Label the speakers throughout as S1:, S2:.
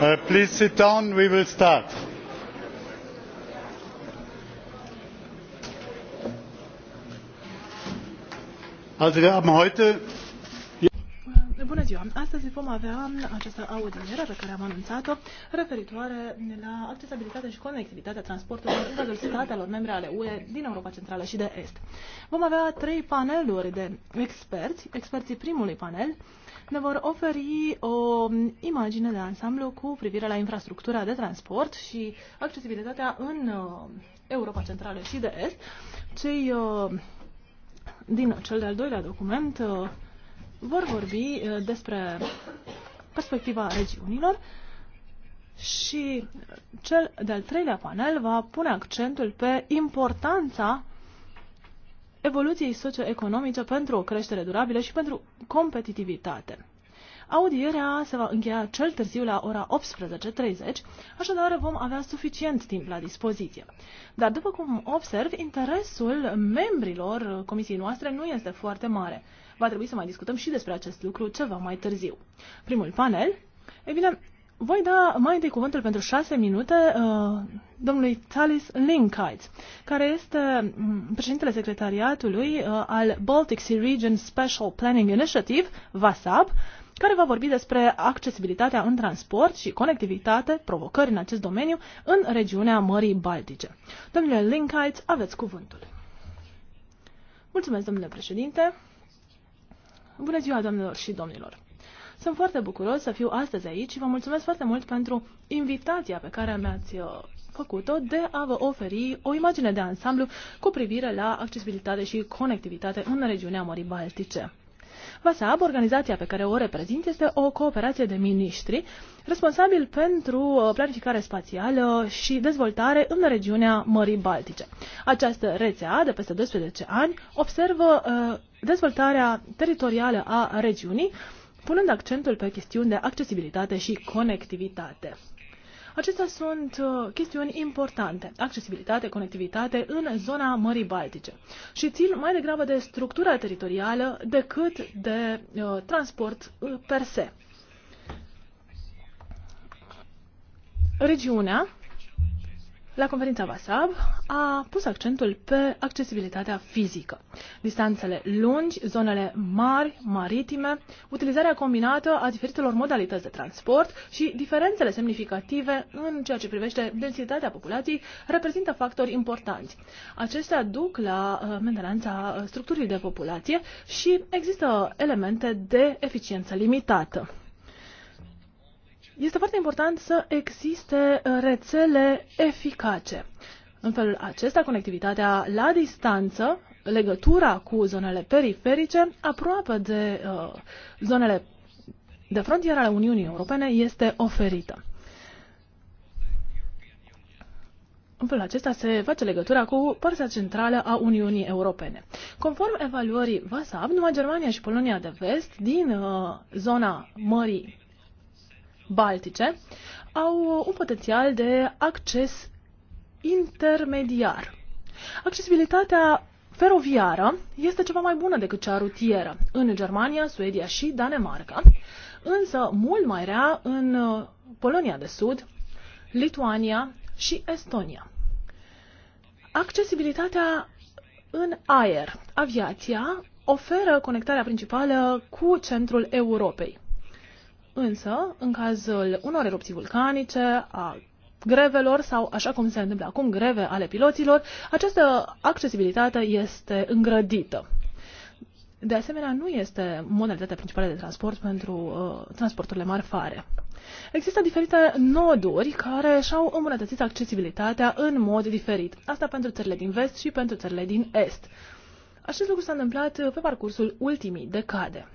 S1: Uh, please sit down. We will start. Also wir haben heute
S2: vom avea această audiere pe care am anunțat-o referitoare la accesibilitatea și conectivitatea transportului în cadrul statelor membre ale UE din Europa Centrală și de Est. Vom avea trei paneluri de experți. Experții primului panel ne vor oferi o imagine de ansamblu cu privire la infrastructura de transport și accesibilitatea în uh, Europa Centrală și de Est. Cei uh, din cel de-al doilea document uh, vor vorbi uh, despre perspectiva regiunilor și cel de-al treilea panel va pune accentul pe importanța evoluției socioeconomice pentru o creștere durabilă și pentru competitivitate. Audierea se va încheia cel târziu la ora 18.30, așadar vom avea suficient timp la dispoziție. Dar după cum observ, interesul membrilor comisiei noastre nu este foarte mare. Va trebui să mai discutăm și despre acest lucru ceva mai târziu. Primul panel, e bine, voi da mai întâi cuvântul pentru șase minute uh, domnului Talis Linkite, care este mm, președintele secretariatului uh, al Baltic Sea Region Special Planning Initiative, VASAP, care va vorbi despre accesibilitatea în transport și conectivitate, provocări în acest domeniu, în regiunea Mării Baltice. Domnule Linkite, aveți cuvântul. Mulțumesc, domnule președinte. Bună ziua, domnilor și domnilor! Sunt foarte bucuros să fiu astăzi aici și vă mulțumesc foarte mult pentru invitația pe care mi-ați uh, făcut-o de a vă oferi o imagine de ansamblu cu privire la accesibilitate și conectivitate în regiunea Mării Baltice. VASAB, organizația pe care o reprezint, este o cooperație de miniștri responsabil pentru uh, planificare spațială și dezvoltare în regiunea Mării Baltice. Această rețea de peste 12 ani observă uh, dezvoltarea teritorială a regiunii, punând accentul pe chestiuni de accesibilitate și conectivitate. Acestea sunt uh, chestiuni importante, accesibilitate, conectivitate în zona Mării Baltice și țin mai degrabă de structura teritorială decât de uh, transport uh, per se. Regiunea la conferința VASAB a pus accentul pe accesibilitatea fizică. Distanțele lungi, zonele mari, maritime, utilizarea combinată a diferitelor modalități de transport și diferențele semnificative în ceea ce privește densitatea populației reprezintă factori importanți. Acestea duc la uh, mentenanța uh, structurii de populație și există elemente de eficiență limitată. Este foarte important să existe uh, rețele eficace. În felul acesta, conectivitatea la distanță, legătura cu zonele periferice, aproape de uh, zonele de frontieră ale Uniunii Europene, este oferită. În felul acesta se face legătura cu partea centrală a Uniunii Europene. Conform evaluării VASAB, numai Germania și Polonia de Vest, din uh, zona Mării baltice au un potențial de acces intermediar. Accesibilitatea feroviară este ceva mai bună decât cea rutieră în Germania, Suedia și Danemarca, însă mult mai rea în uh, Polonia de Sud, Lituania și Estonia. Accesibilitatea în aer. Aviația oferă conectarea principală cu centrul Europei. Însă, în cazul unor erupții vulcanice, a grevelor sau, așa cum se întâmplă acum, greve ale piloților, această accesibilitate este îngrădită. De asemenea, nu este modalitatea principală de transport pentru uh, transporturile marfare. Există diferite noduri care și-au îmbunătățit accesibilitatea în mod diferit. Asta pentru țările din vest și pentru țările din est. Acest lucru s-a întâmplat pe parcursul ultimii decade.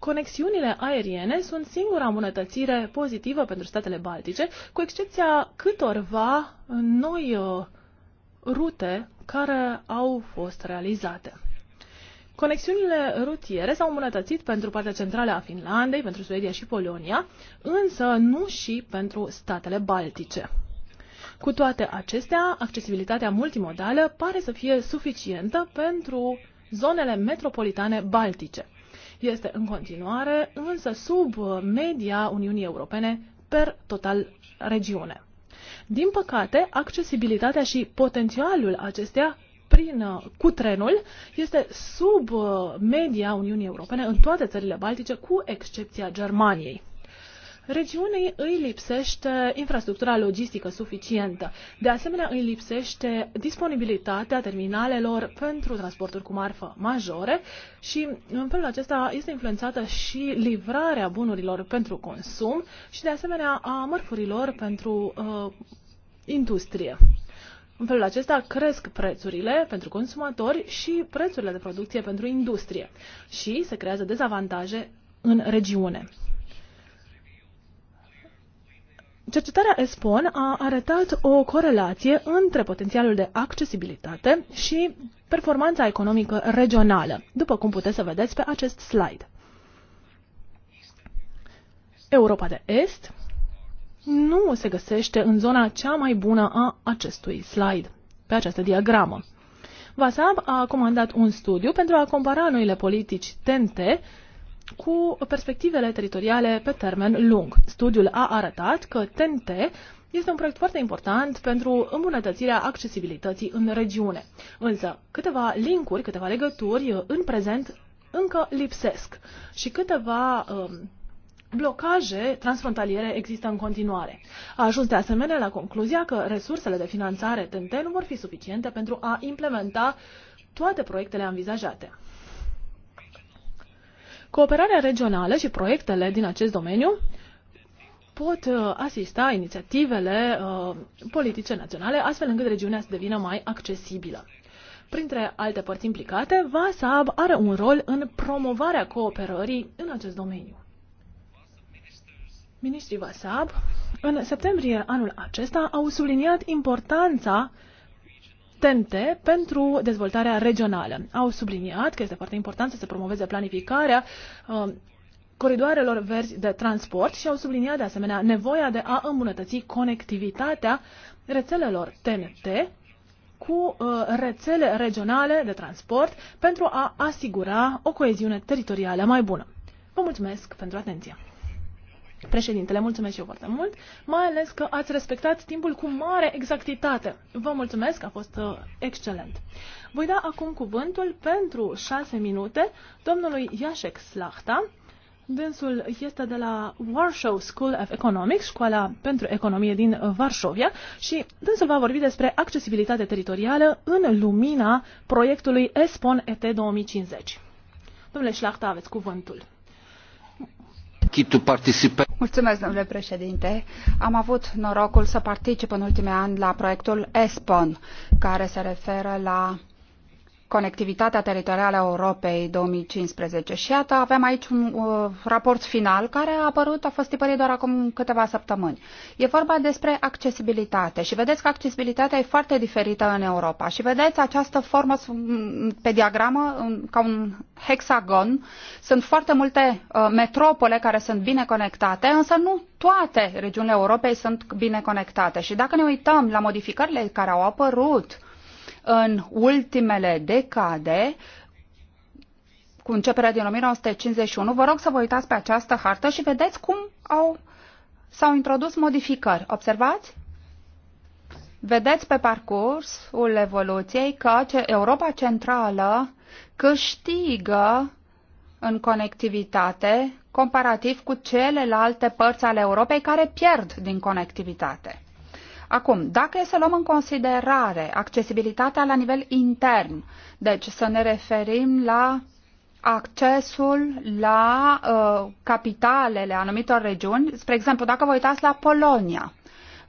S2: conexiunile aeriene sunt singura îmbunătățire pozitivă pentru statele baltice, cu excepția câtorva noi uh, rute care au fost realizate. Conexiunile rutiere s-au îmbunătățit pentru partea centrală a Finlandei, pentru Suedia și Polonia, însă nu și pentru statele baltice. Cu toate acestea, accesibilitatea multimodală pare să fie suficientă pentru zonele metropolitane baltice este în continuare, însă sub media Uniunii Europene per total regiune. Din păcate, accesibilitatea și potențialul acestea prin, uh, cu trenul este sub uh, media Uniunii Europene în toate țările baltice, cu excepția Germaniei regiunii îi lipsește infrastructura logistică suficientă. De asemenea, îi lipsește disponibilitatea terminalelor pentru transporturi cu marfă majore și în felul acesta este influențată și livrarea bunurilor pentru consum și de asemenea a mărfurilor pentru uh, industrie. În felul acesta cresc prețurile pentru consumatori și prețurile de producție pentru industrie și se creează dezavantaje în regiune. Cercetarea ESPON a arătat o corelație între potențialul de accesibilitate și performanța economică regională, după cum puteți să vedeți pe acest slide. Europa de Est nu se găsește în zona cea mai bună a acestui slide, pe această diagramă. VASAB a comandat un studiu pentru a compara noile politici TNT cu perspectivele teritoriale pe termen lung. Studiul a arătat că TNT este un proiect foarte important pentru îmbunătățirea accesibilității în regiune. Însă, câteva linkuri, câteva legături uh, în prezent încă lipsesc și câteva um, blocaje transfrontaliere există în continuare. A ajuns de asemenea la concluzia că resursele de finanțare TNT nu vor fi suficiente pentru a implementa toate proiectele anvizajate. Cooperarea regională și proiectele din acest domeniu pot uh, asista inițiativele uh, politice naționale, astfel încât regiunea să devină mai accesibilă. Printre alte părți implicate, VASAB are un rol în promovarea cooperării în acest domeniu. Ministrii VASAB, în septembrie anul acesta, au subliniat importanța TNT pentru dezvoltarea regională. Au subliniat că este foarte important să se promoveze planificarea uh, coridoarelor verzi de transport și au subliniat de asemenea nevoia de a îmbunătăți conectivitatea rețelelor TNT cu uh, rețele regionale de transport pentru a asigura o coeziune teritorială mai bună. Vă mulțumesc pentru atenție! Președintele, mulțumesc și eu foarte mult, mai ales că ați respectat timpul cu mare exactitate. Vă mulțumesc, a fost uh, excelent. Voi da acum cuvântul pentru șase minute domnului Iașec Slachta. Dânsul este de la Warsaw School of Economics, școala pentru economie din uh, Varșovia și dânsul va vorbi despre accesibilitate teritorială în lumina proiectului ESPON ET 2050. Domnule Slachta, aveți cuvântul. Mulțumesc,
S3: domnule președinte. Am avut norocul să particip în ultimii ani la proiectul ESPON, care se referă la Conectivitatea Teritorială a Europei 2015. Și iată, avem aici un uh, raport final care a apărut, a fost tipărit doar acum câteva săptămâni. E vorba despre accesibilitate și vedeți că accesibilitatea e foarte diferită în Europa. Și vedeți această formă pe diagramă, un, ca un hexagon. Sunt foarte multe uh, metropole care sunt bine conectate, însă nu toate regiunile Europei sunt bine conectate. Și dacă ne uităm la modificările care au apărut, uh, în ultimele decade, cu începerea din 1951, vă rog să vă uitați pe această hartă și vedeți cum au, s-au introdus modificări. Observați? Vedeți pe parcursul evoluției că Europa Centrală câștigă în conectivitate comparativ cu celelalte părți ale Europei care pierd din conectivitate. Acum, dacă e să luăm în considerare accesibilitatea la nivel intern, deci să ne referim la accesul la uh, capitalele anumitor regiuni, spre exemplu, dacă vă uitați la Polonia,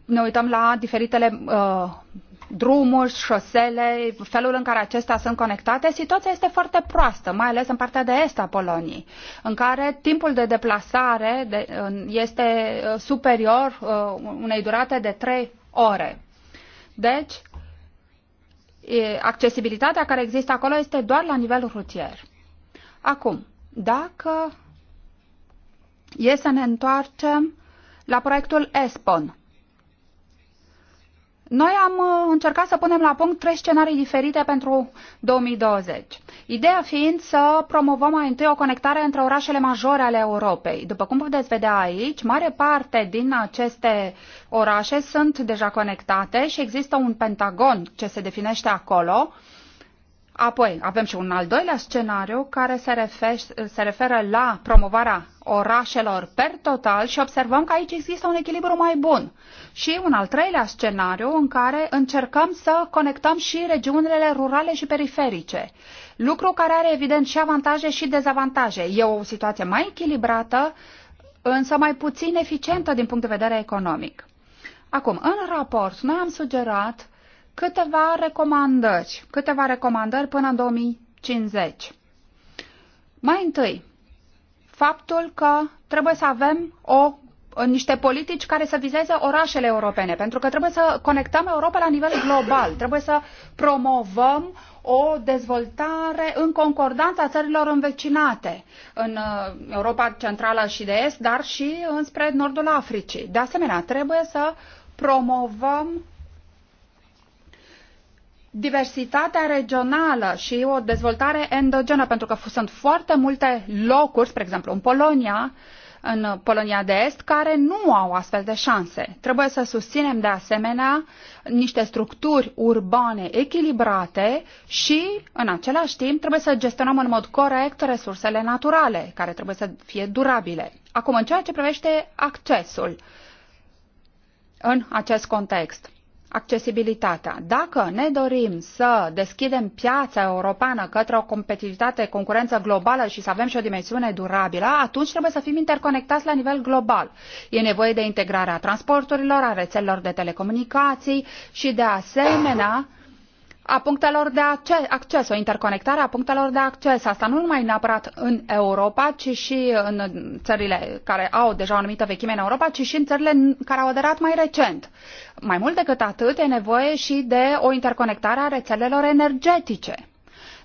S3: ne uităm la diferitele uh, drumuri, șosele, felul în care acestea sunt conectate, situația este foarte proastă, mai ales în partea de est a Poloniei, în care timpul de deplasare de, uh, este uh, superior uh, unei durate de 3 ore. Deci, accesibilitatea care există acolo este doar la nivel rutier. Acum, dacă e să ne întoarcem la proiectul ESPON, noi am uh, încercat să punem la punct trei scenarii diferite pentru 2020. Ideea fiind să promovăm mai întâi o conectare între orașele majore ale Europei. După cum puteți vedea aici, mare parte din aceste orașe sunt deja conectate și există un pentagon ce se definește acolo, uh, Apoi, avem și un al doilea scenariu care se, refer, se referă la promovarea orașelor per total și observăm că aici există un echilibru mai bun. Și un al treilea scenariu în care încercăm să conectăm și regiunile rurale și periferice. Lucru care are evident și avantaje și dezavantaje. E o situație mai echilibrată, însă mai puțin eficientă din punct de vedere economic. Acum, în raport, noi am sugerat uh, câteva recomandări, câteva recomandări până în 2050. Mai întâi, faptul că trebuie să avem o niște politici care să vizeze orașele europene, pentru că trebuie să conectăm Europa la nivel global, trebuie să promovăm o dezvoltare în concordanța țărilor învecinate în uh, Europa Centrală și de Est, dar și înspre Nordul Africii. De asemenea, trebuie să promovăm diversitatea regională și o dezvoltare endogenă, pentru că sunt foarte multe locuri, spre exemplu în Polonia, în Polonia de Est, care nu au astfel de șanse. Trebuie să susținem de asemenea niște structuri urbane echilibrate și, în același timp, trebuie să gestionăm în mod corect resursele naturale, care trebuie să fie durabile. Acum, în ceea ce privește accesul în acest context accesibilitatea. Dacă ne dorim să deschidem piața europeană către o competitivitate, concurență globală și să avem și o dimensiune durabilă, atunci trebuie să fim interconectați la nivel global. E nevoie de integrarea transporturilor, a rețelelor de telecomunicații și de asemenea a punctelor de acces, o interconectare a punctelor de acces. Asta nu numai neapărat în Europa, ci și în țările care au deja o anumită vechime în Europa, ci și în țările care au aderat mai recent. Mai mult decât atât, e nevoie și de o interconectare a rețelelor energetice.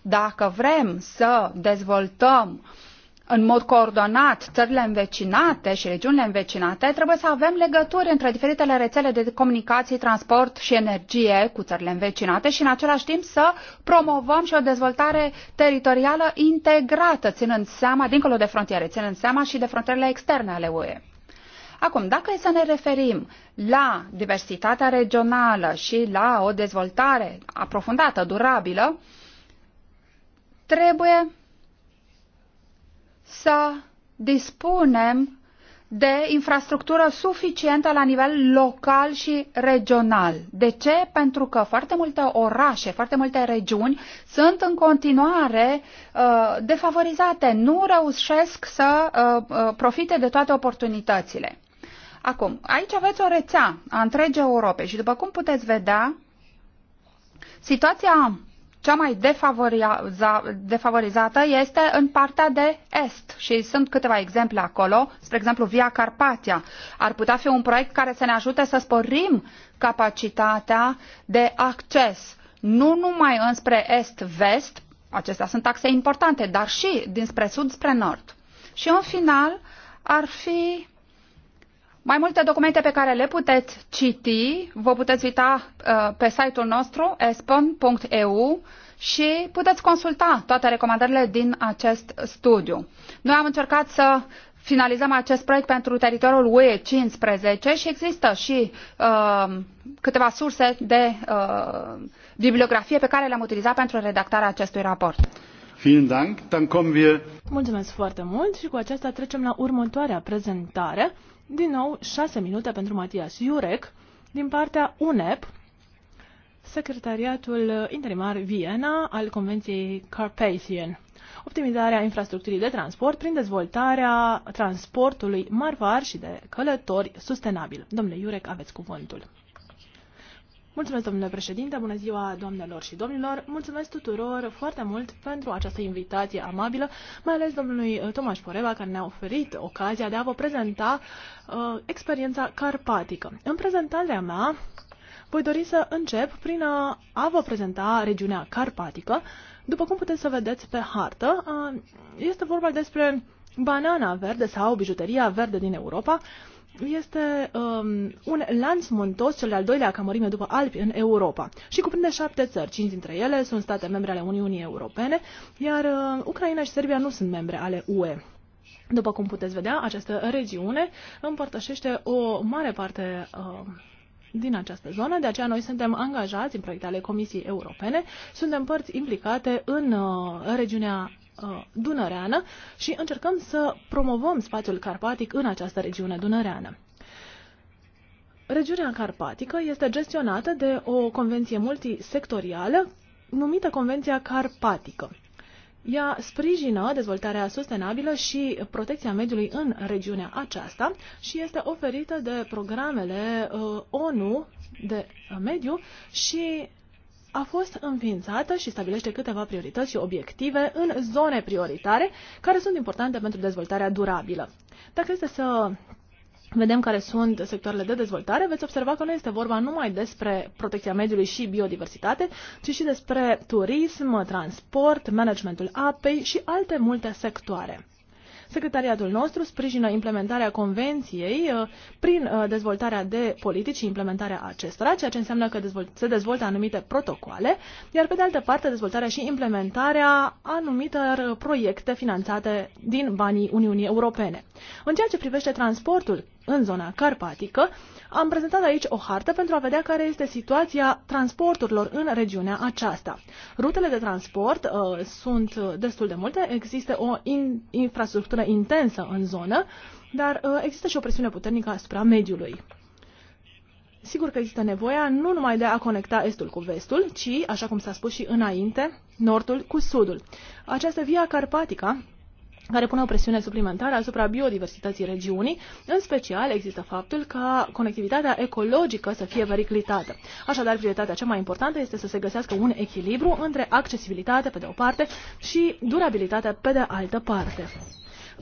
S3: Dacă vrem să dezvoltăm uh, în mod coordonat țările învecinate și regiunile învecinate, trebuie să avem legături între diferitele rețele de comunicații, transport și energie cu țările învecinate și în același timp să promovăm și o dezvoltare teritorială integrată, ținând seama, dincolo de frontiere, ținând seama și de frontierele externe ale UE. Acum, dacă e să ne referim la diversitatea regională și la o dezvoltare aprofundată, durabilă, trebuie să dispunem de infrastructură suficientă la nivel local și regional. De ce? Pentru că foarte multe orașe, foarte multe regiuni sunt în continuare uh, defavorizate, nu reușesc să uh, uh profite de toate oportunitățile. Acum, aici aveți o rețea a întregii Europe și după cum puteți vedea, situația cea mai defavorizată este în partea de est și sunt câteva exemple acolo, spre exemplu Via Carpatia. Ar putea fi un proiect care să ne ajute să sporim capacitatea de acces nu numai înspre est-vest, acestea sunt axe importante, dar și dinspre sud spre nord. Și în final ar fi mai multe documente pe care le puteți citi, vă puteți uita uh, pe site-ul nostru espon.eu și puteți consulta toate recomandările din acest studiu. Noi am încercat să finalizăm acest proiect pentru teritoriul UE 15 și există și uh, câteva surse de uh,
S2: bibliografie pe care le-am utilizat pentru redactarea acestui raport. Mulțumesc foarte mult și cu aceasta trecem la următoarea prezentare. Din nou, 6 minute pentru Matias Iurec din partea UNEP, Secretariatul Interimar Viena al Convenției Carpathian. Optimizarea infrastructurii de transport prin dezvoltarea transportului marvar și de călători sustenabil. Domnule Iurec, aveți cuvântul. Mulțumesc, domnule președinte, bună ziua, doamnelor și domnilor. Mulțumesc tuturor foarte mult pentru această invitație amabilă, mai ales domnului uh, Tomaș Poreva, care ne-a oferit ocazia de a vă prezenta uh, experiența carpatică. În prezentarea mea, voi dori să încep prin a, a vă prezenta regiunea carpatică. După cum puteți să vedeți pe hartă, uh, este vorba despre banana verde sau bijuteria verde din Europa, uh, este um, un lanț montos, cel de-al doilea ca mărime după Alpi în Europa și cuprinde șapte țări. Cinci dintre ele sunt state membre ale Uniunii Europene, iar uh, Ucraina și Serbia nu sunt membre ale UE. După cum puteți vedea, această regiune împărtășește o mare parte uh, din această zonă, de aceea noi suntem angajați în proiecte ale Comisiei Europene, suntem părți implicate în uh, regiunea Uh, dunăreană și încercăm să promovăm spațiul carpatic în această regiune dunăreană. Regiunea carpatică este gestionată de o convenție multisectorială numită Convenția Carpatică. Ea sprijină dezvoltarea sustenabilă și protecția mediului în regiunea aceasta și este oferită de programele uh, ONU de mediu și a fost înființată și stabilește câteva priorități și obiective în zone prioritare care sunt importante pentru dezvoltarea durabilă. Dacă este să vedem care sunt sectoarele de dezvoltare, veți observa că nu este vorba numai despre protecția mediului și biodiversitate, ci și despre turism, transport, managementul apei și alte multe sectoare. Secretariatul nostru sprijină implementarea convenției uh, prin uh, dezvoltarea de politici și implementarea acestora, ceea ce înseamnă că se dezvoltă anumite protocoale, iar pe de altă parte dezvoltarea și implementarea anumitor proiecte finanțate din banii Uniunii Europene. În ceea ce privește transportul, în zona carpatică, am prezentat aici o hartă pentru a vedea care este situația transporturilor în regiunea aceasta. Rutele de transport uh, sunt destul de multe, există o in, infrastructură intensă în zonă, dar uh, există și o presiune puternică asupra mediului. Sigur că există nevoia nu numai de a conecta estul cu vestul, ci, așa cum s-a spus și înainte, nordul cu sudul. Această via carpatica care pune o presiune suplimentară asupra biodiversității regiunii, în special există faptul ca conectivitatea ecologică să fie vericlitată. Așadar, prioritatea cea mai importantă este să se găsească un echilibru între accesibilitate pe de o parte și durabilitatea pe de altă parte.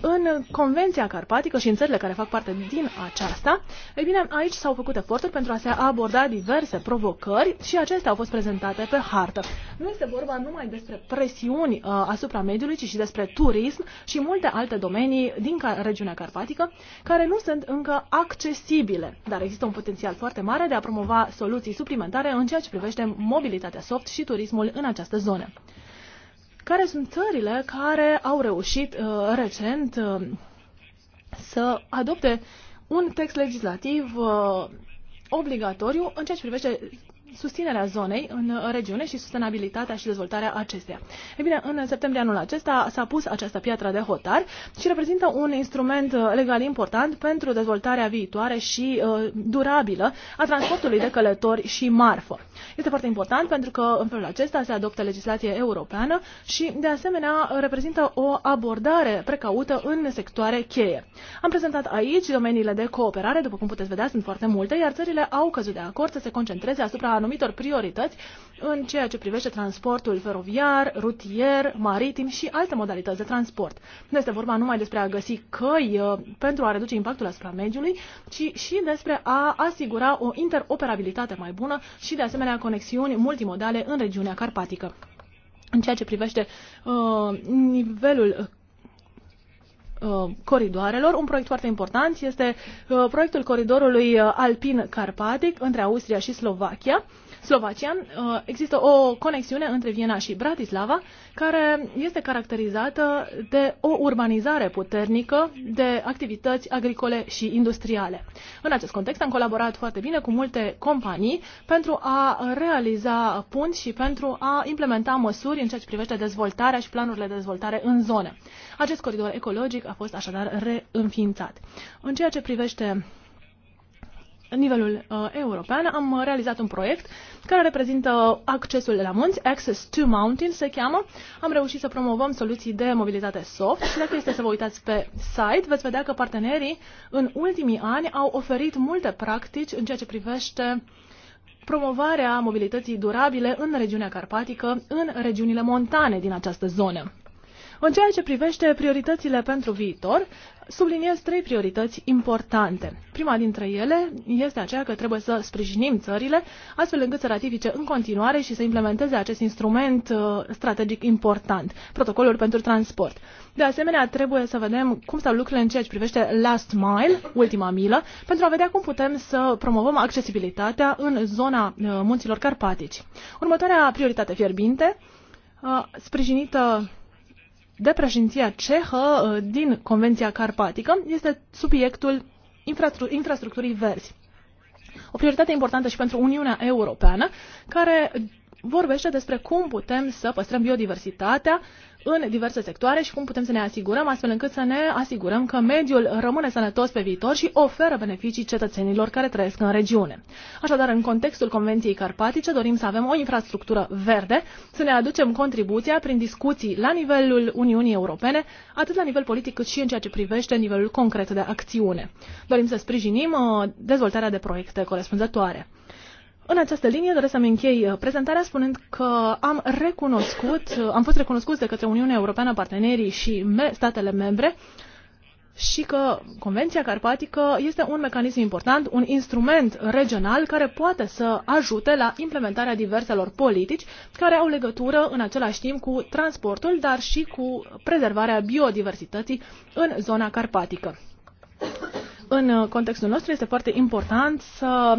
S2: În Convenția Carpatică și în țările care fac parte din aceasta, ei bine, aici s-au făcut eforturi pentru a se aborda diverse provocări și acestea au fost prezentate pe hartă. Nu este vorba numai despre presiuni uh, asupra mediului, ci și despre turism și multe alte domenii din ca regiunea carpatică care nu sunt încă accesibile, dar există un potențial foarte mare de a promova soluții suplimentare în ceea ce privește mobilitatea soft și turismul în această zonă care sunt țările care au reușit uh, recent uh, să adopte un text legislativ uh, obligatoriu în ceea ce privește susținerea zonei în regiune și sustenabilitatea și dezvoltarea acesteia. E bine, în septembrie anul acesta s-a pus această piatră de hotar și reprezintă un instrument uh, legal important pentru dezvoltarea viitoare și uh, durabilă a transportului de călători și marfă. Este foarte important pentru că în felul acesta se adoptă legislație europeană și, de asemenea, reprezintă o abordare precaută în sectoare cheie. Am prezentat aici domeniile de cooperare, după cum puteți vedea, sunt foarte multe, iar țările au căzut de acord să se concentreze asupra anumitor priorități în ceea ce privește transportul feroviar, rutier, maritim și alte modalități de transport. Nu este vorba numai despre a găsi căi uh, pentru a reduce impactul asupra mediului, ci și despre a asigura o interoperabilitate mai bună și de asemenea conexiuni multimodale în regiunea carpatică. În ceea ce privește uh, nivelul Uh, coridoarelor. Un proiect foarte important este uh, proiectul coridorului uh, alpin-carpatic între Austria și Slovacia. Slovacia, uh, există o conexiune între Viena și Bratislava care este caracterizată de o urbanizare puternică de activități agricole și industriale. În acest context am colaborat foarte bine cu multe companii pentru a realiza punți și pentru a implementa măsuri în ceea ce privește dezvoltarea și planurile de dezvoltare în zone. Acest coridor ecologic a fost așadar reînființat. În ceea ce privește în nivelul uh, european, am uh, realizat un proiect care reprezintă accesul la munți, Access to Mountains se cheamă. Am reușit să promovăm soluții de mobilitate soft și dacă este să vă uitați pe site, veți vedea că partenerii în ultimii ani au oferit multe practici în ceea ce privește promovarea mobilității durabile în regiunea carpatică, în regiunile montane din această zonă. În ceea ce privește prioritățile pentru viitor, subliniez trei priorități importante. Prima dintre ele este aceea că trebuie să sprijinim țările astfel încât să ratifice în continuare și să implementeze acest instrument uh, strategic important, protocolul pentru transport. De asemenea, trebuie să vedem cum stau lucrurile în ceea ce privește last mile, ultima milă, pentru a vedea cum putem să promovăm accesibilitatea în zona uh, munților carpatici. Următoarea prioritate fierbinte, uh, sprijinită de președinția cehă uh, din Convenția Carpatică este subiectul infrastructurii verzi. O prioritate importantă și pentru Uniunea Europeană, care vorbește despre cum putem să păstrăm biodiversitatea în diverse sectoare și cum putem să ne asigurăm astfel încât să ne asigurăm că mediul rămâne sănătos pe viitor și oferă beneficii cetățenilor care trăiesc în regiune. Așadar, în contextul Convenției Carpatice dorim să avem o infrastructură verde, să ne aducem contribuția prin discuții la nivelul Uniunii Europene, atât la nivel politic cât și în ceea ce privește nivelul concret de acțiune. Dorim să sprijinim uh, dezvoltarea de proiecte corespunzătoare. În această linie doresc să-mi închei uh, prezentarea spunând că am recunoscut, uh, am fost recunoscut de către Uniunea Europeană, partenerii și me statele membre și că Convenția Carpatică este un mecanism important, un instrument regional care poate să ajute la implementarea diverselor politici care au legătură în același timp cu transportul, dar și cu prezervarea biodiversității în zona carpatică. În uh, contextul nostru este foarte important să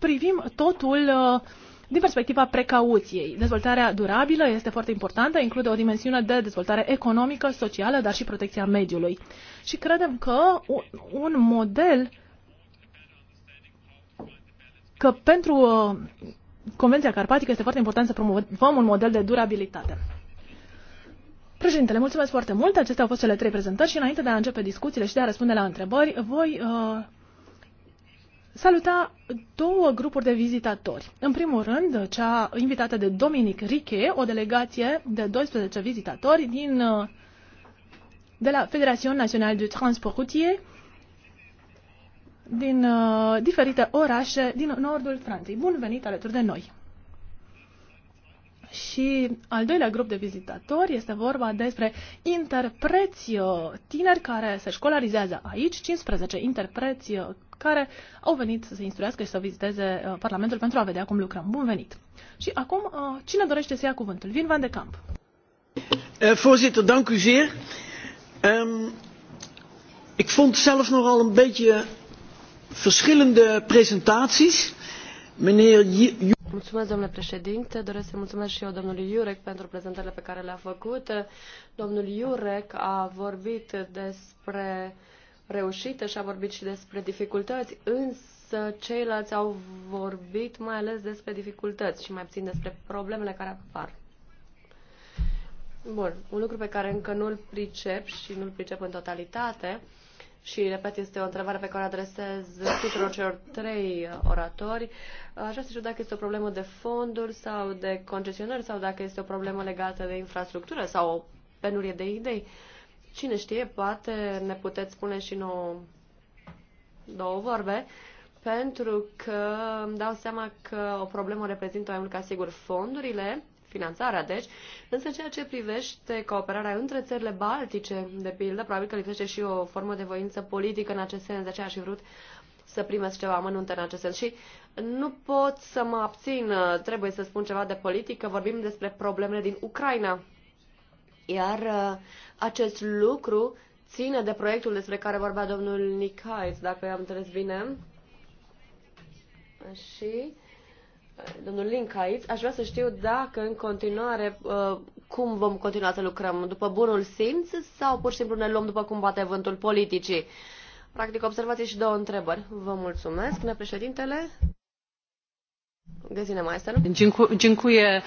S2: privim totul uh, din perspectiva precauției. Dezvoltarea durabilă este foarte importantă, include o dimensiune de dezvoltare economică, socială, dar și protecția mediului. Și credem că un model că pentru uh, Convenția Carpatică este foarte important să promovăm un model de durabilitate. Președintele, mulțumesc foarte mult. Acestea au fost cele trei prezentări și înainte de a începe discuțiile și de a răspunde la întrebări, voi uh, saluta două grupuri de vizitatori. În primul rând, cea invitată de Dominic Riche, o delegație de 12 vizitatori din, de la Federația Națională de Transport Routier din uh, diferite orașe din nordul Franței. Bun venit alături de noi! Și al doilea grup de vizitatori este vorba despre interpreți uh, tineri care se școlarizează aici, 15 interpreți uh, care au venit să se instruiască și să viziteze uh, Parlamentul pentru a vedea cum lucrăm. Bun venit! Și acum, cine dorește să ia cuvântul? Vin Van de Camp.
S4: Eh, voorzitter, dank u zeer. Um, ik vond zelf nogal een beetje
S2: verschillende presentaties. Meneer J
S5: domnule președinte. Doresc să mulțumesc și eu domnului Iurec pentru prezentările pe care le-a făcut. Domnul Iurec a vorbit despre reușite și a vorbit și despre dificultăți, însă ceilalți au vorbit mai ales despre dificultăți și mai puțin despre problemele care apar. Bun, un lucru pe care încă nu-l pricep și nu-l pricep în totalitate și, repet, este o întrebare pe care o adresez tuturor celor trei oratori. Aș vrea să știu dacă este o problemă de fonduri sau de concesionări sau dacă este o problemă legată de infrastructură sau o penurie de idei. Cine știe, poate ne puteți spune și nouă două vorbe, pentru că îmi dau seama că o problemă reprezintă mai mult ca sigur fondurile finanțarea, deci, însă în ceea ce privește cooperarea între țările baltice, de pildă, probabil că lipsește și o formă de voință politică în acest sens, de aceea aș fi vrut să primesc ceva amănunte în acest sens. Și nu pot să mă abțin, trebuie să spun ceva de politică, vorbim despre problemele din Ucraina. Iar uh, acest lucru ține de proiectul despre care vorbea domnul Nicais, dacă i-am înțeles bine. Și domnul Link aici, aș vrea să știu dacă în continuare, uh, cum vom continua să lucrăm, după bunul simț sau pur și simplu ne luăm după cum bate vântul politicii. Practic, observații și două întrebări. Vă mulțumesc, ne președintele. Găzine Meister. Dziękuję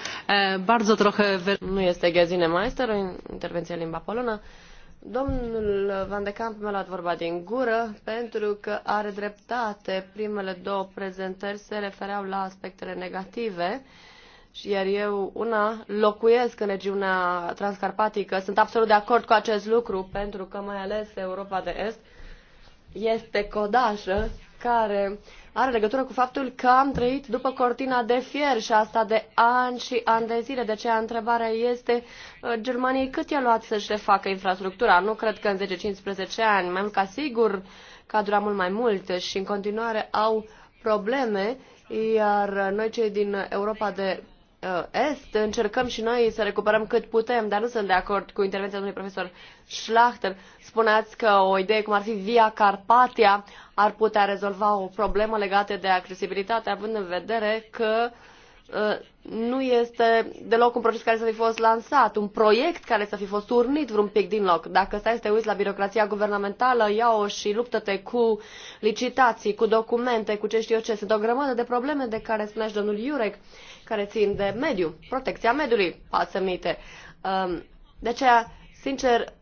S5: bardzo trochę. Nu este Găzine Meister, o intervenție în limba polonă. Domnul Van de Camp mi-a luat vorba din gură pentru că are dreptate. Primele două prezentări se refereau la aspectele negative și iar eu una locuiesc în regiunea transcarpatică. Sunt absolut de acord cu acest lucru pentru că mai ales Europa de Est este codașă care are legătură cu faptul că am trăit după cortina de fier și asta de ani și ani de zile. De aceea întrebarea este uh, Germaniei cât i-a luat să-și refacă infrastructura? Nu cred că în 10-15 ani, mai mult ca sigur că a durat mult mai mult și în continuare au probleme iar noi cei din Europa de Uh, Est, încercăm și noi să recuperăm cât putem, dar nu sunt de acord cu intervenția domnului profesor Schlachter. Spuneați că o idee cum ar fi Via Carpatia ar putea rezolva o problemă legată de accesibilitate, având în vedere că uh, nu este deloc un proces care să fi fost lansat, un proiect care să fi fost urnit vreun pic din loc. Dacă stai să te uiți la birocrația guvernamentală, ia-o și luptă-te cu licitații, cu documente, cu ce știu eu ce. Sunt o grămadă de probleme de care spunea și domnul Iurec care țin de mediu, protecția mediului, pasămite. Um, de aceea, sincer,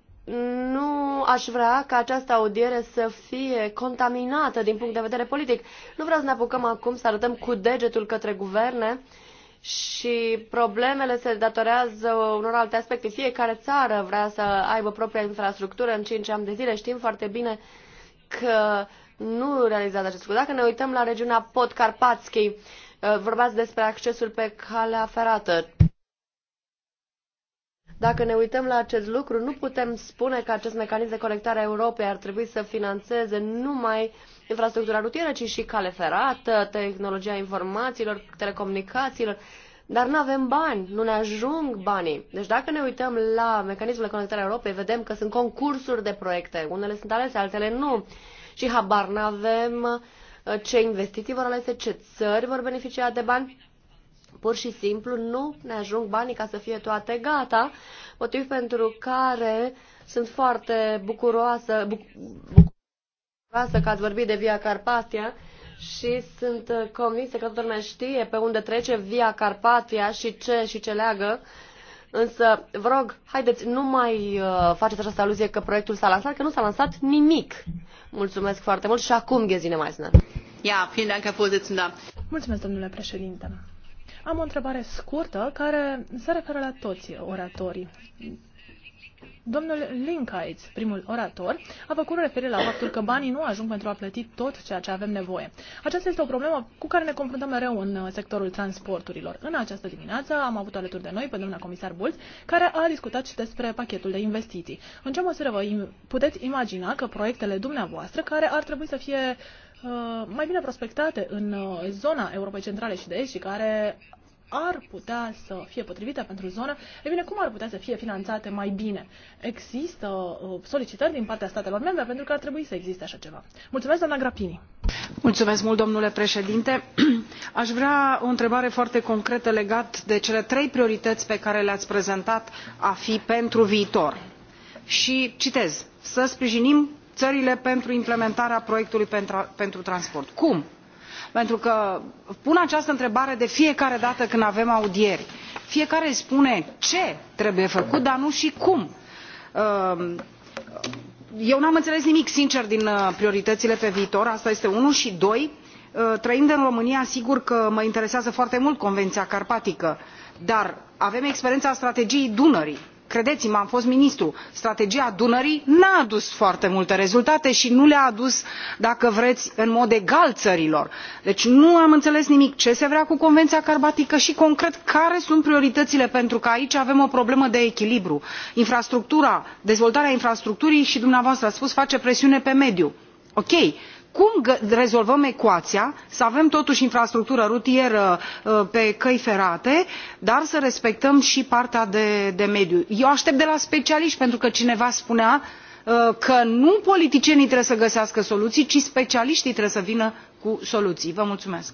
S5: nu aș vrea ca această audiere să fie contaminată din punct de vedere politic. Nu vreau să ne apucăm acum să arătăm cu degetul către guverne și problemele se datorează unor alte aspecte. Fiecare țară vrea să aibă propria infrastructură în 5 ani de zile. Știm foarte bine că nu realizează acest lucru. Dacă ne uităm la regiunea Podcarpatski, Uh, vorbeați despre accesul pe calea ferată. Dacă ne uităm la acest lucru, nu putem spune că acest mecanism de conectare a Europei ar trebui să financeze numai infrastructura rutieră, ci și cale ferată, tehnologia informațiilor, telecomunicațiilor, dar nu avem bani, nu ne ajung banii. Deci dacă ne uităm la mecanismul de conectare a Europei, vedem că sunt concursuri de proiecte, unele sunt alese, altele nu. Și habar nu avem Uh, ce investiții vor alese, ce țări vor beneficia de bani. Pur și simplu nu ne ajung banii ca să fie toate gata, motiv pentru care sunt foarte bucuroasă, buc bucuroasă că ați vorbit de Via Carpatia și sunt convinsă că toată lumea știe pe unde trece Via Carpatia și ce și ce leagă. Uh, Însă, vă rog, haideți, nu mai uh, faceți această aluzie că proiectul s-a lansat, că nu s-a lansat nimic. Mulțumesc foarte mult și acum, Ghezine Meisner.
S2: Ja, vielen Dank, Herr da. Mulțumesc, domnule președinte. Am o întrebare scurtă care se referă la toți oratorii. Domnul Linkaitz, primul orator, a făcut referire la faptul că banii nu ajung pentru a plăti tot ceea ce avem nevoie. Aceasta este o problemă cu care ne confruntăm mereu în uh, sectorul transporturilor. În această dimineață am avut alături de noi pe doamna comisar Bulț, care a discutat și despre pachetul de investiții. În ce măsură vă puteți imagina că proiectele dumneavoastră, care ar trebui să fie uh, mai bine prospectate în uh, zona Europei Centrale și de Est și care ar putea să fie potrivite pentru zonă, e bine, cum ar putea să fie finanțate mai bine? Există uh, solicitări din partea statelor membre pentru că ar trebui să existe așa ceva.
S4: Mulțumesc, doamna Grapini. Mulțumesc mult, domnule președinte. Aș vrea o întrebare foarte concretă legată de cele trei priorități pe care le-ați prezentat a fi pentru viitor. Și citez, să sprijinim țările pentru implementarea proiectului pentru transport. Cum? pentru că pun această întrebare de fiecare dată când avem audieri fiecare spune ce trebuie făcut dar nu și cum. Ehm, eu nu am înțeles nimic sincer din uh, prioritățile pe viitor asta este unul și doi uh, trăind în românia sigur că mă interesează foarte mult convenția carpatică dar avem experiența strategiei dunării credeți mă am fost ministru strategia dunării nu a adus foarte multe rezultate și nu le a adus dacă vreți în mod egal țărilor deci nu am înțeles nimic ce se vrea cu convenția carbatică și concret care sunt prioritățile pentru că aici avem o problemă de echilibru infrastructura dezvoltarea infrastructurii și dumneavoastră ați spus face presiune pe mediu ok cum rezolvăm ecuația să avem totuși infrastructură rutieră uh, pe căi ferate dar să respectăm și partea de, mediu? eu aștept de la specialiști pentru că cineva spunea uh, că nu politicienii trebuie să găsească soluții ci specialiștii trebuie să vină cu soluții. vă mulțumesc.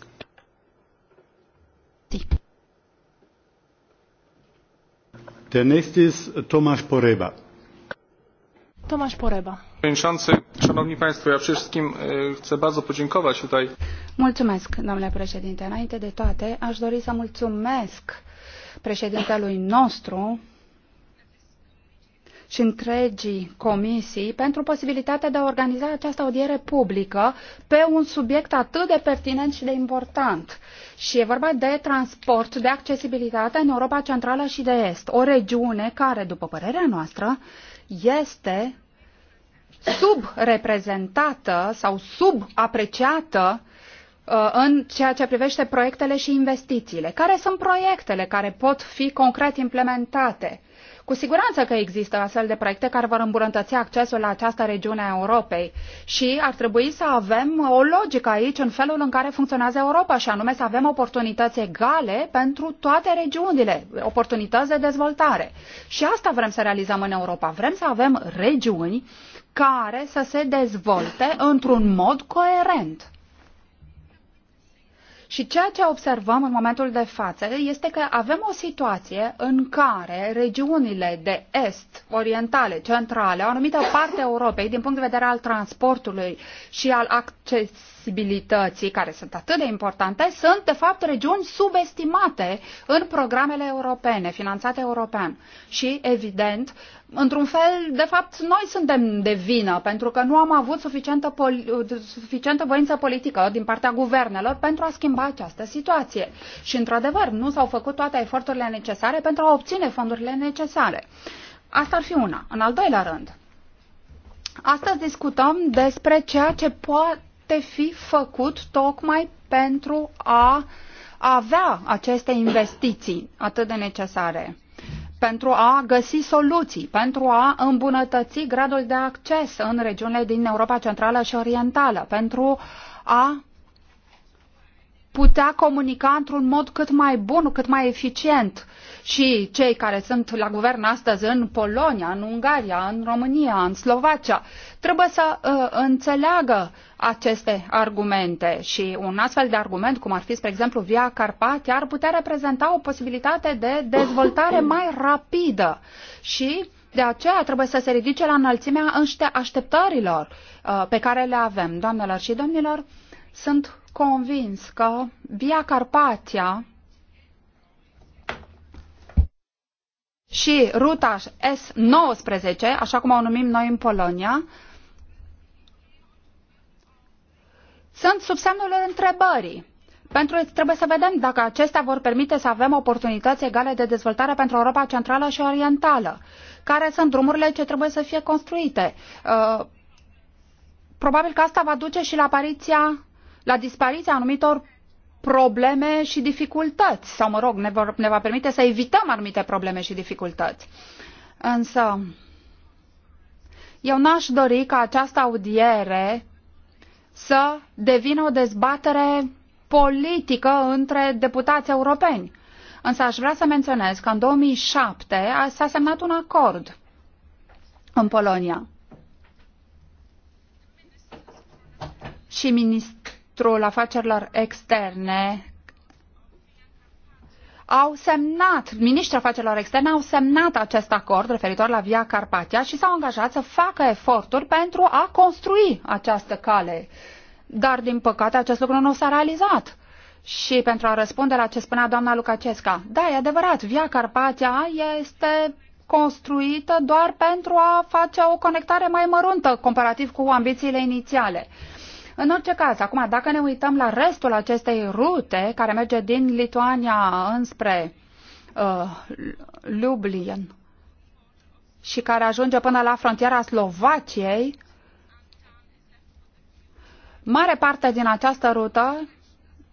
S4: Mulțumesc,
S3: domnule președinte. Înainte de toate, aș dori să mulțumesc președintelui nostru și întregii comisii pentru posibilitatea de a organiza această audiere publică pe un subiect atât de pertinent și de important. Și e vorba de transport, de accesibilitate în Europa Centrală și de Est, o regiune care, după părerea noastră, este subreprezentată sau subapreciată uh, în ceea ce privește proiectele și investițiile. Care sunt proiectele care pot fi concret implementate? Cu siguranță că există astfel de proiecte care vor îmbunătăți accesul la această regiune a Europei și ar trebui să avem o logică aici în felul în care funcționează Europa și anume să avem oportunități egale pentru toate regiunile, oportunități de dezvoltare. Și asta vrem să realizăm în Europa. Vrem să avem regiuni uh, care să se dezvolte într-un mod coerent. Și ceea ce observăm în momentul de față este că avem o situație în care regiunile de est, orientale, centrale, o anumită parte a Europei, din punct de vedere al transportului și al accesibilității, care sunt atât de importante, sunt, de fapt, regiuni subestimate în programele europene, finanțate european. Și, evident, într-un fel, de fapt, noi suntem de vină, pentru că nu am avut suficientă, poli- suficientă voință politică din partea guvernelor pentru a schimba această situație. Și, într-adevăr, nu s-au făcut toate eforturile necesare pentru a obține fondurile necesare. Asta ar fi una. În al doilea rând, astăzi discutăm despre ceea ce poate fi făcut tocmai pentru a avea aceste investiții atât de necesare pentru a găsi soluții, pentru a îmbunătăți gradul de acces în regiunile din Europa Centrală și Orientală, pentru a putea comunica într-un mod cât mai bun, cât mai eficient. Și cei care sunt la guvern astăzi în Polonia, în Ungaria, în România, în Slovacia, trebuie să uh, înțeleagă aceste argumente și un astfel de argument, cum ar fi, spre exemplu, Via Carpatia, ar putea reprezenta o posibilitate de dezvoltare mai rapidă și de aceea trebuie să se ridice la înălțimea așteptărilor uh, pe care le avem. Doamnelor și domnilor, sunt convins că Via Carpatia și ruta S19, așa cum o numim noi în Polonia, sunt sub semnul întrebării. Pentru trebuie să vedem dacă acestea vor permite să avem oportunități egale de dezvoltare pentru Europa Centrală și Orientală. Care sunt drumurile ce trebuie să fie construite? Uh, probabil că asta va duce și la apariția, la dispariția anumitor probleme și dificultăți, sau mă rog, ne, vor, ne va permite să evităm anumite probleme și dificultăți. Însă, eu n-aș dori ca această audiere să devină o dezbatere politică între deputații europeni. Însă aș vrea să menționez că în 2007 s-a semnat un acord în Polonia. Și ministrul afacerilor externe au semnat, ministrii afacerilor externe au semnat acest acord referitor la Via Carpatia și s-au angajat să facă eforturi pentru a construi această cale. Dar, din păcate, acest lucru nu s-a realizat. Și pentru a răspunde la ce spunea doamna Lucacesca, da, e adevărat, Via Carpatia este construită doar pentru a face o conectare mai măruntă comparativ cu ambițiile inițiale. În orice caz, acum, dacă ne uităm la restul acestei rute care merge din Lituania înspre uh, Lublin și care ajunge până la frontiera Slovaciei, mare parte din această rută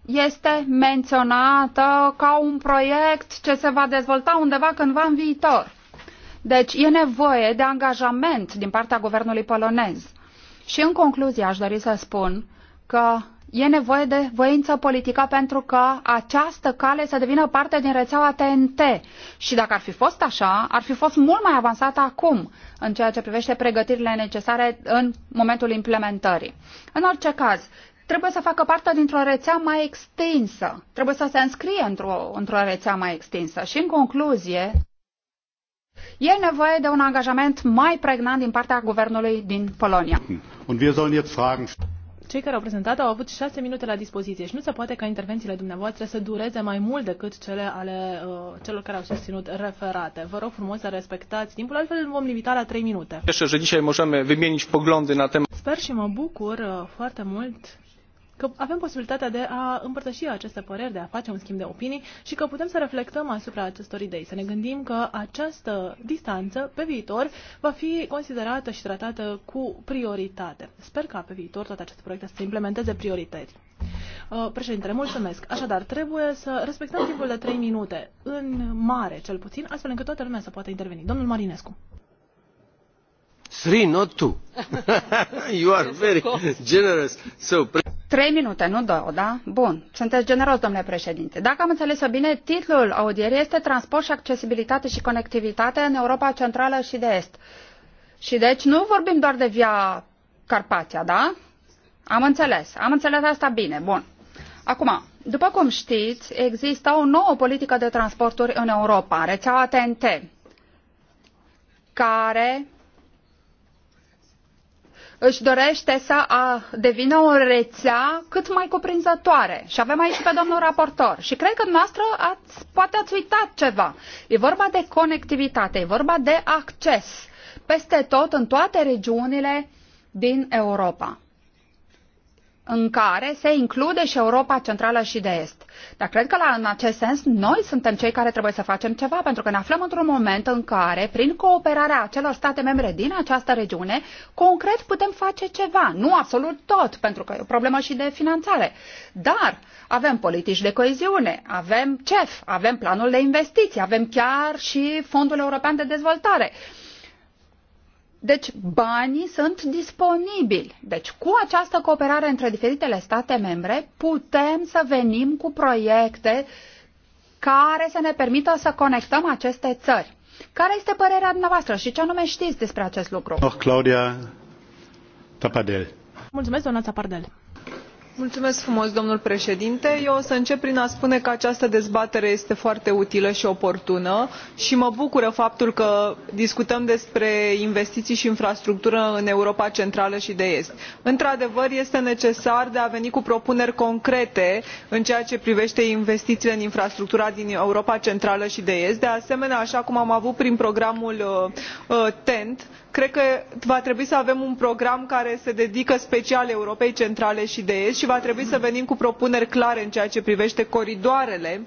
S3: este menționată ca un proiect ce se va dezvolta undeva cândva în viitor. Deci e nevoie de angajament din partea guvernului polonez. Și în concluzie aș dori să spun că e nevoie de voință politică pentru că această cale să devină parte din rețeaua TNT. Și dacă ar fi fost așa, ar fi fost mult mai avansată acum în ceea ce privește pregătirile necesare în momentul implementării. În orice caz, trebuie să facă parte dintr-o rețea mai extinsă. Trebuie să se înscrie într-o într, într -o rețea mai extinsă. Și în concluzie, E nevoie de un angajament mai pregnant din partea
S2: guvernului din Polonia. Cei care au prezentat au avut șase minute la dispoziție și nu se poate ca intervențiile dumneavoastră să dureze mai mult decât cele ale uh, celor care au susținut referate. Vă rog frumos să respectați timpul, altfel îl vom limita la trei minute. Sper și mă bucur uh, foarte mult că avem posibilitatea de a împărtăși aceste păreri, de a face un schimb de opinii și că putem să reflectăm asupra acestor idei, să ne gândim că această distanță pe viitor va fi considerată și tratată cu prioritate. Sper ca pe viitor toate aceste proiecte să se implementeze priorități. Uh, Președintele, mulțumesc. Așadar, trebuie să respectăm timpul de 3 minute, în mare cel puțin, astfel încât toată lumea să poată interveni. Domnul Marinescu.
S1: Three, not two. you are very generous. So,
S2: Trei minute, nu
S3: două, da? Bun. Sunteți generos, domnule președinte. Dacă am înțeles-o bine, titlul audierii este Transport și accesibilitate și conectivitate în Europa Centrală și de Est. Și deci nu vorbim doar de via Carpația, da? Am înțeles. Am înțeles asta bine. Bun. Acum, după cum știți, există o nouă politică de transporturi în Europa, rețeaua TNT, care își dorește să devină o rețea cât mai cuprinzătoare. Și avem aici pe domnul raportor. Și cred că noastră ați, poate ați uitat ceva. E vorba de conectivitate, e vorba de acces peste tot, în toate regiunile din Europa în care se include și Europa Centrală și de Est. Dar cred că la, în acest sens noi suntem cei care trebuie să facem ceva, pentru că ne aflăm într-un moment în care, prin cooperarea acelor state membre din această regiune, concret putem face ceva. Nu absolut tot, pentru că e o problemă și de finanțare. Dar avem politici de coeziune, avem CEF, avem planul de investiții, avem chiar și Fondul European de Dezvoltare. Uh, deci banii sunt disponibili. Deci cu această cooperare între diferitele state membre putem să venim cu proiecte care să ne permită să conectăm aceste țări. Care este părerea dumneavoastră și ce anume știți despre acest lucru?
S1: Oh Claudia Tapadel.
S6: Mulțumesc, doamna Tapadel domnule președinte eu o să încep prin a spune că această dezbatere este foarte utilă și oportună și mă bucură faptul că discutăm despre investiții și infrastructură în europa centrală și de est. într adevăr este necesar de a veni cu propuneri concrete în ceea ce privește investițiile în infrastructura din europa centrală și de est. de asemenea așa cum am avut prin programul ten uh, uh, t cred că va trebui să avem un program care se dedică special europei centrale și de est și va trebui să venim cu propuneri clare în ceea ce privește coridoarele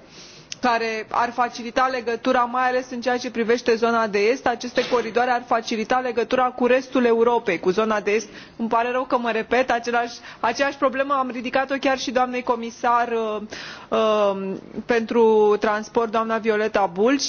S6: care ar facilita legătura mai ales în ceea ce privește zona de est aceste coridoare ar facilita legătura cu restul europei cu zona de est. îmi pare rău că mă repet același, aceeași problemă am ridicat o chiar și doamnei comisar uh, uh, pentru transport doamna violeta bulc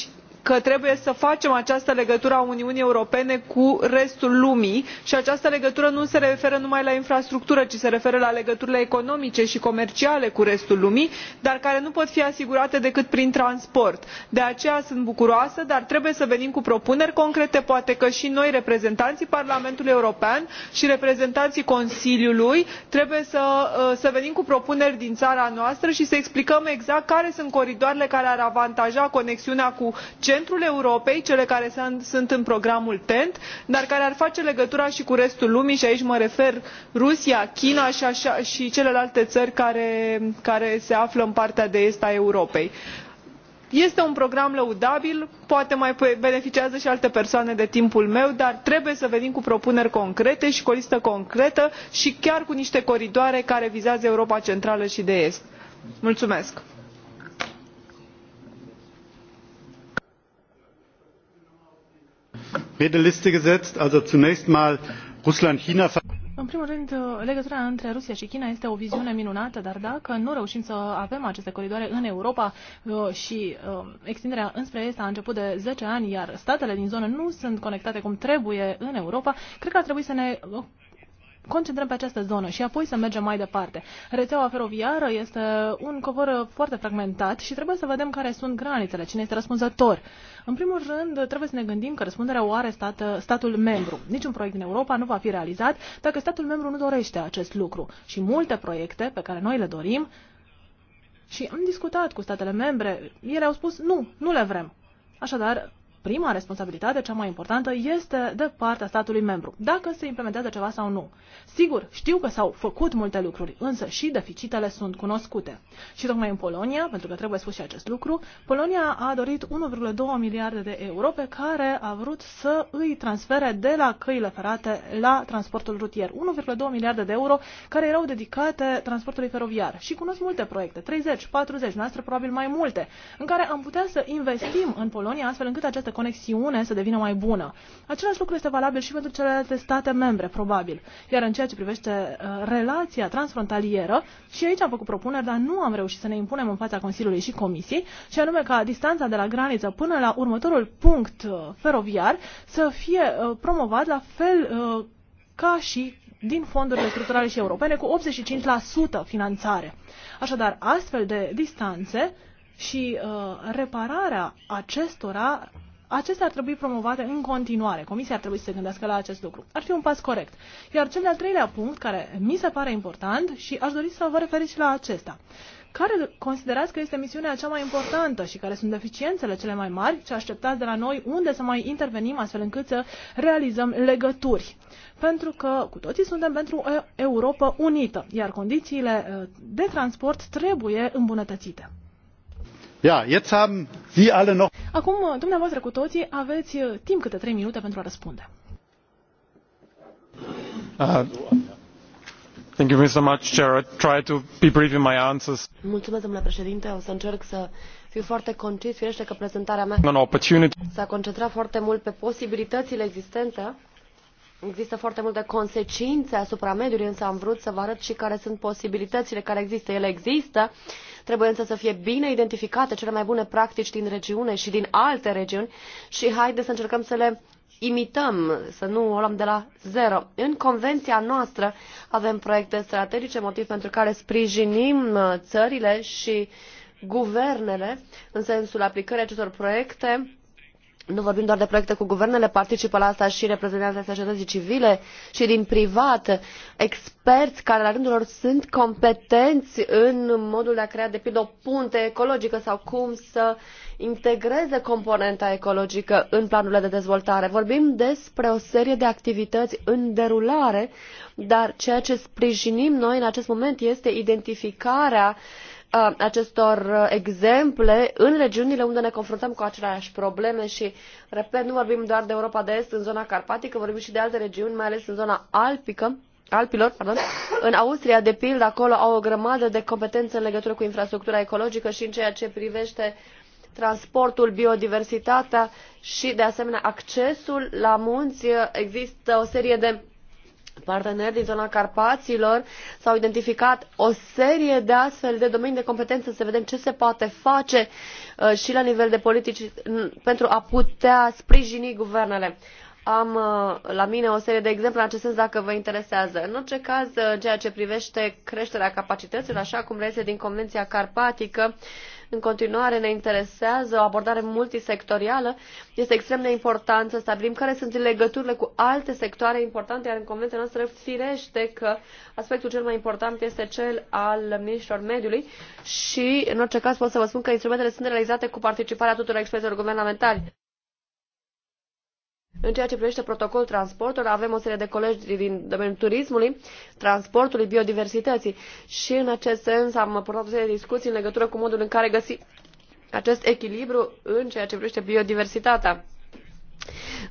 S6: că trebuie să facem această legătură a uniunii europene cu restul lumii și această legătură nu se referă numai la infrastructură ci se referă la legăturile economice și comerciale cu restul lumii dar care nu pot fi asigurate decât prin transport. de aceea sunt bucuroasă dar trebuie să venim cu propuneri concrete poate că și noi reprezentanții parlamentului european și reprezentanții consiliului trebuie să, uh, să venim cu propuneri din țara noastră și să explicăm exact care sunt coridoarele care ar avantaja conexiunea cu centrul europei cele care sunt în programul ten t dar care ar face legătura și cu restul lumii și aici mă refer la rusia china și celelalte țări care se află în partea de est a europei. este un program lăudabil poate mai beneficiază și alte persoane de timpul meu dar trebuie să venim cu propuneri concrete și cu o listă concretă și chiar cu niște coridoare care vizează europa centrală și de est. mulțumesc.
S2: În primul rând, legătura între Rusia și China este o viziune minunată, dar dacă nu reușim să avem aceste coridoare în Europa uh, și uh, extinderea înspre est a început de zece ani, iar statele din zonă nu sunt conectate cum trebuie în Europa, cred că ar trebui să ne uh, concentrăm pe această zonă și apoi să mergem mai departe. Rețeaua feroviară este un covor foarte fragmentat și trebuie să vedem care sunt granițele, cine este răspunzător. În primul rând, trebuie să ne gândim că răspunderea o are stat, statul membru. Niciun proiect din Europa nu va fi realizat dacă statul membru nu dorește acest lucru. Și multe proiecte pe care noi le dorim și am discutat cu statele membre, ele au spus nu, nu le vrem. Așadar, prima responsabilitate, cea mai importantă, este de partea statului membru, dacă se implementează ceva sau nu. Sigur, știu că s-au făcut multe lucruri, însă și deficitele sunt cunoscute. Și tocmai în Polonia, pentru că trebuie spus și acest lucru, Polonia a dorit 1,2 miliarde de euro pe care a vrut să îi transfere de la căile ferate la transportul rutier. 1,2 miliarde de euro care erau dedicate transportului feroviar. Și cunosc multe proiecte, 30, 40, noastre probabil mai multe, în care am putea să investim în Polonia astfel încât această această conexiune să devină mai bună. Același lucru este valabil și pentru celelalte state membre, probabil. Iar în ceea ce privește uh, relația transfrontalieră, și aici am făcut propuneri, dar nu am reușit să ne impunem în fața Consiliului și Comisiei, și anume ca distanța de la graniță până la următorul punct uh, feroviar să fie uh, promovat la fel ca și din fondurile structurale și europene cu 85% finanțare. Așadar, astfel de distanțe și uh, repararea acestora acestea ar trebui promovate în continuare. Comisia ar trebui să se gândească la acest lucru. Ar fi un pas corect. Iar cel de-al treilea punct, care mi se pare important și aș dori să vă referiți și la acesta. Care considerați că este misiunea cea mai importantă și care sunt deficiențele cele mai mari? Ce așteptați de la noi? Unde să mai intervenim astfel încât să realizăm legături? Pentru că cu toții suntem pentru o Europa unită, iar condițiile uh, de transport trebuie îmbunătățite. Acum, dumneavoastră cu toții, aveți uh, timp câte trei minute pentru a răspunde.
S1: Uh, Mulțumesc,
S5: domnule președinte. O să încerc să fiu foarte concis. Firește că prezentarea mea s-a concentrat foarte mult pe posibilitățile existente Există foarte multe consecințe asupra mediului, însă am vrut să vă arăt și care sunt posibilitățile care există. Ele există, trebuie însă să fie bine identificate cele mai bune practici din regiune și din alte regiuni și haide să încercăm să le imităm, să nu o luăm de la zero. În convenția noastră avem proiecte strategice, motiv pentru care sprijinim uh, țările și guvernele în sensul aplicării acestor proiecte nu vorbim doar de proiecte cu guvernele, participă la asta și reprezentanții societății civile și din privat, experți care la rândul lor sunt competenți în modul de a crea, de pildă, o punte ecologică sau cum să integreze componenta ecologică în planurile de dezvoltare. Vorbim despre o serie de activități în derulare, dar ceea ce sprijinim noi în acest moment este identificarea uh, acestor exemple în regiunile unde ne confruntăm cu aceleași probleme și, repet, nu vorbim doar de Europa de Est, în zona carpatică, vorbim și de alte regiuni, mai ales în zona alpică, alpilor, pardon. În Austria, de pildă, acolo au o grămadă de competențe în legătură cu infrastructura ecologică și în ceea ce privește transportul, biodiversitatea și, de asemenea, accesul la munți. Există o serie de parteneri din zona Carpaților s-au identificat o serie de astfel de domenii de competență să vedem ce se poate face uh, și la nivel de politici pentru a putea sprijini guvernele. Am uh, la mine o serie de exemple în acest sens dacă vă interesează. În orice caz, ceea ce privește creșterea capacităților, așa cum reiese din Convenția Carpatică, uh, în continuare ne interesează o abordare multisectorială. Este extrem de important să stabilim care sunt legăturile cu alte sectoare importante, iar în convenția noastră firește că aspectul cel mai important este cel al ministrilor mediului și, în orice caz, pot să vă spun că instrumentele sunt realizate cu participarea tuturor experților guvernamentali. În ceea ce privește protocol transportul, avem o serie de colegi din domeniul turismului, transportului, biodiversității și în acest sens am purtat o serie de discuții în legătură cu modul în care găsi acest echilibru în ceea ce privește biodiversitatea.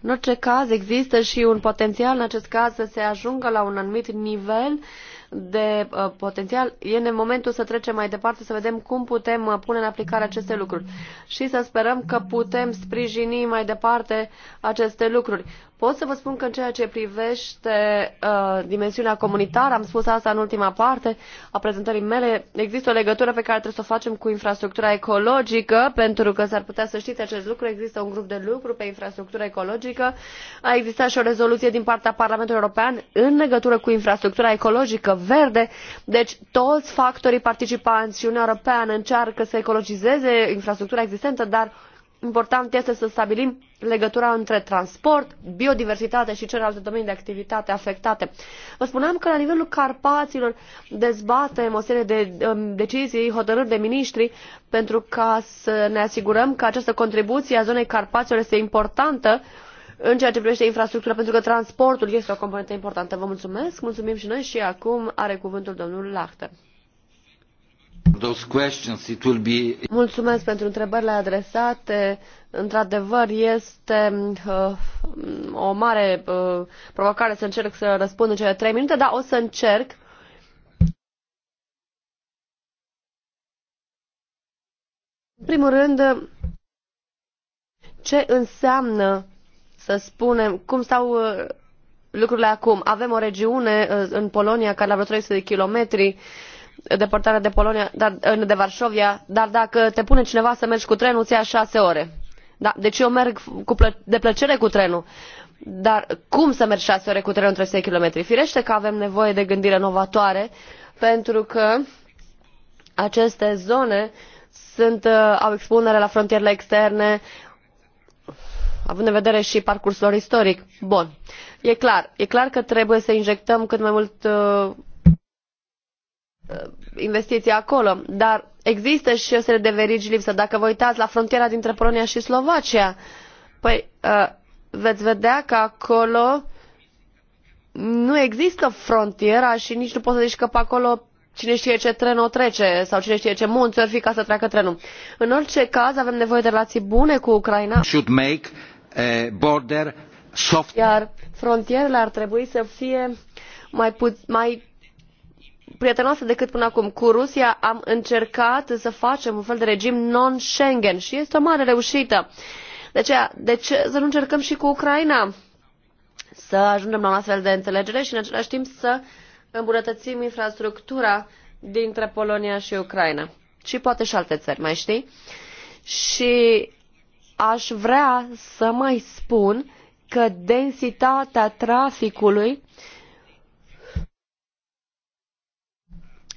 S5: În orice caz, există și un potențial în acest caz să se ajungă la un anumit nivel uh, de uh, potențial, e în momentul să trecem mai departe, să vedem cum putem uh, pune în aplicare aceste lucruri și să sperăm că putem sprijini mai departe aceste lucruri. Pot să vă spun că în ceea ce privește uh, dimensiunea comunitară, am spus asta în ultima parte a prezentării mele, există o legătură pe care trebuie să o facem cu infrastructura ecologică, pentru că s-ar putea să știți acest lucru, există un grup de lucru pe infrastructura ecologică, a existat și o rezoluție din partea Parlamentului European în legătură cu infrastructura ecologică verde, deci toți factorii participanți și Uniunea Europeană încearcă să ecologizeze infrastructura existentă, dar important este să stabilim legătura între transport, biodiversitate și celelalte domenii de activitate afectate. Vă spuneam că la nivelul Carpaților dezbatem o serie de um, decizii, hotărâri de miniștri pentru ca să ne asigurăm că această contribuție a zonei Carpaților este importantă în ceea ce privește infrastructura, pentru că transportul este o componentă importantă. Vă mulțumesc, mulțumim și noi și acum are cuvântul domnul Lachter. Mulțumesc pentru întrebările adresate. Într-adevăr, este uh, o mare uh, provocare să încerc să răspund în cele trei minute, dar o să încerc. În primul rând, ce înseamnă, să spunem, cum stau uh, lucrurile acum? Avem o regiune uh, în Polonia care la vreo 300 de kilometri deportarea de polonia dar, de varșovia dar dacă te pune cineva să mergi cu trenul îți ia șase ore. Da, deci eu merg de plăcere cu trenul dar cum să mergi șase ore cu trenul între trei kilometri? firește că avem nevoie de gândire novatoare pentru că aceste zone sunt, uh, au expunere la frontierele externe având în vedere și parcursul lor istoric. Bun. E clar, e clar că trebuie să injectăm cât mai mult uh, Uh, investiții acolo. Dar există și o serie de verigi lipsă. Dacă vă uitați la frontiera dintre Polonia și Slovacia, păi uh, veți vedea că acolo nu există frontiera și nici nu poți să zici că pe acolo cine știe ce tren o trece sau cine știe ce munți ori fi ca să treacă trenul. În orice caz avem nevoie de relații bune cu Ucraina.
S4: Should make border soft.
S5: Iar frontierele ar trebui să fie mai, mai prietenoasă decât până acum cu rusia am încercat să facem un fel de regim non schengen și este o mare reușită. de aceea de ce să nu încercăm și cu ucraina să ajungem la un astfel de înțelegere și în același timp să îmbunătățim infrastructura dintre polonia și ucraina și poate și alte țări mai știi și aș vrea să mai spun că densitatea traficului uh,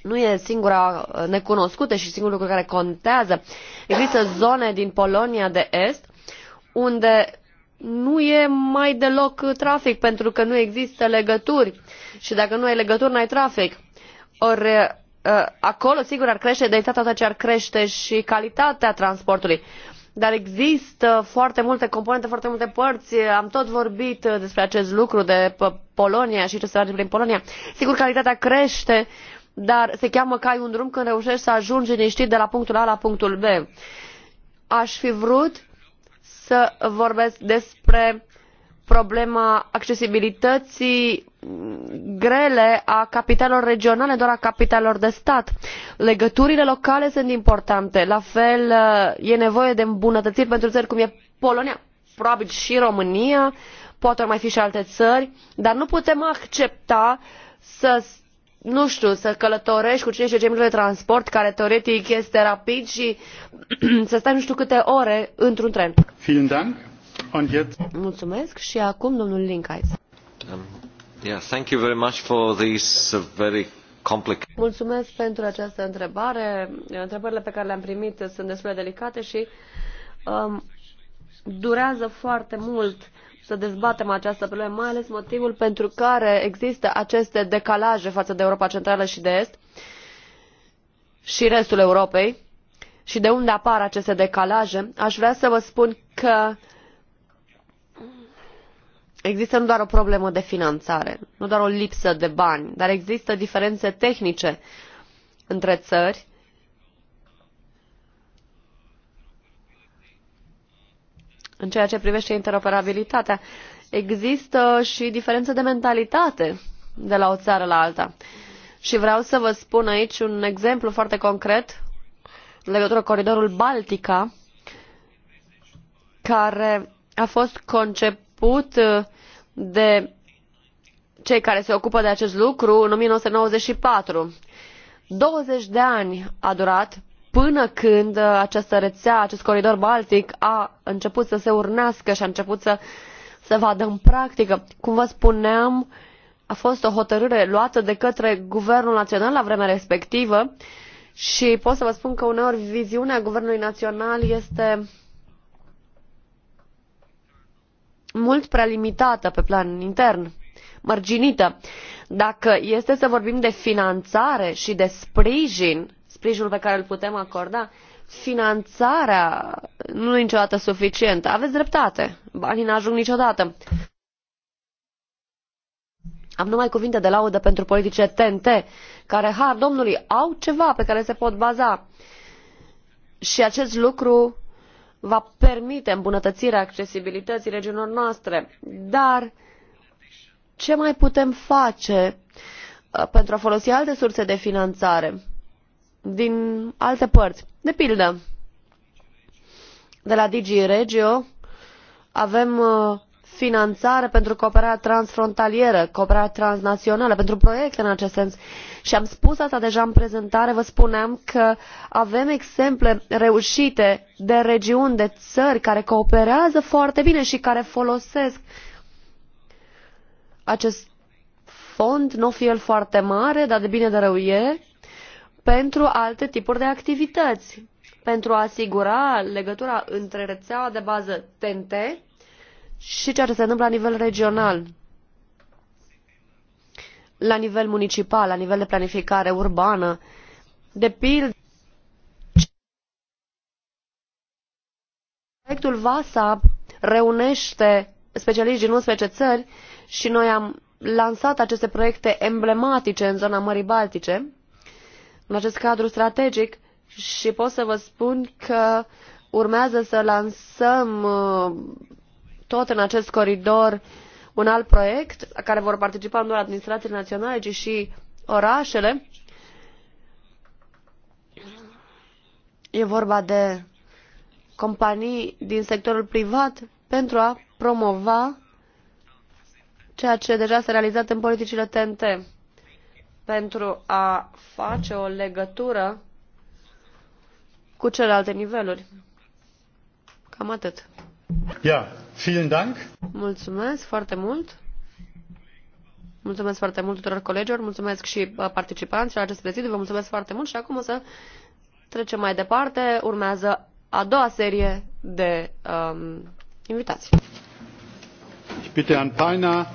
S5: nu e singura uh, necunoscută și singurul lucru care contează. Există zone din Polonia de Est unde nu e mai deloc trafic pentru că nu există legături și dacă nu ai legături, n-ai trafic. Ori uh, acolo, sigur, ar crește densitatea toată ce ar crește și calitatea transportului. Dar există foarte multe componente, foarte multe părți. Am tot vorbit uh, despre acest lucru de Polonia și ce se face prin Polonia. Sigur, calitatea crește uh, dar se cheamă cai un drum când reușești să ajungi liniștit de la punctul A la punctul B. Aș fi vrut să vorbesc despre problema accesibilității grele a capitalelor regionale doar a capitalelor de stat. legăturile locale sunt importante la fel e nevoie de îmbunătățiri pentru țări cum e polonia probabil și românia poate mai fi și alte țări dar nu putem accepta să nu știu, să călătorești cu 15 minute de transport, care teoretic este rapid și să stai nu știu câte ore într-un tren.
S1: Mulțumesc
S5: și acum domnul linkaiz.
S1: Um, yeah,
S4: thank you very much for these uh, very complicated...
S5: Mulțumesc pentru această întrebare. Întrebările pe care le-am primit sunt destul de delicate și um, durează foarte mult să dezbatem această problemă, mai ales motivul pentru care există aceste decalaje față de Europa Centrală și de Est și restul Europei și de unde apar aceste decalaje, aș vrea să vă spun că există nu doar o problemă de finanțare, nu doar o lipsă de bani, dar există diferențe tehnice între țări în ceea ce privește interoperabilitatea. Există și diferențe de mentalitate de la o țară la alta. Și vreau să vă spun aici un exemplu foarte concret în legătură cu coridorul Baltica, care a fost conceput uh, de cei care se ocupă de acest lucru în 1994. 20 de ani a durat până când uh, această rețea, acest coridor baltic a început să se urnească și a început să se vadă în practică. Cum vă spuneam, a fost o hotărâre luată de către Guvernul Național la vremea respectivă și pot să vă spun că uneori viziunea Guvernului Național este mult prea limitată pe plan intern, mărginită. Dacă este să vorbim de finanțare și de sprijin sprijinul pe care îl putem acorda, finanțarea nu e niciodată suficientă. Aveți dreptate. Banii n-ajung niciodată. Am numai cuvinte de laudă pentru politice TNT, care, har domnului, au ceva pe care se pot baza. Și acest lucru va permite îmbunătățirea accesibilității regiunilor noastre. Dar ce mai putem face uh, pentru a folosi alte surse de finanțare? din alte părți. De pildă, de la DG Regio avem uh, finanțare pentru cooperarea transfrontalieră, cooperarea transnațională, pentru proiecte în acest sens. Și am spus asta deja în prezentare, vă spuneam că avem exemple reușite de regiuni, de țări care cooperează foarte bine și care folosesc acest fond, nu fie el foarte mare, dar de bine de rău e, pentru alte tipuri de activități, pentru a asigura legătura între rețeaua de bază TNT și ceea ce se întâmplă la nivel regional, la nivel municipal, la nivel de planificare urbană, de pildă. Proiectul VASA reunește specialiști din 11 țări și noi am lansat aceste proiecte emblematice în zona Mării Baltice în acest cadru strategic și pot să vă spun că urmează să lansăm uh, tot în acest coridor un alt proiect la care vor participa nu doar administrațiile naționale, ci și orașele. E vorba de companii din sectorul privat pentru a promova ceea ce deja s-a realizat în politicile TNT pentru a face o legătură cu celelalte niveluri. Cam atât.
S1: Ja, vielen Dank.
S5: Mulțumesc foarte mult. Mulțumesc foarte mult tuturor colegilor, mulțumesc și participanților acest prezidiu, vă mulțumesc foarte mult și acum o să trecem mai departe. Urmează a doua serie de um, invitații.
S1: Ich bitte an Palna,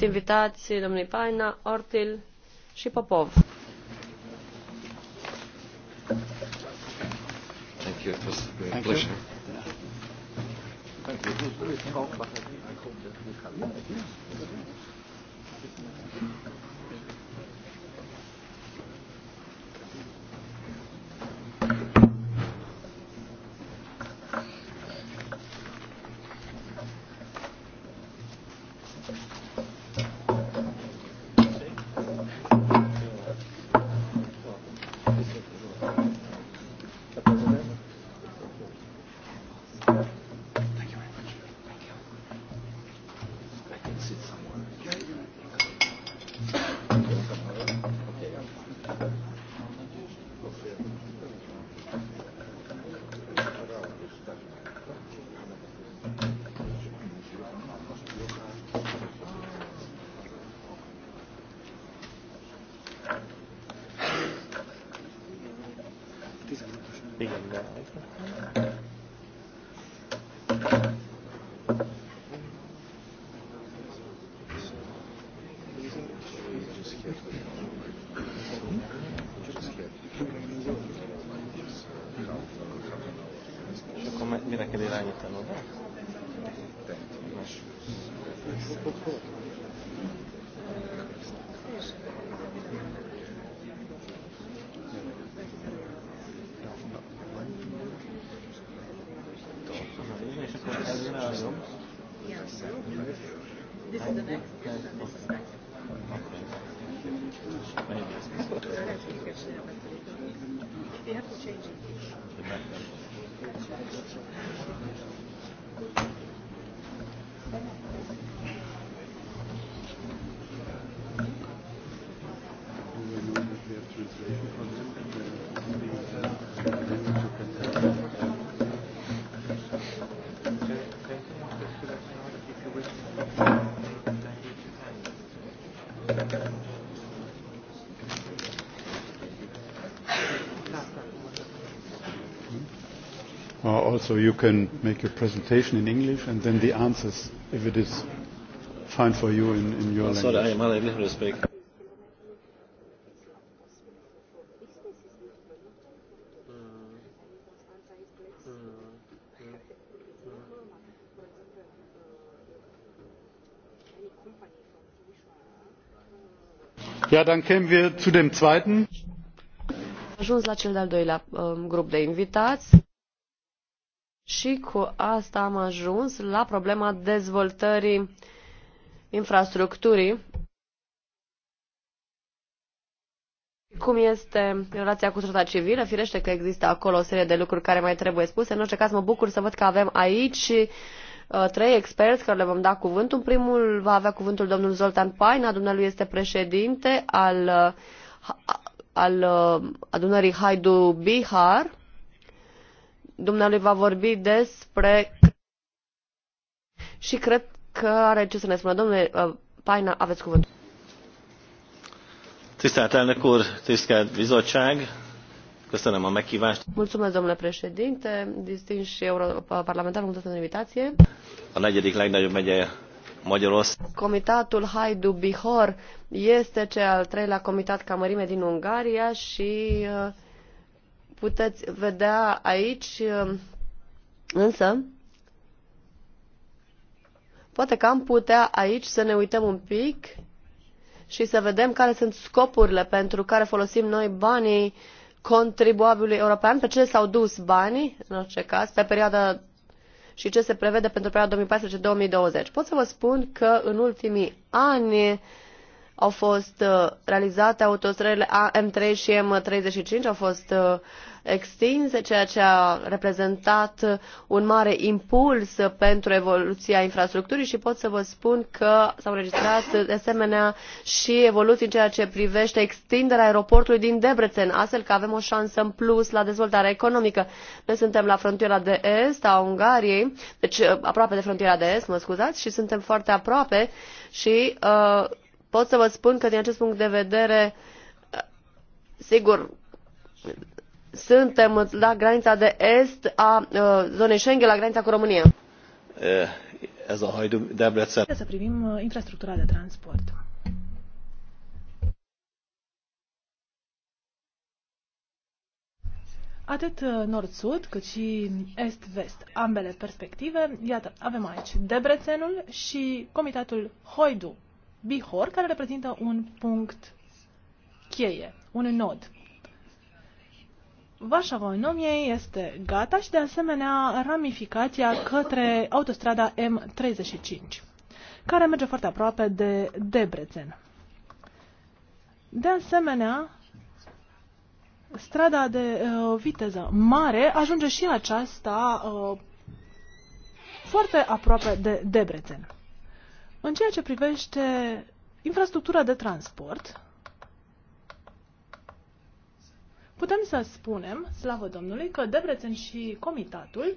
S5: Invitații domnului Paina, Ortil și Popov. Thank
S4: you. It was a great Thank pleasure. You. Thank you.
S1: so you can make your presentation in English and then the answers, if it is fine for you in, in your oh, language. Sorry, I'm unable to Ja, dann kämen wir zu dem zweiten.
S6: Ajuns
S5: la cel de-al doilea um, grup de invitați și cu asta am ajuns la problema dezvoltării infrastructurii. Cum este relația cu societatea civilă? Firește că există acolo o serie de lucruri care mai trebuie spuse. În orice caz, mă bucur să văd că avem aici uh, trei experți care le vom da cuvântul. Primul va avea cuvântul domnul Zoltan Paina, dumnealui este președinte al, uh, al uh, adunării Haidu Bihar dumnealui va vorbi despre... Și cred că are ce să ne spună. Domnule uh, Paina, aveți cuvântul.
S1: Tisztelt elnök úr, tisztelt bizottság, köszönöm a meghívást.
S5: Mulțumesc, domnule președinte, distinși europarlamentar, mulțumesc pentru invitație. A negyedik legnagyobb megye Magyarország. Comitatul Haidu Bihor este cel al treilea comitat ca mărime din Ungaria și uh, puteți vedea aici, um, însă, poate că am putea aici să ne uităm un pic și să vedem care sunt scopurile pentru care folosim noi banii contribuabilului european, pe ce s-au dus banii, în orice caz, pe perioada și ce se prevede pentru perioada 2014-2020. Pot să vă spun că în ultimii ani au fost uh, realizate, autostrăzile M3 și M35 au fost uh, extinse, ceea ce a reprezentat uh, un mare impuls pentru evoluția infrastructurii și pot să vă spun că s-au înregistrat de asemenea și evoluții în ceea ce privește extinderea aeroportului din Debrecen, astfel că avem o șansă în plus la dezvoltarea economică. Noi suntem la frontiera de est a Ungariei, deci aproape de frontiera de est, mă scuzați, și suntem foarte aproape și uh, pot să vă spun că din acest punct de vedere, sigur, suntem la granița de est a uh, zonei Schengen, la granița cu România.
S1: Eh, ez a hajdu Debrecen. Să
S2: privim uh, infrastructura de transport. Atât uh, nord-sud, cât și est-vest, ambele perspective. Iată, avem aici Debrecenul și comitatul Hoidu Bihor, care reprezintă un punct cheie, un nod. Vașa este gata și de asemenea ramificația către autostrada M35, care merge foarte aproape de Debrecen. De asemenea, strada de uh, viteză mare ajunge și aceasta uh, foarte aproape de Debrecen. În ceea ce privește infrastructura de transport, putem să spunem, slavă Domnului, că Debrețen și Comitatul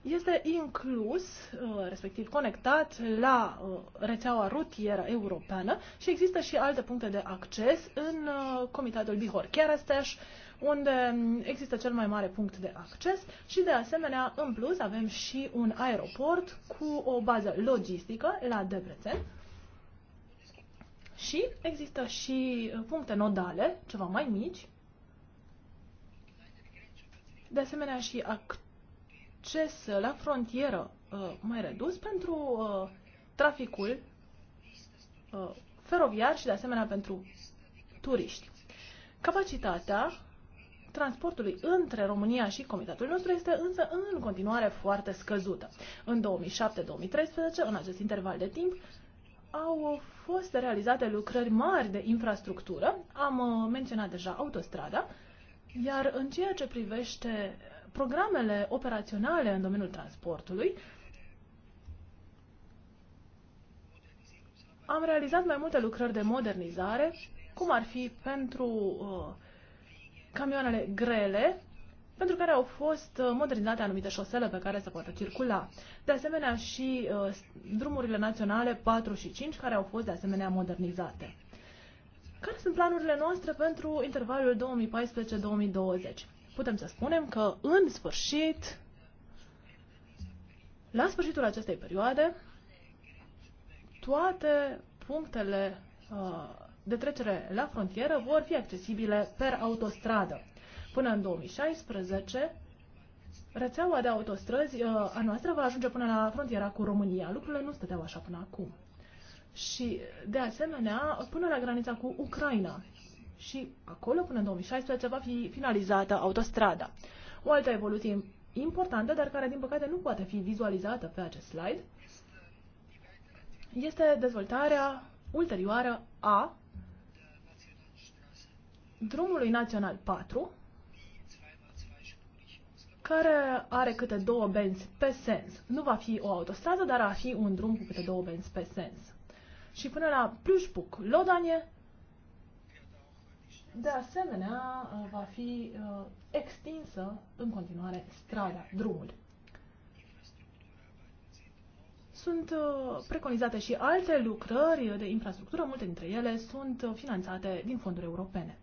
S2: este inclus, uh, respectiv conectat, la uh, rețeaua rutieră europeană și există și alte puncte de acces în uh, Comitatul Bihor Chiarasteș unde există cel mai mare punct de acces și de asemenea, în plus, avem și un aeroport cu o bază logistică la Debrecen și există și uh, puncte nodale, ceva mai mici, de asemenea și acces la frontieră uh, mai redus pentru uh, traficul feroviar și de asemenea pentru turiști. Capacitatea transportului între România și comitatul nostru este însă în continuare foarte scăzută. În 2007-2013, în acest interval de timp, au fost realizate lucrări mari de infrastructură, am uh, menționat deja autostrada, iar în ceea ce privește programele operaționale în domeniul transportului, am realizat mai multe lucrări de modernizare, cum ar fi pentru uh, camioanele grele, pentru care au fost uh, modernizate anumite șosele pe care se poate circula. De asemenea și uh, drumurile naționale 4 și 5 care au fost de asemenea modernizate. Care sunt planurile noastre pentru intervalul 2014-2020? Putem să spunem că în sfârșit, la sfârșitul acestei perioade, toate punctele uh, de trecere la frontieră vor fi accesibile per autostradă. Până în 2016, rețeaua de autostrăzi uh, a noastră va ajunge până la frontiera cu România. Lucrurile nu stăteau așa până acum. Și, de asemenea, până la granița cu Ucraina. Și acolo, până în 2016, va fi finalizată autostrada. O altă evoluție importantă, dar care, din păcate, nu poate fi vizualizată pe acest slide, este dezvoltarea ulterioară a drumului național 4, care are câte două benzi pe sens. Nu va fi o autostradă, dar va fi un drum cu câte două benzi pe sens. Și până la Plujpuc, Lodanie, de asemenea, uh, va fi uh, extinsă în continuare strada, drumul. Sunt uh, preconizate și alte lucrări de infrastructură, multe dintre ele sunt uh, finanțate din fonduri europene.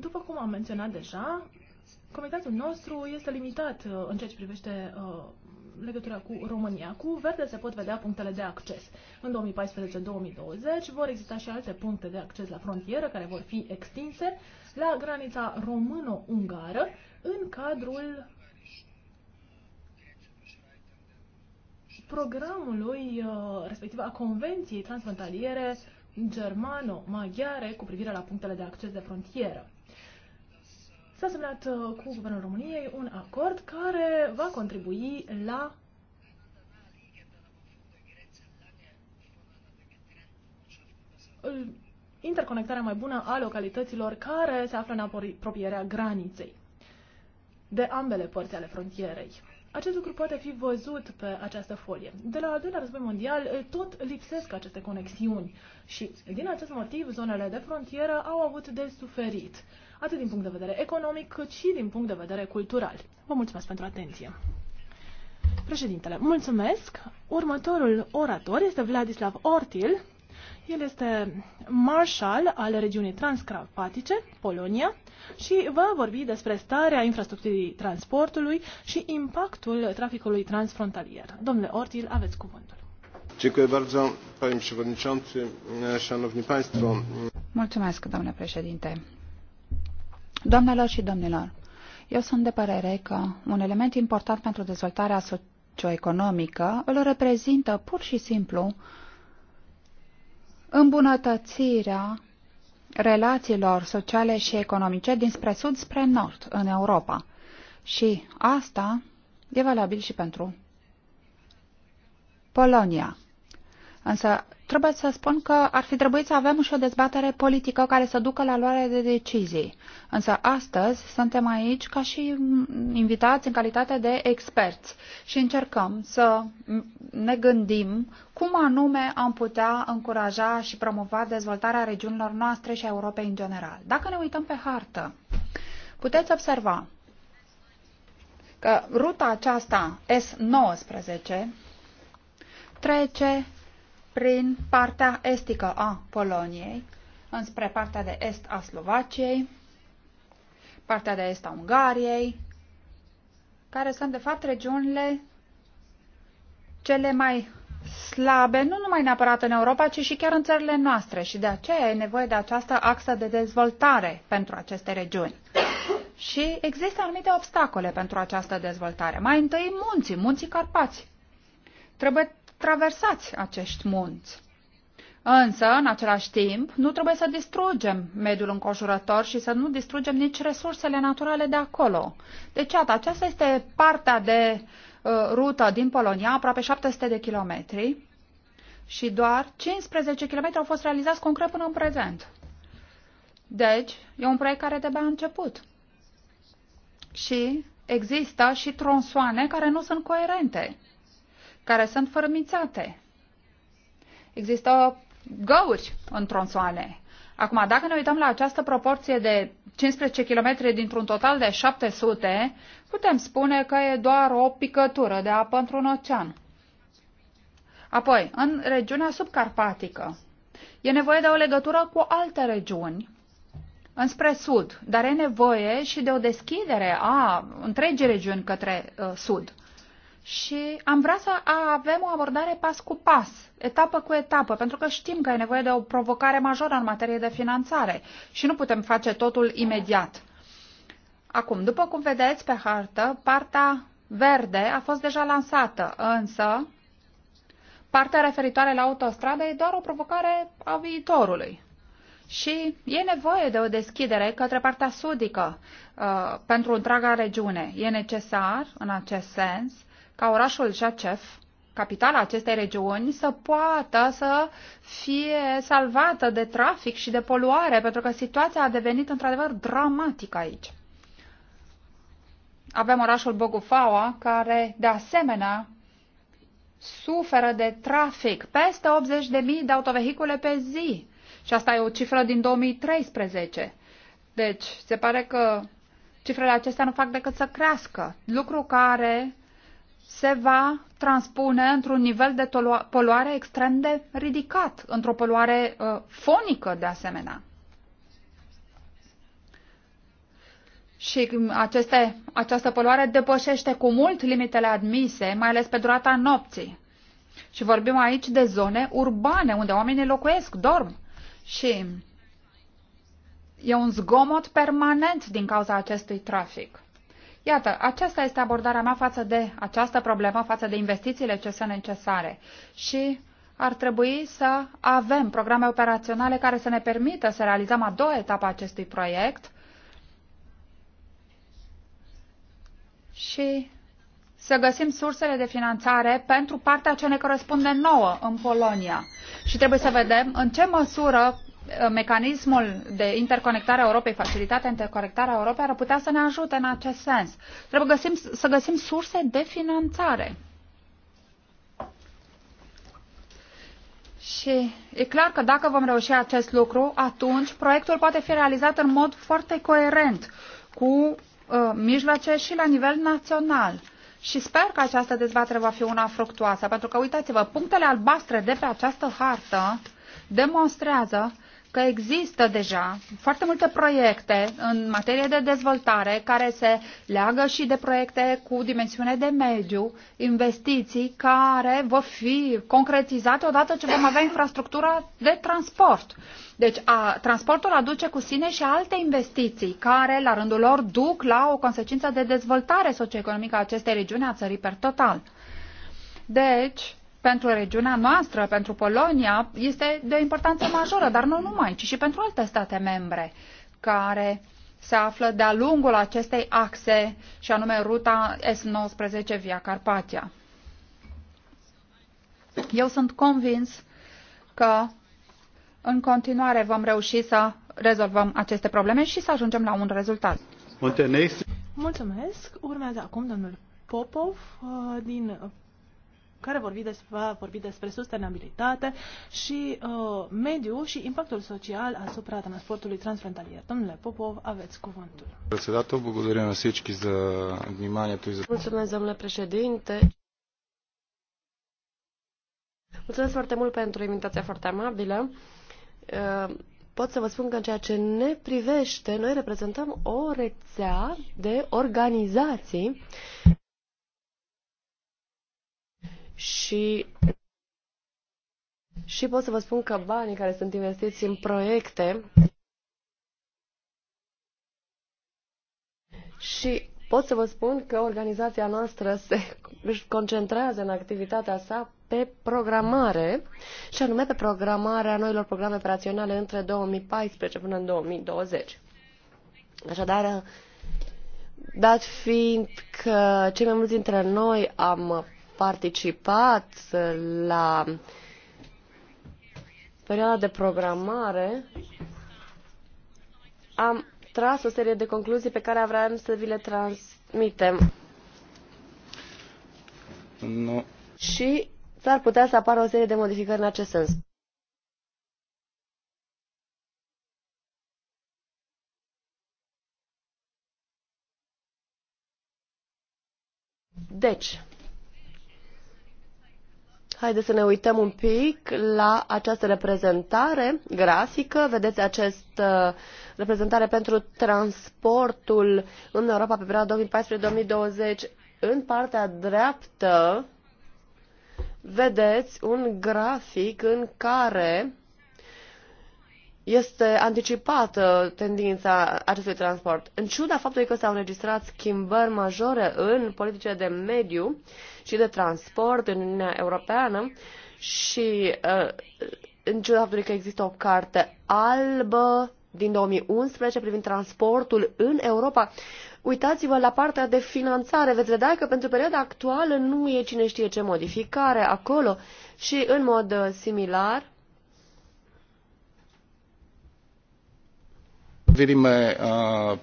S2: După cum am menționat deja, comitatul nostru este limitat uh, în ceea ce privește uh, legătura cu România. Cu verde se pot vedea punctele de acces. În 2014-2020 vor exista și alte puncte de acces la frontieră care vor fi extinse la granița româno-ungară în cadrul programului, uh, respectiv a convenției transfrontaliere germano-maghiare cu privire la punctele de acces de frontieră. S-a semnat uh, cu Guvernul României un acord care va contribui la interconectarea mai bună a localităților care se află în apropierea graniței de ambele părți ale frontierei. Acest lucru poate fi văzut pe această folie. De la al doilea război mondial tot lipsesc aceste conexiuni și din acest motiv zonele de frontieră au avut de suferit atât din punct de vedere economic, cât și din punct de vedere cultural. Vă mulțumesc pentru atenție. Președintele, mulțumesc. Următorul orator este Vladislav Ortil. El este marshal al regiunii transcarpatice, Polonia, și va vorbi despre starea infrastructurii transportului și impactul traficului transfrontalier. Domnule Ortil, aveți cuvântul. Mulțumesc, domnule președinte.
S3: Doamnelor și domnilor, eu sunt de părere că un element important pentru dezvoltarea socioeconomică îl reprezintă pur și simplu îmbunătățirea relațiilor sociale și economice dinspre sud spre nord în Europa. Și asta e valabil și pentru Polonia. Însă trebuie să spun că ar fi trebuit să avem și o dezbatere politică care să ducă la luarea de decizii. Însă astăzi suntem aici ca și invitați în calitate de experți și încercăm să ne gândim cum anume am putea încuraja și promova dezvoltarea regiunilor noastre și a Europei în general. Dacă ne uităm pe hartă, puteți observa că ruta aceasta S19 trece prin partea estică a Poloniei, înspre partea de est a Slovaciei, partea de est a Ungariei, care sunt, de fapt, regiunile cele mai slabe, nu numai neapărat în Europa, ci și chiar în țările noastre și de aceea e nevoie de această axă de dezvoltare pentru aceste regiuni. Și există anumite obstacole pentru această dezvoltare. Mai întâi munții, munții Carpați. Trebuie traversați acești munți. Însă, în același timp, nu trebuie să distrugem mediul înconjurător și să nu distrugem nici resursele naturale de acolo. Deci, iată, aceasta este partea de uh, rută din Polonia, aproape 700 de kilometri, și doar 15 km au fost realizați concret până în prezent. Deci, e un proiect care de a început. Și există și tronsoane care nu sunt coerente care sunt fărâmițate. Există găuri în tronsoane. Acum, dacă ne uităm la această proporție de 15 km dintr-un total de 700, putem spune că e doar o picătură de apă într-un ocean. Apoi, în regiunea subcarpatică, e nevoie de o legătură cu alte regiuni înspre sud, dar e nevoie și de o deschidere a întregii regiuni către uh, sud și am vrea să avem o abordare pas cu pas, etapă cu etapă, pentru că știm că e nevoie de o provocare majoră în materie de finanțare și nu putem face totul imediat. Acum, după cum vedeți pe hartă, partea verde a fost deja lansată, însă partea referitoare la autostradă e doar o provocare a viitorului. Și e nevoie de o deschidere către partea sudică uh, pentru întreaga regiune. E necesar, în acest sens, ca orașul Jacef, capitala acestei regiuni, să poată să fie salvată de trafic și de poluare, pentru că situația a devenit într-adevăr dramatică aici. Avem orașul Bogufaua, care de asemenea suferă de trafic, peste 80.000 de autovehicule pe zi. Și asta e o cifră din 2013. Deci, se pare că cifrele acestea nu fac decât să crească, lucru care se va transpune într-un nivel de poluare extrem de ridicat, într-o poluare uh, fonică de asemenea. Și aceste, această poluare depășește cu mult limitele admise, mai ales pe durata nopții. Și vorbim aici de zone urbane, unde oamenii locuiesc, dorm. Și e un zgomot permanent din cauza acestui trafic. Iată, aceasta este abordarea mea față de această problemă, față de investițiile ce sunt necesare. Și ar trebui să avem programe operaționale care să ne permită să realizăm a doua etapă a acestui proiect și să găsim sursele de finanțare pentru partea ce ne corespunde nouă în Polonia. Și trebuie să vedem în ce măsură mecanismul de interconectare a Europei, facilitatea interconectarea Europei ar putea să ne ajute în acest sens. Trebuie găsim, să găsim surse de finanțare. Și e clar că dacă vom reuși acest lucru, atunci proiectul poate fi realizat în mod foarte coerent cu uh, mijloace și la nivel național. Și sper că această dezbatere va fi una fructuoasă, pentru că uitați-vă, punctele albastre de pe această hartă demonstrează că există deja foarte multe proiecte în materie de dezvoltare care se leagă și de proiecte cu dimensiune de mediu, investiții care vor fi concretizate odată ce vom avea infrastructura de transport. Deci a, transportul aduce cu sine și alte investiții care, la rândul lor, duc la o consecință de dezvoltare socioeconomică a acestei regiuni, a țării per total. Deci, pentru regiunea noastră, pentru Polonia, este de o importanță majoră, dar nu numai, ci și pentru alte state membre care se află de-a lungul acestei axe, și anume ruta S19 via Carpatia. Eu sunt convins că în continuare vom reuși să rezolvăm aceste probleme și să ajungem la un
S2: rezultat. Mulțumesc! Urmează acum domnul Popov uh, din care vorbi despre, va vorbi despre sustenabilitate și uh, mediu și impactul social asupra transportului transfrontalier. Domnule Popov, aveți
S5: cuvântul. Mulțumesc, domnule președinte. Mulțumesc foarte mult pentru invitația foarte amabilă. Uh, pot să vă spun că în ceea ce ne privește, noi reprezentăm o rețea de organizații și și pot să vă spun că banii care sunt investiți în proiecte și pot să vă spun că organizația noastră se își concentrează în activitatea sa pe programare și anume pe programarea noilor programe operaționale între 2014 până în 2020. Așadar, dat fiind că cei mai mulți dintre noi am participat la perioada de programare, am tras o serie de concluzii pe care vreau să vi le transmitem. No. Și s-ar putea să apară o serie de modificări în acest sens. Deci, Haideți să ne uităm un pic la această reprezentare grafică. Vedeți această uh, reprezentare pentru transportul în Europa pe perioada 2014-2020. În partea dreaptă vedeți un grafic în care este anticipată tendința acestui transport. În ciuda faptului că s-au înregistrat schimbări majore în politicile de mediu și de transport în Uniunea Europeană și uh, în ciuda faptului că există o carte albă din 2011 privind transportul în Europa, uitați-vă la partea de finanțare. Veți vedea că pentru perioada actuală nu e cine știe ce modificare acolo și în mod uh, similar
S1: Видиме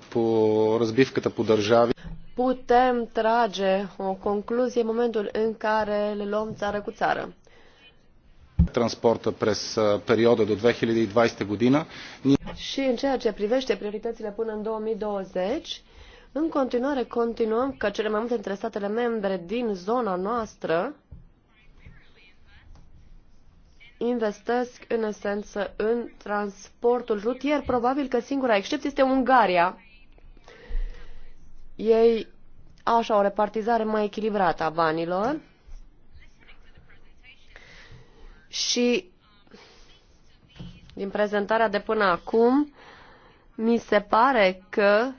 S1: по разбивката по държави.
S5: Putem trage o concluzie în momentul în care le luăm țară cu țară
S1: transportă през uh, perioada de 2020 година.
S5: Și în ceea ce privește prioritățile până în 2020, în continuare continuăm ca cele mai multe dintre statele membre din zona noastră investesc în esență în transportul rutier. Probabil că singura excepție este Ungaria. Ei au așa o repartizare mai echilibrată a banilor. Și din prezentarea de până acum, mi se pare că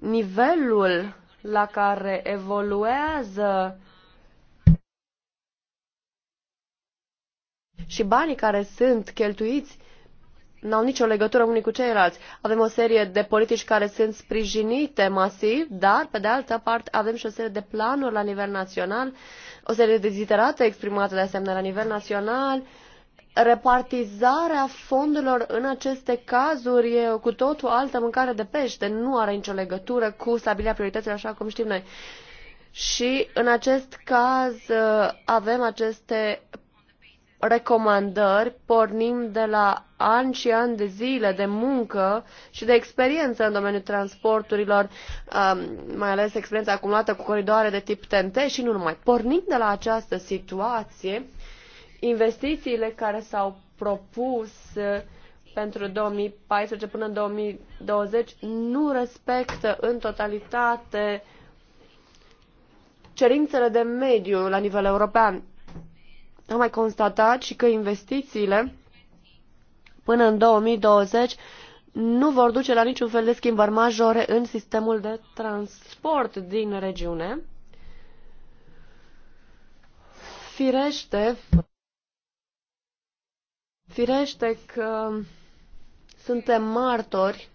S5: nivelul la care evoluează și banii care sunt cheltuiți n-au nicio legătură unii cu ceilalți. Avem o serie de politici care sunt sprijinite masiv, dar, pe de altă parte, avem și o serie de planuri la nivel național, o serie de deziterate exprimate de asemenea la nivel național, repartizarea fondurilor în aceste cazuri e cu totul altă mâncare de pește, nu are nicio legătură cu stabilirea priorităților așa cum știm noi. Și în acest caz uh, avem aceste recomandări pornim de la ani și ani de zile de muncă și de experiență în domeniul transporturilor, um, mai ales experiența acumulată cu coridoare de tip TNT și nu numai. Pornind de la această situație, investițiile care s-au propus uh, pentru 2014 până în 2020 nu respectă în totalitate cerințele de mediu la nivel european. Am mai constatat și că investițiile până în 2020 nu vor duce la niciun fel de schimbări majore în sistemul de transport din regiune. Firește, firește că suntem martori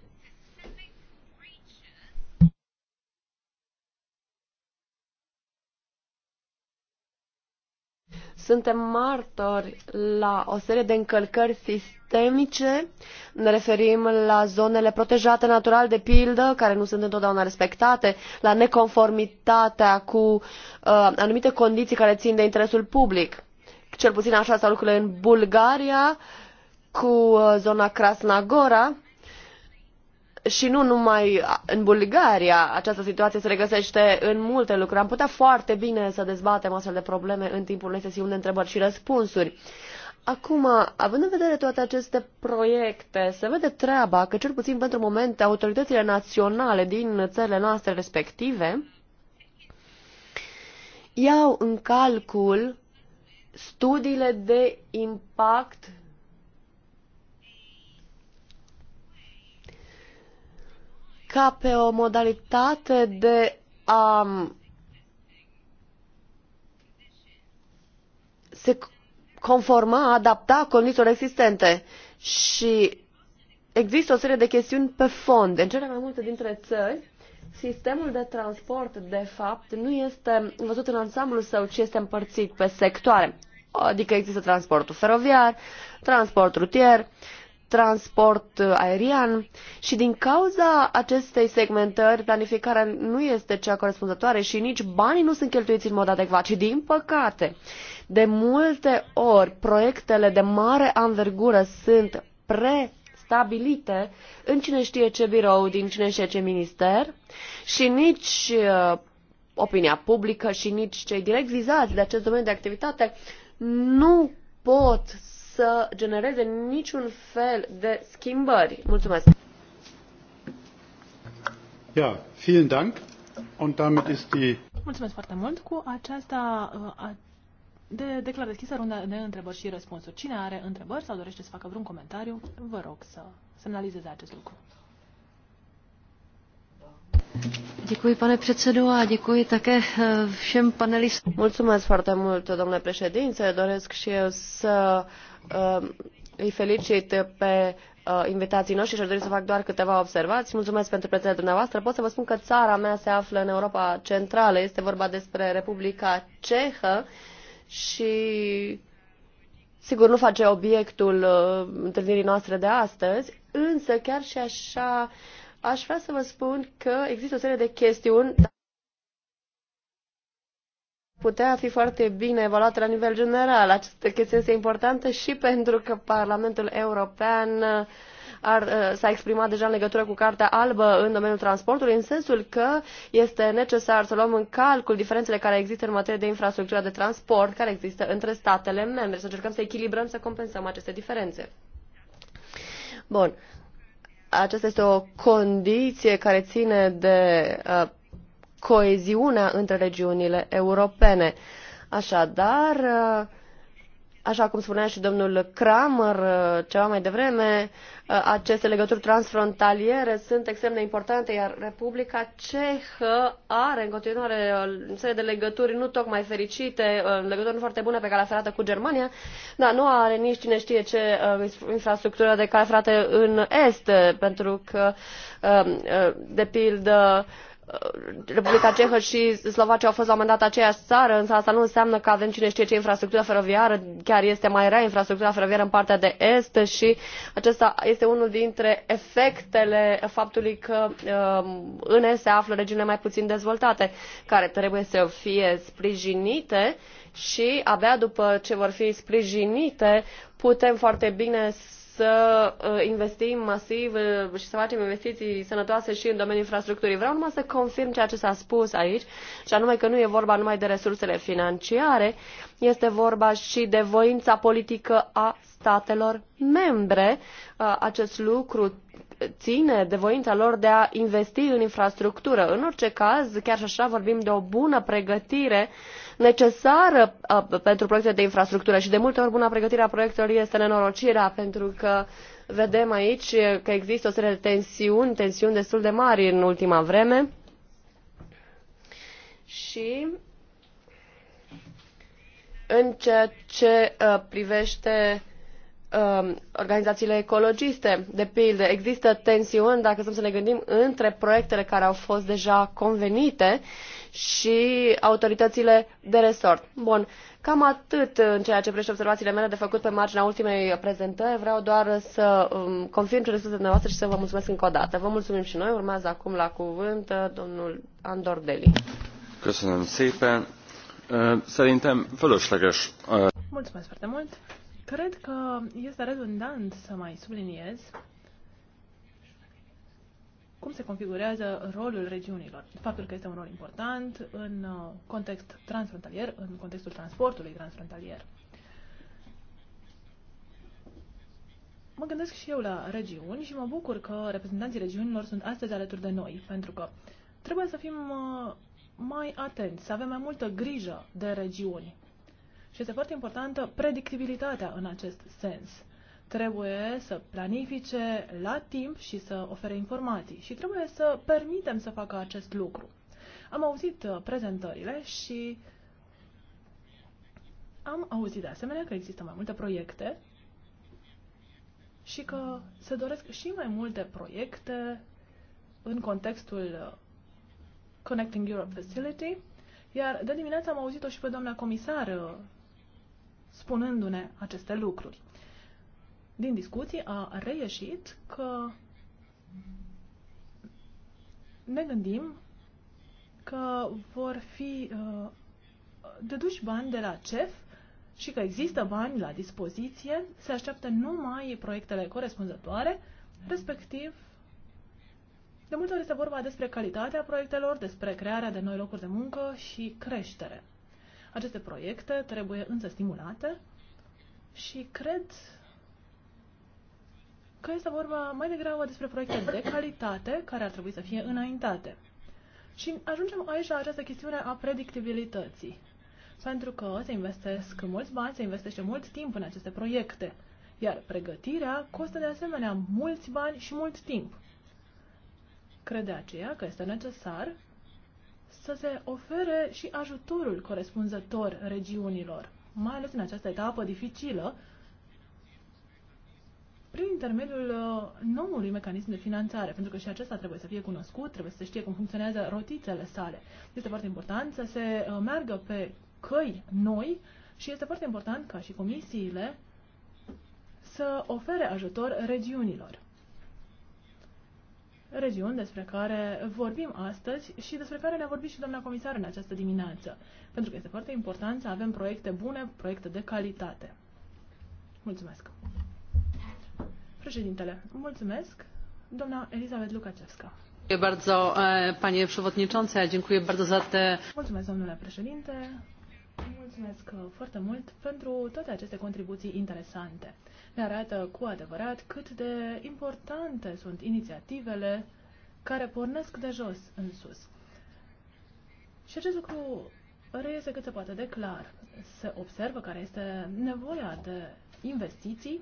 S5: Suntem martori la o serie de încălcări sistemice. Ne referim la zonele protejate natural, de pildă, care nu sunt întotdeauna respectate, la neconformitatea cu uh, anumite condiții care țin de interesul public. Cel puțin așa s-au lucrurile în Bulgaria, cu uh, zona Krasnagora, și nu numai în Bulgaria, această situație se regăsește în multe lucruri. Am putea foarte bine să dezbatem astfel de probleme în timpul unei sesiuni de întrebări și răspunsuri. Acum, având în vedere toate aceste proiecte, se vede treaba că, cel puțin pentru moment, autoritățile naționale din țările noastre respective iau în calcul studiile de impact ca pe o modalitate de a se conforma, adapta condițiilor existente. Și există o serie de chestiuni pe fond. În cele mai multe dintre țări, sistemul de transport, de fapt, nu este văzut în ansamblu său, ci este împărțit pe sectoare. Adică există transportul feroviar, transport rutier, transport uh, aerian și din cauza acestei segmentări planificarea nu este cea corespunzătoare și nici banii nu sunt cheltuiți în mod adecvat și din păcate de multe ori proiectele de mare anvergură sunt prestabilite în cine știe ce birou, din cine știe ce minister și nici uh, opinia publică și nici cei direct vizați de acest domeniu de activitate nu pot să genereze niciun fel de schimbări. Mulțumesc!
S1: Ja, vielen Dank. Und damit ist die...
S2: Mulțumesc foarte mult. Cu aceasta uh, a, de, declar deschisă runda de întrebări și răspunsuri. Cine are întrebări sau dorește să facă vreun comentariu, vă rog să semnalizeze acest lucru.
S5: Děkuji, pane předsedo, a děkuji také eh, všem panelistům. Mulțumesc foarte mult, domnule președinte. Doresc și eu să Ehm, îi felicit pe uh, invitații noștri și aș dori să fac doar câteva observații. Mulțumesc pentru prezența dumneavoastră. Pot să vă spun că țara mea se află în Europa Centrală. Este vorba despre Republica Cehă și sigur nu face obiectul uh, întâlnirii noastre de astăzi, însă chiar și așa aș vrea să vă spun că există o serie de chestiuni putea fi foarte bine evaluată la nivel general. Această chestie este importantă și pentru că Parlamentul European uh, uh, s-a exprimat deja în legătură cu Cartea Albă în domeniul transportului, în sensul că este necesar să luăm în calcul diferențele care există în materie de infrastructură de transport, care există între statele membre, să încercăm să echilibrăm, să compensăm aceste diferențe. Bun. Aceasta este o condiție care ține de uh, coeziunea între regiunile europene. Așadar, așa cum spunea și domnul Kramer uh, ceva mai devreme, uh, aceste legături transfrontaliere sunt extrem de importante, iar Republica Cehă are în continuare uh, o serie de legături nu tocmai fericite, legături nu foarte bune pe calea ferată cu Germania, dar nu are nici cine știe ce infrastructură de cale ferată în Est, pentru că, de pildă, Uh, Republica Cehă și Slovacia au fost la un moment dat aceeași țară, însă asta nu înseamnă că avem cine știe ce infrastructură feroviară, chiar este mai rea infrastructura feroviară în partea de est și acesta este unul dintre efectele faptului că um, în est se află regiunile mai puțin dezvoltate, care trebuie să fie sprijinite și abia după ce vor fi sprijinite putem foarte bine să uh, investim masiv uh, și să facem investiții sănătoase și în domeniul infrastructurii. Vreau numai să confirm ceea ce s-a spus aici, și anume că nu e vorba numai de resursele financiare, este vorba și de voința politică a statelor membre. Uh, acest lucru ține de voința lor de a investi în infrastructură. În orice caz, chiar și așa vorbim de o bună pregătire uh, necesară uh, pentru proiecte de infrastructură și de multe ori buna pregătire a proiectelor este nenorocirea pentru că vedem aici că există o serie de tensiuni, tensiuni destul de mari în ultima vreme și în ceea ce uh, privește um, organizațiile ecologiste. De pildă, există tensiuni, dacă să ne gândim, între proiectele care au fost deja convenite și autoritățile de resort. Bun, cam atât în ceea ce privește observațiile mele de făcut pe marginea ultimei prezentări. Vreau doar să um, confirm ce răspunsul dumneavoastră și să vă mulțumesc încă o dată. Vă mulțumim și noi. Urmează acum la cuvânt uh, domnul Andor Deli.
S1: Köszönöm szépen. Uh, szerintem fölösleges. Uh,
S5: mulțumesc foarte mult. Cred că este redundant
S2: să mai subliniez cum se configurează rolul regiunilor. Faptul că este un rol important în uh, context transfrontalier, în contextul transportului transfrontalier. Mă gândesc și eu la regiuni și mă bucur că reprezentanții regiunilor sunt astăzi alături de noi, pentru că trebuie să fim uh, mai atenți, să avem mai multă grijă de regiuni. Și este foarte importantă predictibilitatea în acest sens trebuie să planifice la timp și să ofere informații și trebuie să permitem să facă acest lucru. Am auzit uh, prezentările și am auzit de asemenea că există mai multe proiecte și că se doresc și mai multe proiecte în contextul uh, Connecting Europe Facility, iar de dimineață am auzit-o și pe doamna comisară spunându-ne aceste lucruri din discuții a reieșit că ne gândim că vor fi uh, deduși bani de la CEF și că există bani la dispoziție, se așteaptă numai proiectele corespunzătoare, respectiv de multe ori este vorba despre calitatea proiectelor, despre crearea de noi locuri de muncă și creștere. Aceste proiecte trebuie însă stimulate și cred că este vorba mai degrabă despre proiecte de calitate care ar trebui să fie înaintate. Și ajungem aici la această chestiune a predictibilității. Pentru că se investesc mulți bani, se investește mult timp în aceste proiecte. Iar pregătirea costă de asemenea mulți bani și mult timp. Crede aceea că este necesar să se ofere și ajutorul corespunzător regiunilor, mai ales în această etapă dificilă prin intermediul uh, noului mecanism de finanțare, pentru că și acesta trebuie să fie cunoscut, trebuie să se știe cum funcționează rotițele sale. Este foarte important să se uh, meargă pe căi noi și este foarte important ca și comisiile să ofere ajutor regiunilor. Regiuni despre care vorbim astăzi și despre care ne-a vorbit și doamna comisar în această dimineață, pentru că este foarte important să avem proiecte bune, proiecte de calitate. Mulțumesc! Președintele, mulțumesc. Doamna Elizabeth Lukacevska. Mulțumesc, domnule președinte. Mulțumesc foarte mult pentru toate aceste contribuții interesante. Ne arată cu adevărat cât de importante sunt inițiativele care pornesc de jos în sus. Și acest lucru reiese cât se poate de clar. Se observă care este nevoia de investiții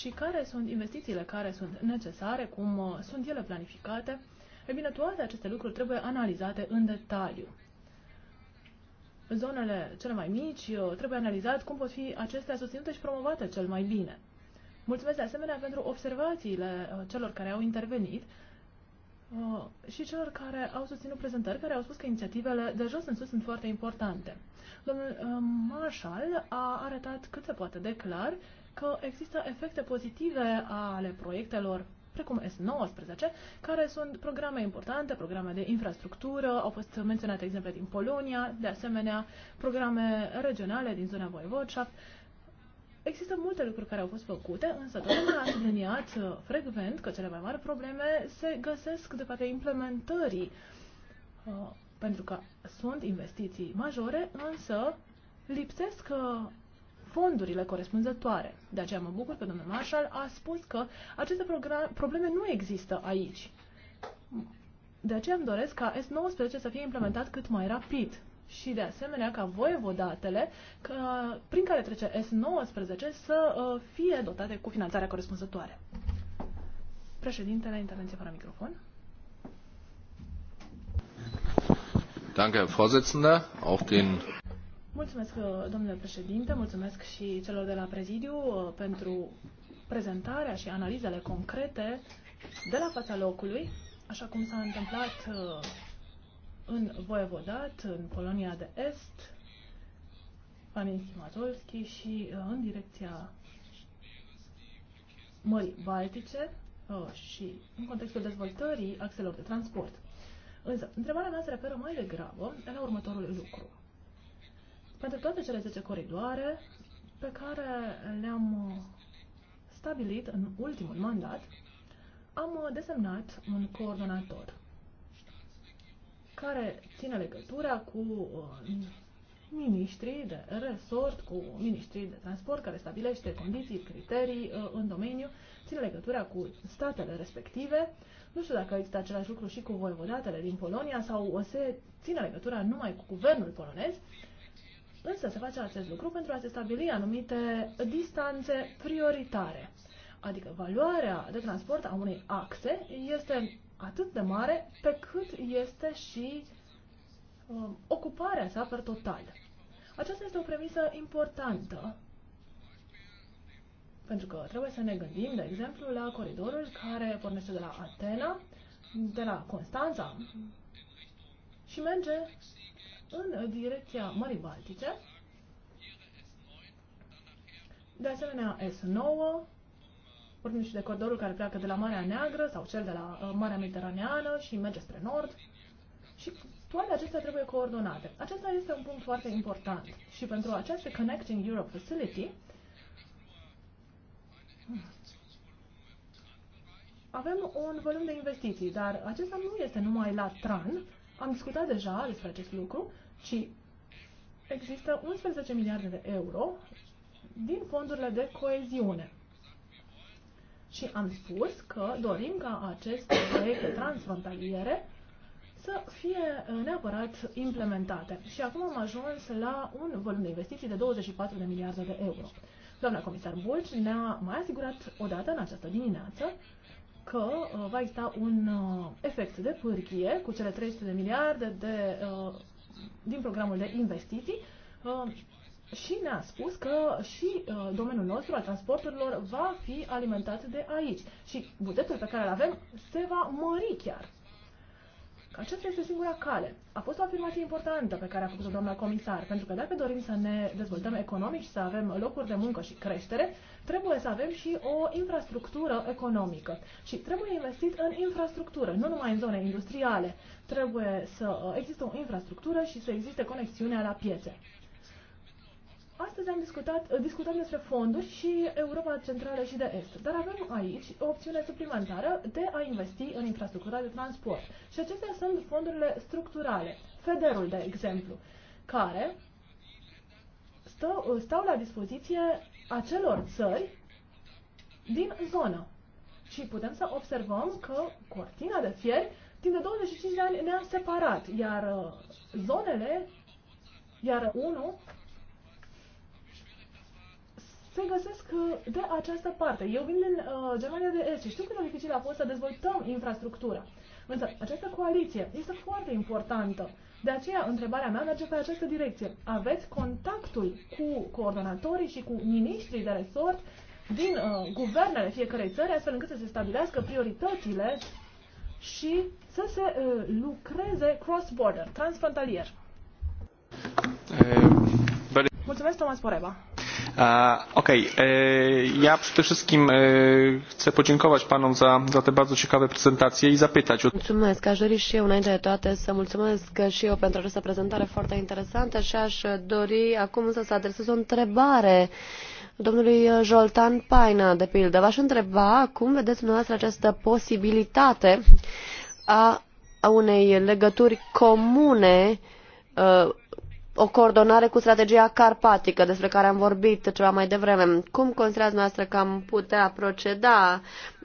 S2: și care sunt investițiile care sunt necesare, cum uh, sunt ele planificate. E bine, toate aceste lucruri trebuie analizate în detaliu. Zonele cele mai mici uh, trebuie analizat cum pot fi acestea susținute și promovate cel mai bine. Mulțumesc de asemenea pentru observațiile uh, celor care au intervenit și celor care au susținut prezentări, care au spus că inițiativele de jos în sus sunt foarte importante. Domnul Marshall a arătat cât se poate de clar că există efecte pozitive ale proiectelor precum S19, care sunt programe importante, programe de infrastructură, au fost menționate exemple din Polonia, de asemenea programe regionale din zona Voivodșa. Există multe lucruri care au fost făcute, însă doar a subliniat uh, frecvent că cele mai mari probleme se găsesc de partea implementării, uh, pentru că sunt investiții majore, însă lipsesc uh, fondurile corespunzătoare. De aceea mă bucur că domnul Marshall a spus că aceste probleme nu există aici. De aceea îmi doresc ca S19 să fie implementat cât mai rapid și de asemenea ca voievodatele că, prin care trece S19 să uh, fie dotate cu finanțarea corespunzătoare. Președintele, intervenție fără microfon.
S1: Danke, Herr Vorsitzender. Auch den
S2: Mulțumesc, uh, domnule președinte, mulțumesc și celor de la prezidiu uh, pentru prezentarea și analizele concrete de la fața locului, așa cum s-a întâmplat uh, în Voievodat, în Polonia de Est, Panin Simazolski și în direcția Mării Baltice și în contextul dezvoltării axelor de transport. Însă, întrebarea mea se referă mai degrabă la următorul lucru pentru toate cele 10 coridoare pe care le-am uh, stabilit în ultimul mandat, am uh, desemnat un coordonator care ține legătura cu uh, ministrii de resort, cu ministrii de transport, care stabilește condiții, criterii în domeniu, ține legătura cu statele respective. Nu știu dacă există același lucru și cu voivodatele din Polonia sau o se ține legătura numai cu guvernul polonez, Însă se face acest lucru pentru a se stabili anumite distanțe prioritare. Adică valoarea de transport a unei axe este atât de mare pe cât este și um, ocuparea sa per total. Aceasta este o premisă importantă pentru că trebuie să ne gândim, de exemplu, la coridorul care pornește de la Atena, de la Constanța și merge în direcția Mării Baltice. De asemenea, S9, vorbim și de coridorul care pleacă de la Marea Neagră sau cel de la uh, Marea Mediteraneană și merge spre nord. Și toate acestea trebuie coordonate. Acesta este un punct foarte important. Și pentru această Connecting Europe Facility avem un volum de investiții, dar acesta nu este numai la TRAN, am discutat deja despre acest lucru ci există 11 miliarde de euro din fondurile de coeziune. Și am spus că dorim ca aceste proiecte transfrontaliere să fie neapărat implementate. Și acum am ajuns la un volum de investiții de 24 de miliarde de euro. Doamna comisar Bulci ne-a mai asigurat o dată în această dimineață că uh, va exista un uh, efect de pârghie cu cele 300 de miliarde de, uh, din programul de investiții și ne-a spus că și domeniul nostru al transporturilor va fi alimentat de aici și bugetul pe care îl avem se va mări chiar. Aceasta este singura cale. A fost o afirmație importantă pe care a făcut-o doamna comisar, pentru că dacă dorim să ne dezvoltăm economic și să avem locuri de muncă și creștere, trebuie să avem și o infrastructură economică. Și trebuie investit în infrastructură, nu numai în zone industriale. Trebuie să uh, există o infrastructură și să existe conexiunea la piețe. Astăzi am discutat, eh, discutăm despre fonduri și Europa Centrală și de Est, dar avem aici o opțiune suplimentară de a investi în infrastructura de transport. Și acestea sunt fondurile structurale, federul de exemplu, care stau, eh, stau la dispoziție acelor țări din zonă. Și putem să observăm că cortina de fier timp de 25 de ani ne-a separat, iar eh, zonele, iar unul se găsesc uh, de această parte. Eu vin din uh, Germania de Est și știu cât de dificil a fost să dezvoltăm infrastructura. Însă această coaliție este foarte importantă. De aceea, întrebarea mea merge pe această direcție. Aveți contactul cu coordonatorii și cu miniștrii de resort din uh, guvernele fiecarei țări, astfel încât să se stabilească prioritățile și să se uh, lucreze cross-border, transfrontalier. Eh, Mulțumesc, Thomas Poreba.
S5: Okej, okay. ja przede wszystkim chcę podziękować panom za, za te bardzo ciekawe prezentacje i zapytać. Mulțumesc, aș dori și eu înainte de toate să mulțumesc și eu pentru această prezentare foarte interesantă și aș dori acum să să adresez o întrebare domnului Joltan Paina, de pildă. V-aș întreba cum vedeți dumneavoastră această posibilitate a unei legături comune uh, o coordonare cu strategia carpatică, despre care am vorbit ceva mai devreme. Cum considerați noastră că am putea proceda,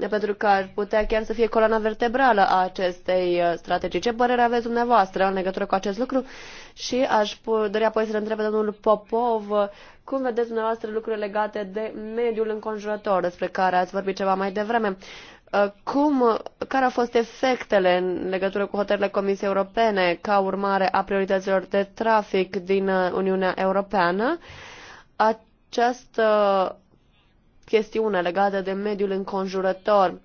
S5: pentru că ar putea chiar să fie coloana vertebrală a acestei uh, strategii? Ce părere aveți dumneavoastră în legătură cu acest lucru? Și aș dori apoi să-l întrebe domnul Popov uh, cum vedeți dumneavoastră lucruri legate de mediul înconjurător, despre care ați vorbit ceva mai devreme. Uh, cum, care au fost efectele în legătură cu hotările Comisiei Europene ca urmare a priorităților de trafic din uh, Uniunea Europeană? Această chestiune legată de mediul înconjurător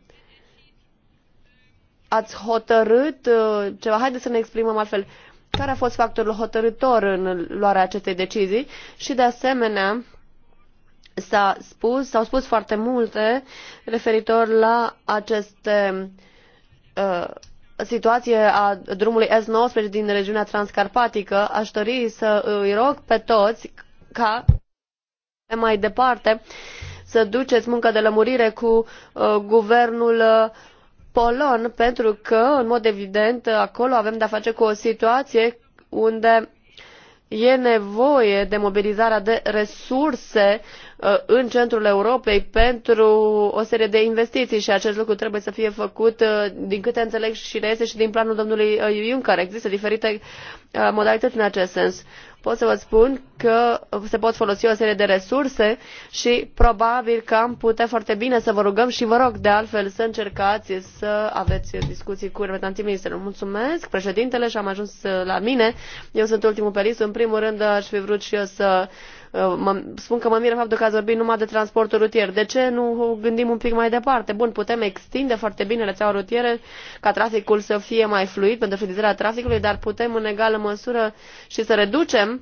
S5: ați hotărât uh, ceva, haideți să ne exprimăm altfel, care a fost factorul hotărător în luarea acestei decizii și de asemenea S-a spus, s-au spus foarte multe referitor la aceste uh, situație a drumului S19 din regiunea transcarpatică. Aș dori să îi rog pe toți ca mai departe să duceți muncă de lămurire cu uh, guvernul uh, polon, pentru că, în mod evident, acolo avem de-a face cu o situație unde e nevoie de mobilizarea de resurse uh, în centrul Europei pentru o serie de investiții și acest lucru trebuie să fie făcut, uh, din câte înțeleg și reiese și din planul domnului uh, Juncker. Există diferite modalități în acest sens pot să vă spun că se pot folosi o serie de resurse și probabil că am putea foarte bine să vă rugăm și vă rog de altfel să încercați să aveți discuții cu reprezentanții ministerului. Mulțumesc, președintele, și am ajuns la mine. Eu sunt ultimul pe listă. În primul rând aș fi vrut și eu să Uh, mă, spun că mă miră faptul că ați vorbit numai de transportul rutier. De ce nu gândim un pic mai departe? Bun, putem extinde foarte bine rețeaua rutieră ca traficul să fie mai fluid pentru fluidizarea traficului, dar putem în egală măsură și să reducem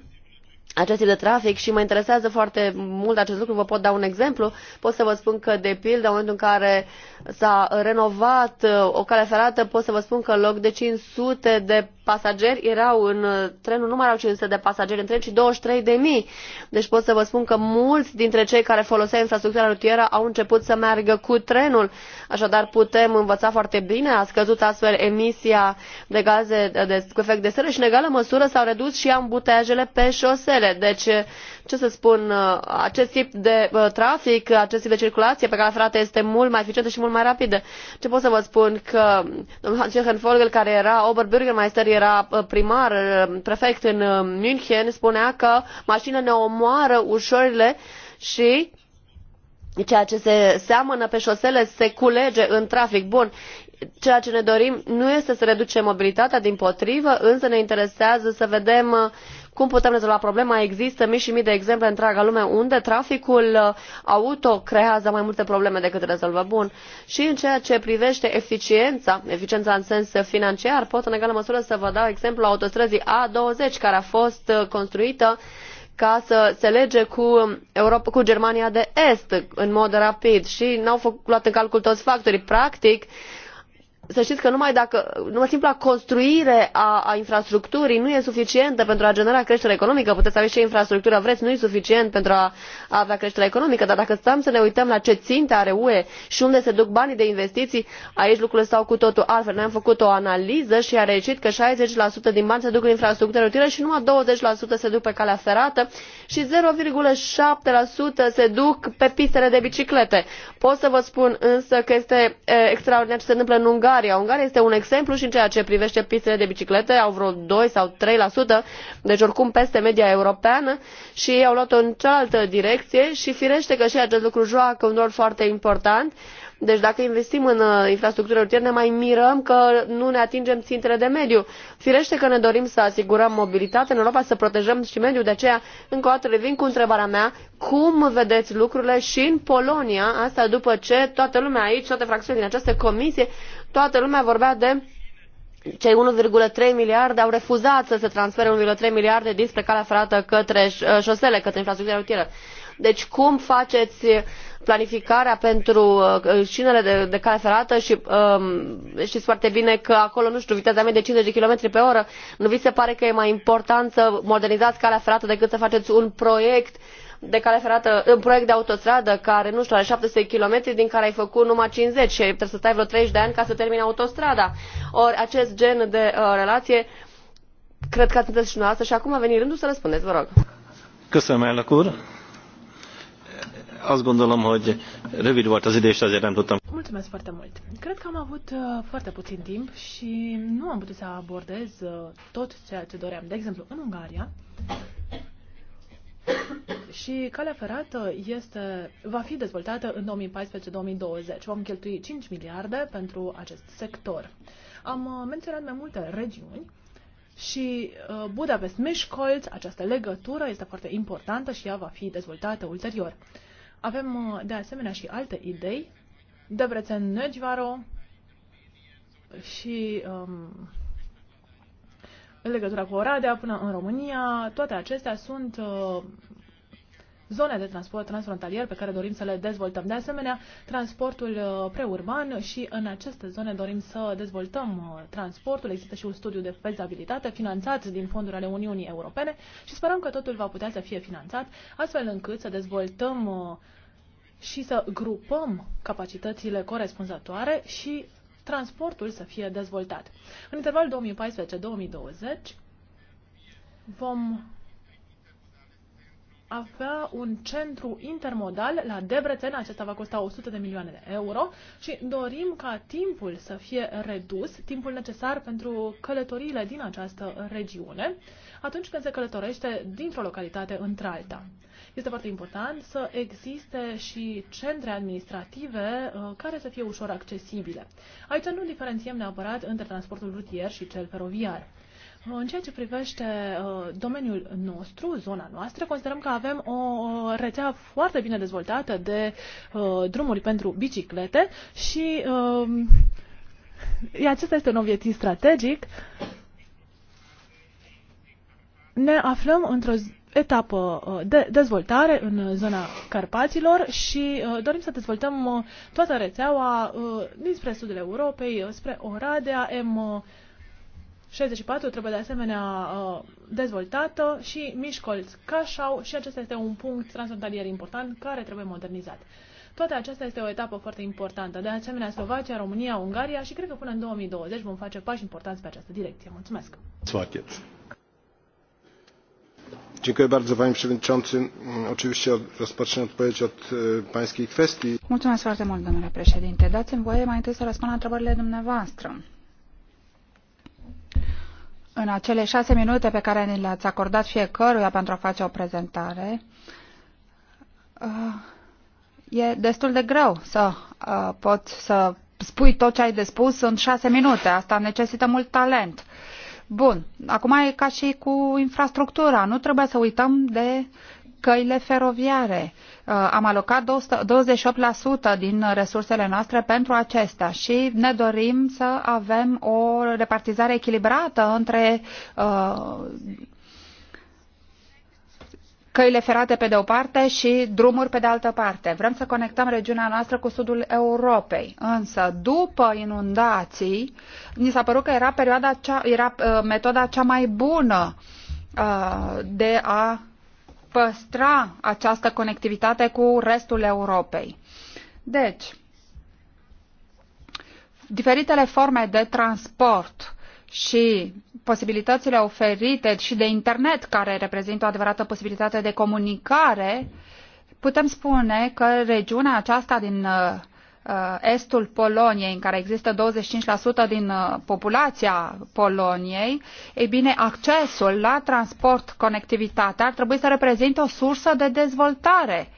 S5: acest tip de trafic și mă interesează foarte mult acest lucru, vă pot da un exemplu. Pot să vă spun că, de pildă, în momentul în care s-a renovat uh, o cale ferată, pot să vă spun că în loc de 500 de pasageri erau în uh, trenul, nu mai erau 500 de pasageri în tren, ci 23 de mii. Deci pot să vă spun că mulți dintre cei care foloseau infrastructura rutieră au început să meargă cu trenul. Așadar putem învăța foarte bine, a scăzut astfel emisia de gaze de, cu efect de seră și în egală măsură s-au redus și ambuteajele pe șosele. Deci ce să spun, uh, acest tip de uh, trafic, acest tip de circulație pe care ferată este mult mai eficientă și mult mai rapidă. Ce pot să vă spun că um, domnul Hans-Jochen Vogel, care era Oberbürgermeister, era uh, primar, um, prefect în um, München, spunea că mașina ne omoară ușorile și ceea ce se seamănă pe șosele se culege în trafic. Bun, ceea ce ne dorim nu este să reducem mobilitatea, din potrivă, însă ne interesează să vedem cum putem rezolva problema. Există mii și mii de exemple în întreaga lume unde traficul uh, auto creează mai multe probleme decât rezolvă. Bun. Și în ceea ce privește eficiența, eficiența în sens financiar, pot în egală măsură să vă dau exemplul autostrăzii A20 care a fost uh, construită ca să se lege cu, Europa, cu Germania de Est în mod rapid și n-au luat în calcul toți factorii. Practic, să știți că numai dacă numai simpla construire a, a infrastructurii nu e suficientă pentru a genera creștere economică, puteți avea ce infrastructură vreți, nu e suficient pentru a, a avea creștere economică, dar dacă stăm să ne uităm la ce ținte are UE și unde se duc banii de investiții, aici lucrurile stau cu totul altfel. Noi am făcut o analiză și a reieșit că 60% din bani se duc în infrastructură utilă și numai 20% se duc pe calea ferată și 0,7% se duc pe pistele de biciclete. Pot să vă spun însă că este e, extraordinar ce se întâmplă în Ungaria Ungaria. Ungaria este un exemplu și în ceea ce privește pistele de biciclete, au vreo 2 sau 3%, deci oricum peste media europeană și ei au luat-o în cealaltă direcție și firește că și acest lucru joacă un rol foarte important. Deci dacă investim în uh, infrastructură rutieră, ne mai mirăm că nu ne atingem țintele de mediu. Firește că ne dorim să asigurăm mobilitatea în Europa, să protejăm și mediul, de aceea încă o dată revin cu întrebarea mea, cum vedeți lucrurile și în Polonia, asta după ce toată lumea aici, toate fracțiunile din această comisie toată lumea vorbea de cei unu trei miliarde au refuzat să se transfere unu trei miliarde dinspre calea ferată către uh, șosele către infrastructura rutieră. deci cum faceți planificarea pentru uh, șinele de, de cale ferată și um, știți foarte bine că acolo, nu știu, viteza mea de 50 de km pe oră, nu vi se pare că e mai important să modernizați calea ferată decât să faceți un proiect uh, de cale ferată, un proiect de autostradă care, nu știu, are 700 km, din care ai făcut numai 50 și trebuie să stai vreo 30 de ani ca să termini autostrada. Ori acest gen de uh, relație, cred că ați înțeles și dumneavoastră și acum a venit rândul să răspundeți, vă rog.
S1: să mai úr. Azi gândulăm, hogy rövid volt az idő, és azért nem tudtam.
S2: Mulțumesc foarte mult. Cred că am avut uh, foarte puțin timp și nu am putut să abordez uh, tot ceea ce doream. De exemplu, în Ungaria, și calea ferată este, va fi dezvoltată în 2014-2020. Vom cheltui 5 miliarde pentru acest sector. Am uh, menționat mai multe regiuni și uh, Budapest Mișcolț, această legătură este foarte importantă și ea va fi dezvoltată ulterior. Avem uh, de asemenea și alte idei, Debrecen Nögyvaro și um, în legătura cu Oradea până în România. Toate acestea sunt uh, zone de transport transfrontalier pe care dorim să le dezvoltăm. De asemenea, transportul uh, preurban și în aceste zone dorim să dezvoltăm uh, transportul. Există și un studiu de fezabilitate finanțat din fonduri ale Uniunii Europene și sperăm că totul va putea să fie finanțat astfel încât să dezvoltăm și să grupăm capacitățile corespunzătoare și transportul să fie dezvoltat. În intervalul 2014-2020 vom avea un centru intermodal la Debrecen, acesta va costa 100 de milioane de euro și dorim ca timpul să fie redus, timpul necesar pentru călătoriile din această regiune, atunci când se călătorește dintr-o localitate într-alta. Este foarte important să existe și centre administrative uh, care să fie ușor accesibile. Aici nu diferențiem neapărat între transportul rutier și cel feroviar. Uh, în ceea ce privește uh, domeniul nostru, zona noastră, considerăm că avem o rețea foarte bine dezvoltată de drumuri pentru biciclete și um, acesta este un obiectiv strategic. Ne aflăm într-o etapă uh, de dezvoltare în zona Carpaților și uh, dorim să dezvoltăm uh, toată rețeaua dinspre sudul Europei, spre Oradea, M64 trebuie de asemenea dezvoltată și Mișcolț Cașau și acesta este un punct transfrontalier important care trebuie modernizat. Toate acestea este o etapă foarte importantă. De asemenea, Slovacia, România, Ungaria și cred că până în 2020 vom face pași importanți pe această direcție. Mulțumesc!
S1: Sfachet panie przewodniczący! oczywiście rozpocznę odpowiedź od pańskiej kwestii.
S3: dați mi voie mai întâi să răspund la întrebările dumneavoastră. în acele șase minute pe care ni le ați acordat fiecăruia pentru a face o prezentare uh, e destul de greu să uh, poți să spui tot ce ai de spus în șase minute. asta necesită mult talent Bun, acum e ca și cu infrastructura. Nu trebuie să uităm de căile feroviare. Uh, am alocat 28% din resursele noastre pentru acestea și ne dorim să avem o repartizare echilibrată între uh, căile ferate pe de o parte și drumuri pe de altă parte. Vrem să conectăm regiunea noastră cu sudul Europei. Însă, după inundații, ni s-a părut că era, perioada cea, era uh, metoda cea mai bună uh, de a păstra această conectivitate cu restul Europei. Deci, diferitele forme de transport și posibilitățile oferite și de internet, care reprezintă o adevărată posibilitate de comunicare, putem spune că regiunea aceasta din uh, uh, estul Poloniei, în care există 25% din uh, populația Poloniei, ei bine, accesul la transport, conectivitate ar trebui să reprezinte o sursă de dezvoltare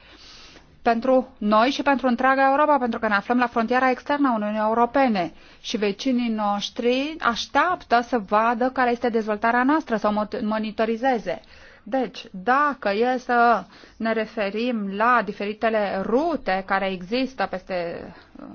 S3: pentru noi și pentru întreaga Europa, pentru că ne aflăm la frontiera externă a Uniunii Europene și vecinii noștri așteaptă să vadă care este dezvoltarea noastră, să o monitorizeze. Deci, dacă e să ne referim la diferitele rute care există peste uh,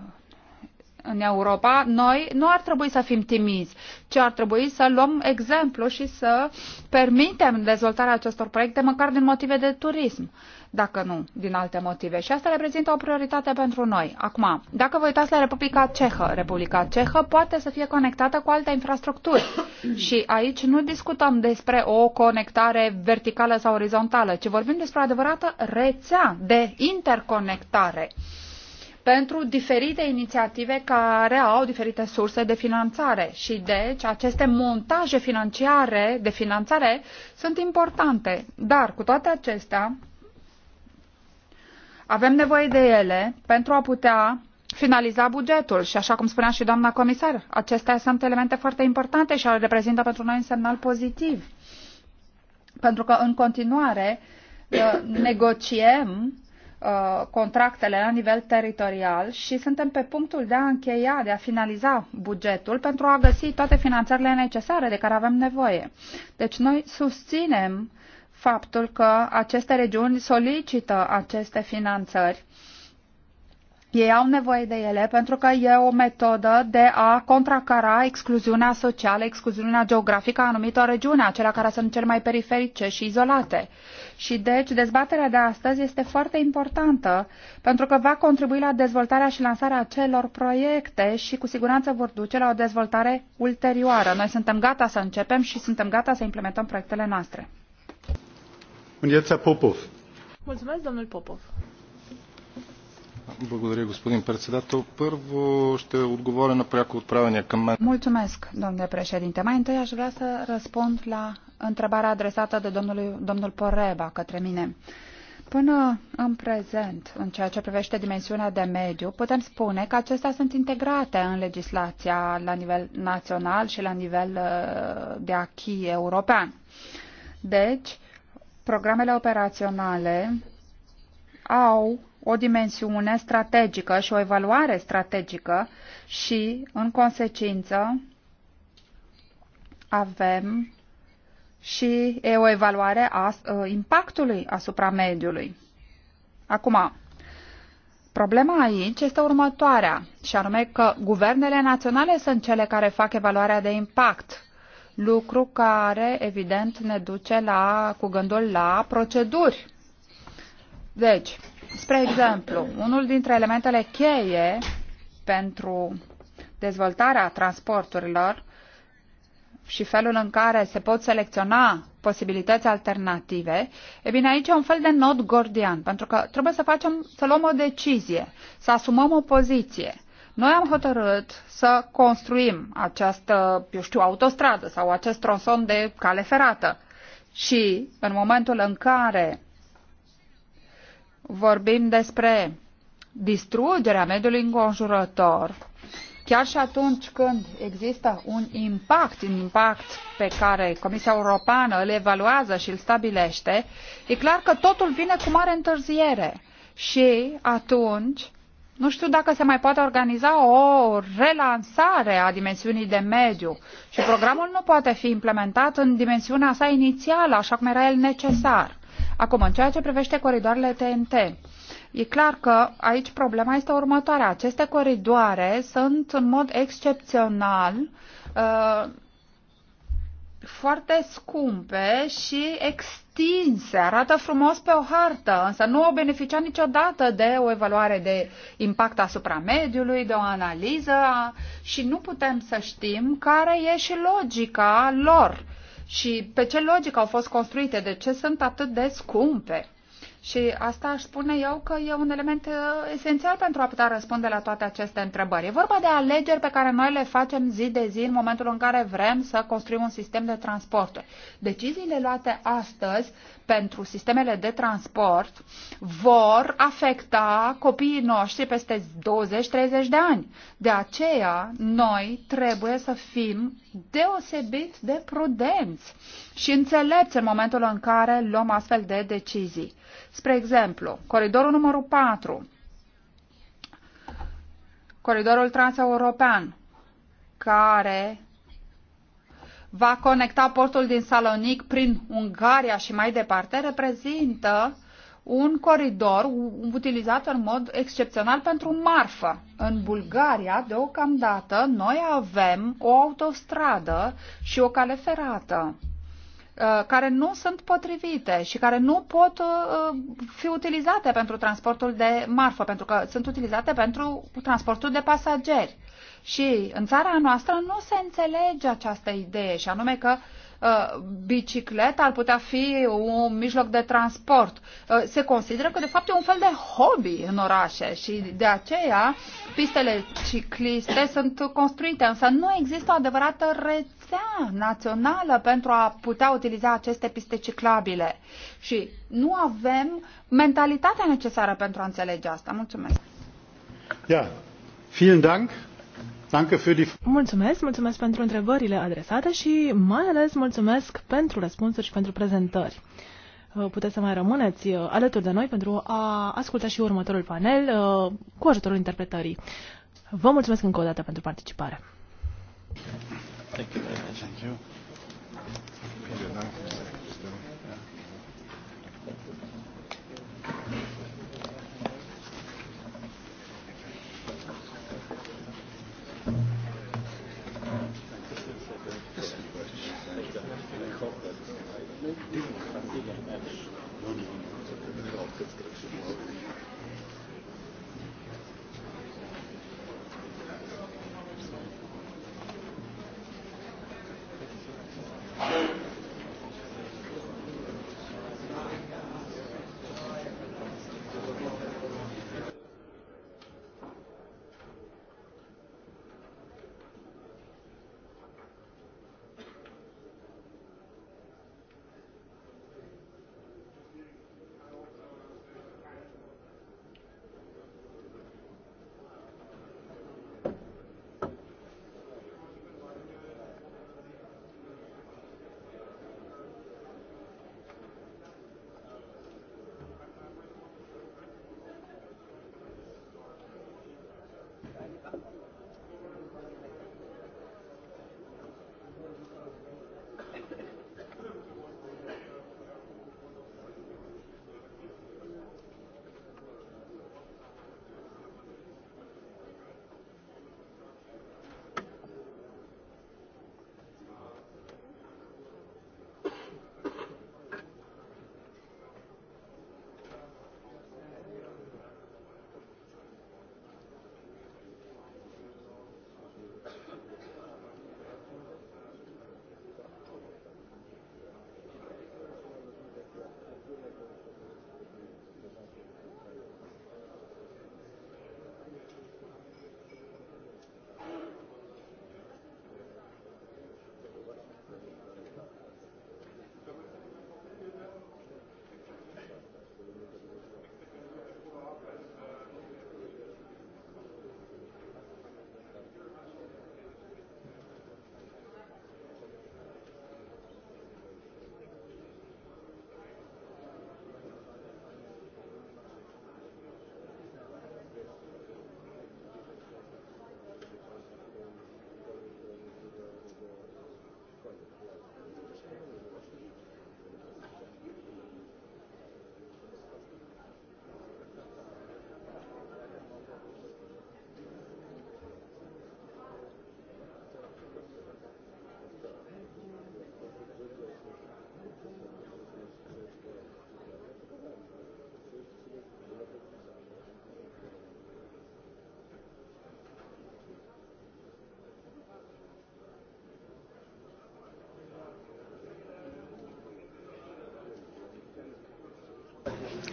S3: în Europa, noi nu ar trebui să fim timizi, ci ar trebui să luăm exemplu și să permitem dezvoltarea acestor proiecte, măcar din motive de turism dacă nu din alte motive. Și asta reprezintă o prioritate pentru noi. Acum, dacă vă uitați la Republica Cehă, Republica Cehă poate să fie conectată cu alte infrastructuri. și aici nu discutăm despre o conectare verticală sau orizontală, ci vorbim despre o adevărată rețea de interconectare pentru diferite inițiative care au diferite surse de finanțare și deci aceste montaje financiare de finanțare sunt importante. Dar cu toate acestea, avem nevoie de ele pentru a putea finaliza bugetul și, așa cum spunea și doamna comisar, acestea sunt elemente foarte importante și reprezintă pentru noi un semnal pozitiv. Pentru că, în continuare, uh, negociem uh, contractele la nivel teritorial și suntem pe punctul de a încheia, de a finaliza bugetul pentru a găsi toate finanțările necesare de care avem nevoie. Deci noi susținem faptul că aceste regiuni solicită aceste finanțări. Ei au nevoie de ele pentru că e o metodă de a contracara excluziunea socială, excluziunea geografică a anumitor regiuni, acelea care sunt cel mai periferice și izolate. Și deci dezbaterea de astăzi este foarte importantă pentru că va contribui la dezvoltarea și lansarea acelor proiecte și cu siguranță vor duce la o dezvoltare ulterioară. Noi suntem gata să începem și suntem gata să implementăm proiectele noastre.
S1: Popov.
S2: Mulțumesc, domnule
S3: președinte. Mai întâi aș vrea să răspund la întrebarea adresată de domnul Poreba către mine. Până în prezent, în ceea ce privește dimensiunea de mediu, putem spune că acestea sunt integrate în legislația la nivel național și la nivel uh, de achii european. Deci, programele operaționale au o dimensiune strategică și o evaluare strategică și, în consecință, avem și o evaluare a ă, impactului asupra mediului. Acum, problema aici este următoarea, și anume că guvernele naționale sunt cele care fac evaluarea de impact lucru care, evident, ne duce la, cu gândul la proceduri. Deci, spre exemplu, unul dintre elementele cheie pentru dezvoltarea transporturilor și felul în care se pot selecționa posibilități alternative, e bine, aici e un fel de nod gordian, pentru că trebuie să facem, să luăm o decizie, să asumăm o poziție. Noi am hotărât să construim această, eu știu, autostradă sau acest tronson de cale ferată. Și în momentul în care vorbim despre distrugerea mediului înconjurător, chiar și atunci când există un impact, un impact pe care Comisia Europeană îl evaluează și îl stabilește, e clar că totul vine cu mare întârziere. Și atunci nu știu dacă se mai poate organiza o relansare a dimensiunii de mediu și programul nu poate fi implementat în dimensiunea sa inițială, așa cum era el necesar. Acum, în ceea ce privește coridoarele TNT, e clar că aici problema este următoarea. Aceste coridoare sunt în mod excepțional uh, foarte scumpe și extinse, arată frumos pe o hartă, însă nu au beneficiat niciodată de o evaluare de impact asupra mediului, de o analiză și nu putem să știm care e și logica lor și pe ce logică au fost construite, de ce sunt atât de scumpe. Și asta aș spune eu că e un element uh, esențial pentru a putea răspunde la toate aceste întrebări. E vorba de alegeri pe care noi le facem zi de zi în momentul în care vrem să construim un sistem de transport. Deciziile luate astăzi pentru sistemele de transport vor afecta copiii noștri peste 20-30 de ani. De aceea, noi trebuie să fim deosebit de prudenți și înțelepți în momentul în care luăm astfel de decizii. Spre exemplu, coridorul numărul 4, coridorul transeuropean, care va conecta portul din Salonic prin Ungaria și mai departe, reprezintă un coridor utilizat în mod excepțional pentru marfă. În Bulgaria, deocamdată, noi avem o autostradă și o cale ferată. Uh, care nu sunt potrivite și care nu pot uh, uh, fi utilizate pentru transportul de marfă, pentru că sunt utilizate pentru transportul de pasageri. Și în țara noastră nu se înțelege această idee, și anume că uh, Uh, bicicleta ar putea fi un mijloc de transport. Uh, se consideră că de fapt e un fel de hobby în orașe și de aceea pistele cicliste sunt construite, însă nu există o adevărată rețea națională pentru a putea utiliza aceste piste ciclabile și nu avem mentalitatea necesară pentru a înțelege asta. Mulțumesc!
S1: Ja, vielen Dank! Mulțumesc, mulțumesc pentru întrebările adresate și
S2: mai ales mulțumesc pentru răspunsuri și pentru prezentări. Uh, puteți să mai rămâneți uh, alături de noi pentru a asculta și următorul panel uh, cu ajutorul interpretării. Vă mulțumesc încă o dată pentru participare.
S1: Thank you very much. Thank you. Thank you.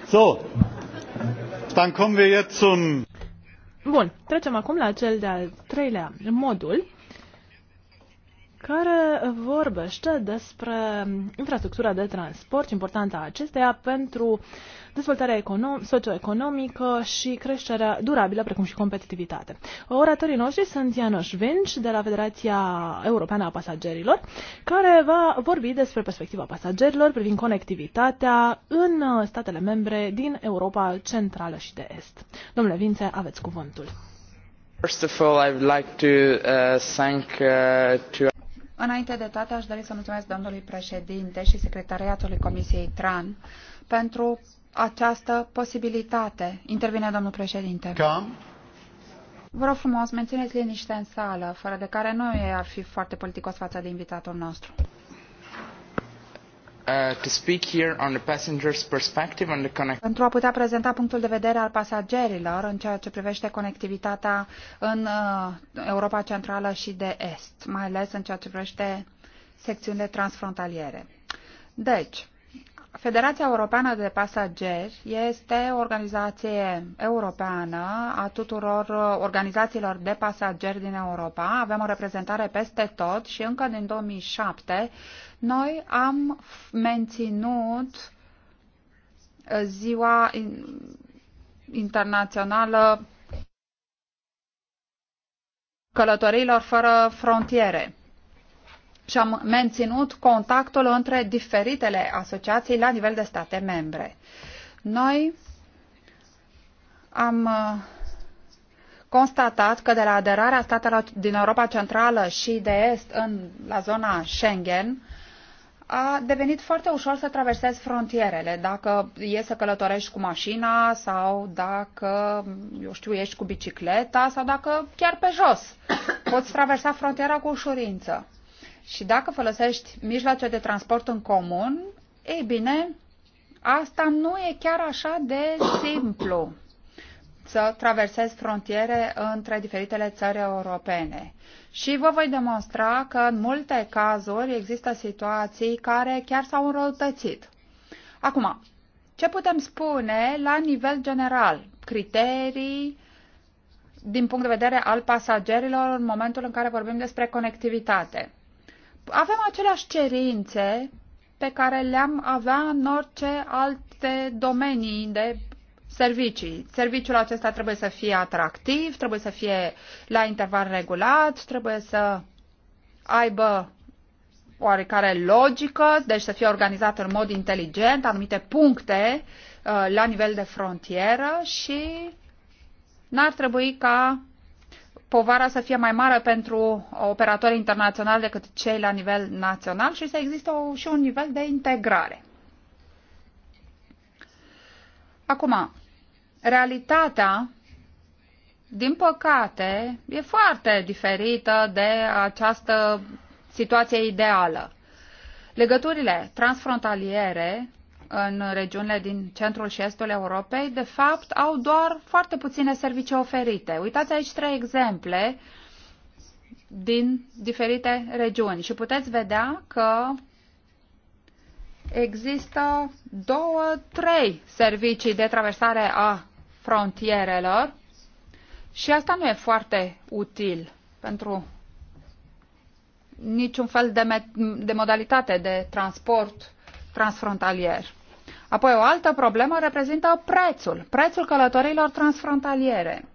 S1: So, dann kommen wir jetzt zum... Bun, trecem
S2: acum la cel de-al treilea modul care vorbește despre infrastructura de transport, importanța acesteia pentru dezvoltarea econom- socioeconomică și creșterea durabilă, precum și competitivitate. Oratorii noștri sunt Ianoș Vinci de la Federația Europeană a Pasagerilor, care va vorbi despre perspectiva pasagerilor privind conectivitatea în statele membre din Europa Centrală și de Est. Domnule Vințe, aveți cuvântul. First of all, I would like to uh, thank uh, to Înainte de toate, aș
S3: dori să mulțumesc domnului președinte și secretariatului Comisiei TRAN pentru această posibilitate. Intervine domnul președinte. Cam. Vă rog frumos, mențineți liniște în sală, fără de care nu ar fi foarte politicos față de invitatul nostru pentru a putea prezenta punctul de vedere al pasagerilor în ceea ce privește conectivitatea în uh, Europa Centrală și de Est, mai ales în ceea ce privește secțiunile transfrontaliere. Deci, Federația Europeană de Pasageri este o organizație europeană a tuturor organizațiilor de pasageri din Europa. Avem o reprezentare peste tot și încă din 2007 noi am menținut ziua internațională călătorilor fără frontiere și am menținut contactul între diferitele asociații la nivel de state membre. Noi am uh, constatat că de la aderarea statelor din Europa Centrală și de Est în, la zona Schengen, a devenit foarte ușor să traversezi frontierele, dacă e să călătorești cu mașina sau dacă, eu știu, ești cu bicicleta sau dacă chiar pe jos. Poți traversa frontiera cu ușurință. Și dacă folosești mijloace de transport în comun, ei bine, asta nu e chiar așa de simplu să traversezi frontiere între diferitele țări europene. Și vă voi demonstra că în multe cazuri există situații care chiar s-au înrăutățit. Acum, ce putem spune la nivel general? Criterii din punct de vedere al pasagerilor în momentul în care vorbim despre conectivitate avem aceleași cerințe pe care le-am avea în orice alte domenii de servicii. Serviciul acesta trebuie să fie atractiv, trebuie să fie la interval regulat, trebuie să aibă oarecare logică, deci să fie organizat în mod inteligent anumite puncte uh, la nivel de frontieră și n-ar trebui ca povara să fie mai mare pentru operatorii internaționali decât cei la nivel național și să existe o, și un nivel de integrare. Acum, realitatea, din păcate, e foarte diferită de această situație ideală. Legăturile transfrontaliere în regiunile din centrul și estul Europei, de fapt, au doar foarte puține servicii oferite. Uitați aici trei exemple din diferite regiuni și puteți vedea că există două, trei servicii de traversare a frontierelor și asta nu e foarte util pentru niciun fel de, de modalitate de transport transfrontalier. Apoi o altă problemă reprezintă prețul, prețul călătorilor transfrontaliere.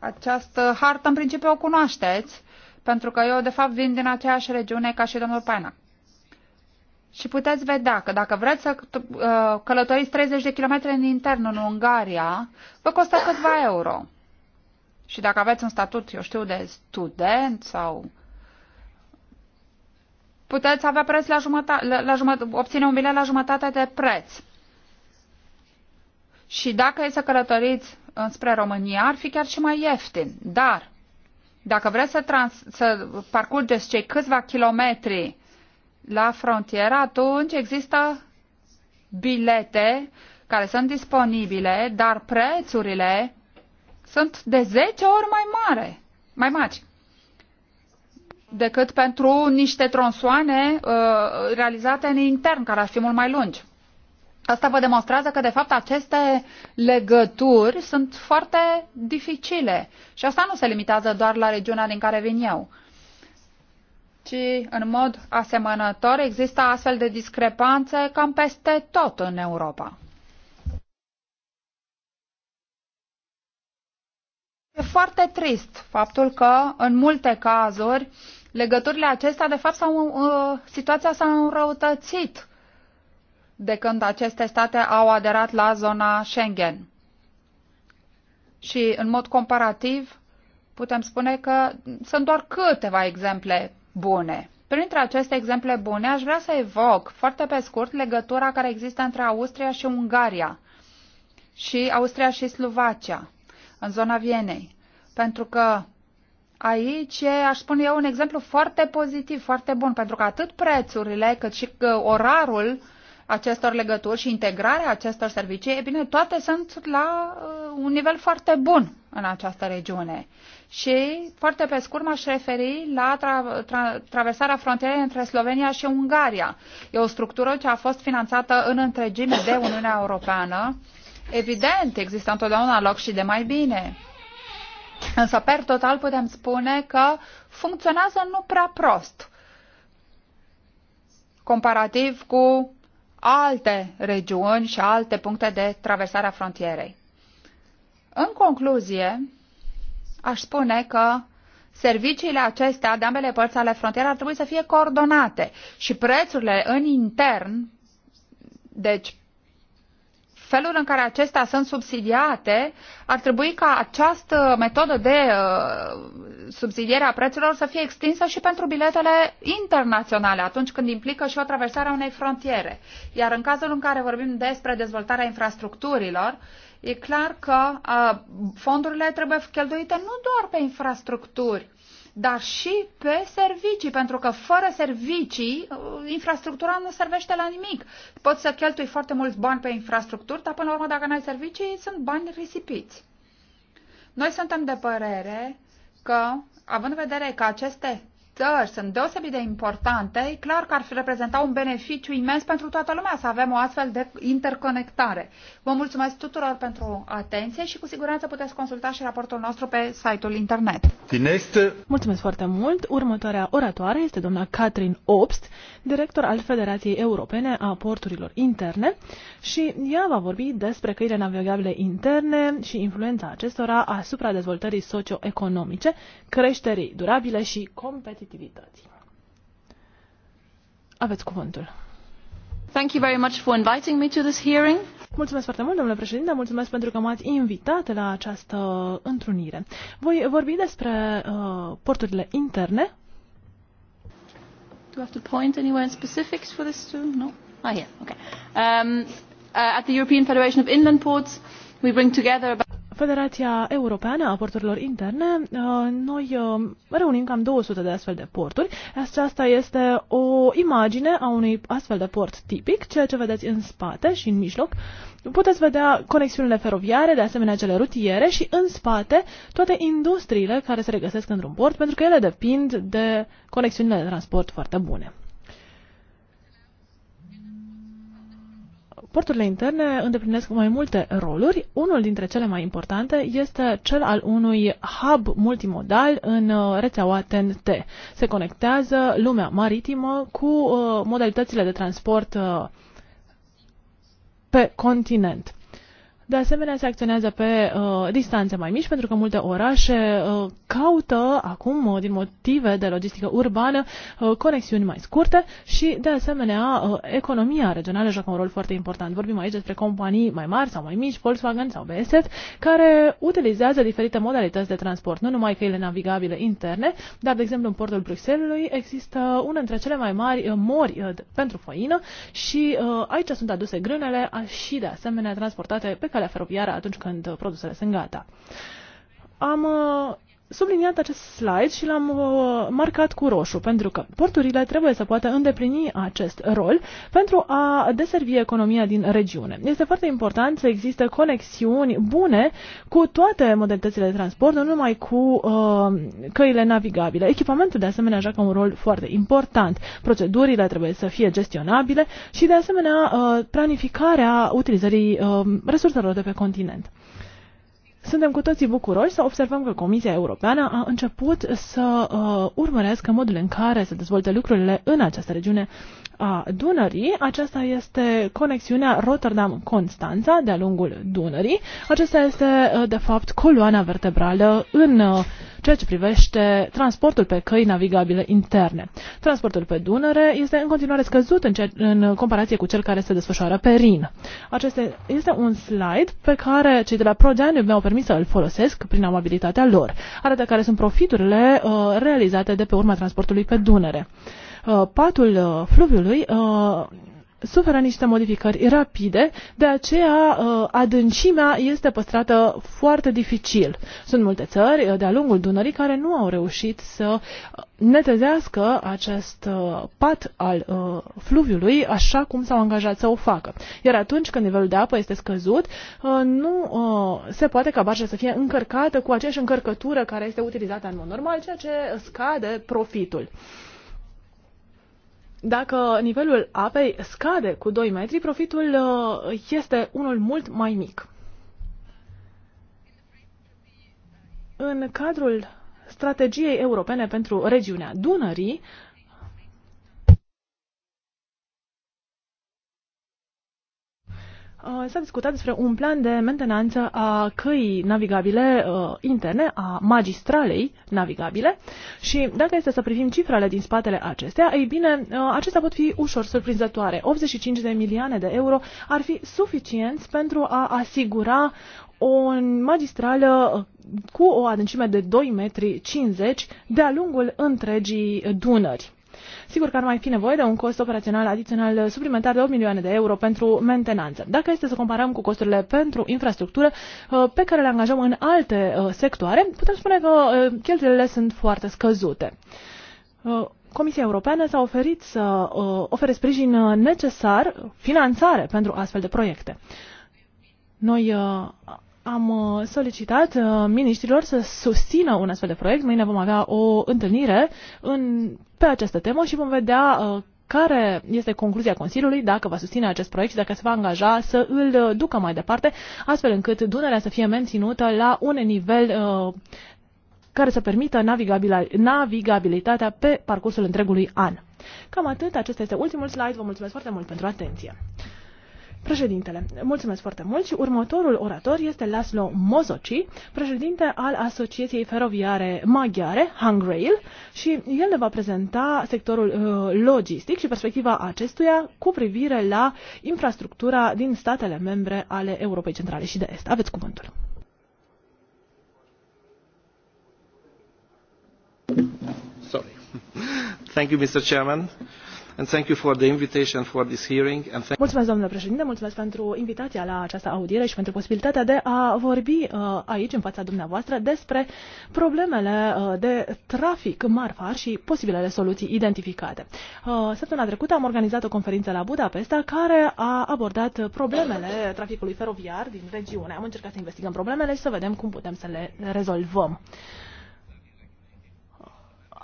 S3: Această hartă în principiu o cunoașteți, pentru că eu de fapt vin din aceeași regiune ca și domnul Paina. Și puteți vedea că dacă vreți să uh, călătoriți 30 de km în intern în Ungaria, vă costă câțiva euro. Și dacă aveți un statut, eu știu, de student sau puteți avea preț la jumătate, la, la jumătate, obține un bilet la jumătate de preț. Și dacă e să călătoriți spre România, ar fi chiar și mai ieftin. Dar, dacă vreți să, trans, să parcurgeți cei câțiva kilometri la frontieră, atunci există bilete care sunt disponibile, dar prețurile sunt de 10 ori mai mare, mai mari decât pentru niște tronsoane uh, realizate în intern, care ar fi mult mai lungi. Asta vă demonstrează că, de fapt, aceste legături sunt foarte dificile. Și asta nu se limitează doar la regiunea din care vin eu, ci, în mod asemănător, există astfel de discrepanțe cam peste tot în Europa. E foarte trist faptul că, în multe cazuri, uh, legăturile acestea, de fapt, s-au, uh, situația s-a înrăutățit de când aceste state au aderat la zona Schengen. Și, în mod comparativ, putem spune că sunt doar câteva exemple bune. Printre aceste exemple bune, aș vrea să evoc foarte pe scurt legătura care există între Austria și Ungaria și Austria și Slovacia, în zona Vienei. Pentru că Aici aș spune eu un exemplu foarte pozitiv, foarte bun, pentru că atât prețurile cât și uh, orarul acestor legături și integrarea acestor servicii, e bine, toate sunt la uh, un nivel foarte bun în această regiune. Și foarte pe scurt m-aș referi la tra- tra- traversarea frontierei între Slovenia și Ungaria. E o structură ce a fost finanțată în întregime de Uniunea Europeană. Evident, există întotdeauna loc și de mai bine. Însă, per total, putem spune că funcționează nu prea prost comparativ cu alte regiuni și alte puncte de traversare a frontierei. În concluzie, aș spune că serviciile acestea de ambele părți ale frontierei ar trebui să fie coordonate și prețurile în intern, deci felul în care acestea sunt subsidiate, ar trebui ca această metodă de uh, subsidiere a prețurilor să fie extinsă și pentru biletele internaționale, atunci când implică și o traversare a unei frontiere. Iar în cazul în care vorbim despre dezvoltarea infrastructurilor, e clar că uh, fondurile trebuie cheltuite nu doar pe infrastructuri, dar și pe servicii, pentru că fără servicii, uh, infrastructura nu servește la nimic. Poți să cheltui foarte mulți bani pe infrastructură, dar până la urmă, dacă nu ai servicii, sunt bani risipiți. Noi suntem de părere că, având în vedere că aceste țări sunt deosebit de importante, e clar că ar fi reprezenta un beneficiu imens pentru toată lumea să avem o astfel de interconectare. Vă mulțumesc tuturor pentru atenție și cu siguranță puteți consulta și raportul nostru pe site-ul internet.
S1: Tineste.
S2: Mulțumesc foarte mult. Următoarea oratoare este doamna Catherine Obst, director al Federației Europene a Porturilor Interne și ea va vorbi despre căile navigabile interne și influența acestora asupra dezvoltării socioeconomice, creșterii durabile și competitive competitivității. Aveți cuvântul. Thank you very much for inviting me to this hearing. Mulțumesc foarte mult, domnule președinte, mulțumesc pentru că m-ați invitat la această întrunire. Voi vorbi despre uh, porturile interne.
S5: Do I have to point anywhere in specifics for this too? No? Ah, yeah, okay. Um, uh, at the European Federation of
S2: Inland Ports, we bring together about Federația Europeană a Porturilor Interne, uh, noi uh, reunim cam 200 de astfel de porturi. Aceasta este o imagine a unui astfel de port tipic, ceea ce vedeți în spate și în mijloc. Puteți vedea conexiunile feroviare, de asemenea cele rutiere și în spate toate industriile care se regăsesc într-un port, pentru că ele depind de conexiunile de transport foarte bune. Porturile interne îndeplinesc mai multe roluri. Unul dintre cele mai importante este cel al unui hub multimodal în uh, rețeaua TNT. Se conectează lumea maritimă cu uh, modalitățile de transport uh, pe continent. De asemenea, se acționează pe uh, distanțe mai mici, pentru că multe orașe uh, caută acum, uh, din motive de logistică urbană, uh, conexiuni mai scurte și, de asemenea, uh, economia regională joacă un rol foarte important. Vorbim aici despre companii mai mari sau mai mici, Volkswagen sau BSF, care utilizează diferite modalități de transport, nu numai căile navigabile interne, dar, de exemplu, în portul Bruxellesului există una dintre cele mai mari uh, mori uh, pentru făină și uh, aici sunt aduse grânele și, de asemenea, transportate pe care calea feroviară atunci când produsele sunt gata. Am uh, subliniat acest slide și l-am uh, marcat cu roșu, pentru că porturile trebuie să poată îndeplini acest rol pentru a deservi economia din regiune. Este foarte important să existe conexiuni bune cu toate modalitățile de transport, nu numai cu uh, căile navigabile. Echipamentul, de asemenea, joacă un rol foarte important. Procedurile trebuie să fie gestionabile și, de asemenea, uh, planificarea utilizării uh, resurselor de pe continent. Suntem cu toții bucuroși să observăm că Comisia Europeană a început să uh, urmărească modul în care se dezvoltă lucrurile în această regiune a Dunării. Aceasta este conexiunea Rotterdam-Constanța de-a lungul Dunării. Acesta este, uh, de fapt, coloana vertebrală în uh, ceea ce privește transportul pe căi navigabile interne. Transportul pe Dunăre este în continuare scăzut în, ce, în comparație cu cel care se desfășoară pe Rin. Acesta este un slide pe care cei de la Progeaniu mi-au permis să îl folosesc prin amabilitatea lor. Arată care sunt profiturile uh, realizate de pe urma transportului pe Dunăre. Uh, patul uh, fluviului uh, suferă niște modificări rapide, de aceea uh, adâncimea este păstrată foarte dificil. Sunt multe țări uh, de-a lungul Dunării care nu au reușit să uh, netezească acest pat al fluviului așa cum s-au angajat să o facă. Iar atunci când nivelul de apă este scăzut, nu se poate ca barja să fie încărcată cu aceeași încărcătură care este utilizată în mod normal, ceea ce scade profitul. Dacă nivelul apei scade cu 2 metri, profitul uh, este unul mult mai mic. În cadrul strategiei europene pentru regiunea Dunării, Uh, s-a discutat despre un plan de mentenanță a căii navigabile uh, interne, a magistralei navigabile și dacă este să privim cifrele din spatele acestea, ei bine, uh, acestea pot fi ușor surprinzătoare. 85 de milioane de euro ar fi suficienți pentru a asigura o magistrală uh, cu o adâncime de 2,50 metri de-a lungul întregii Dunări. Sigur că ar mai fi nevoie de un cost operațional adițional suplimentar de 8 milioane de euro pentru mentenanță. Dacă este să comparăm cu costurile pentru infrastructură uh, pe care le angajăm în alte uh, sectoare, putem spune că uh, cheltuielile sunt foarte scăzute. Comisia Europeană s-a oferit să ofere sprijin necesar, finanțare pentru astfel de proiecte. Noi am uh, solicitat uh, miniștrilor să susțină un astfel de proiect. Mâine vom avea o întâlnire în, pe această temă și vom vedea uh, care este concluzia Consiliului, dacă va susține acest proiect și dacă se va angaja să îl ducă mai departe, astfel încât Dunărea să fie menținută la un nivel care să permită navigabilitatea pe parcursul întregului an. Cam atât, acesta este ultimul slide, vă mulțumesc foarte mult pentru atenție. Președintele, mulțumesc foarte mult și următorul orator este Laszlo Mozoci, președinte al Asociației Feroviare Maghiare, (Hungrail) și el ne va prezenta sectorul uh, logistic și perspectiva acestuia cu privire la infrastructura din statele membre ale Europei Centrale și de Est. Aveți cuvântul.
S1: Sorry. Thank you, Mr. Chairman
S2: mulțumesc, domnule președinte, mulțumesc pentru invitația la această audiere și pentru posibilitatea de a vorbi uh, aici, în fața dumneavoastră, despre problemele uh, de trafic marfa și posibilele soluții identificate. Uh, săptămâna trecută am organizat o conferință la Budapesta care a abordat problemele traficului feroviar din regiune. Am încercat să investigăm problemele și să vedem cum putem să le rezolvăm. Uh,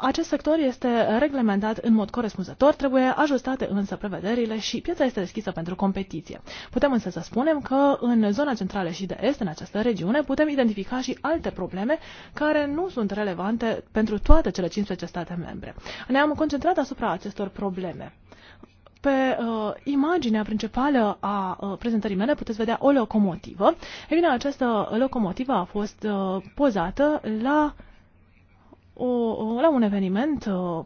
S2: acest sector este reglementat în mod corespunzător, trebuie ajustate însă prevederile și piața este deschisă pentru competiție. Putem însă să spunem că în zona centrală și de est, în această regiune, putem identifica și alte probleme care nu sunt relevante pentru toate cele 15 state membre. Ne-am concentrat asupra acestor probleme pe uh, imaginea principală a uh, prezentării mele puteți vedea o locomotivă. Ei bine, această locomotivă a fost uh, pozată la o, la un eveniment uh,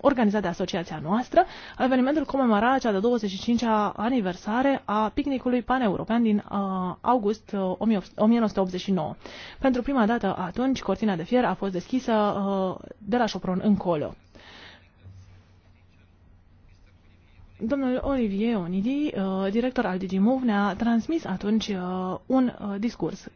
S2: organizat de asociația noastră. Evenimentul comemora cea de 25-a aniversare a picnicului paneuropean din uh, august uh, 1989. Pentru prima dată atunci, cortina de fier a fost deschisă uh, de la Șopron încolo. Domnul Olivier Onidi, director al DigiMove, ne-a transmis atunci un discurs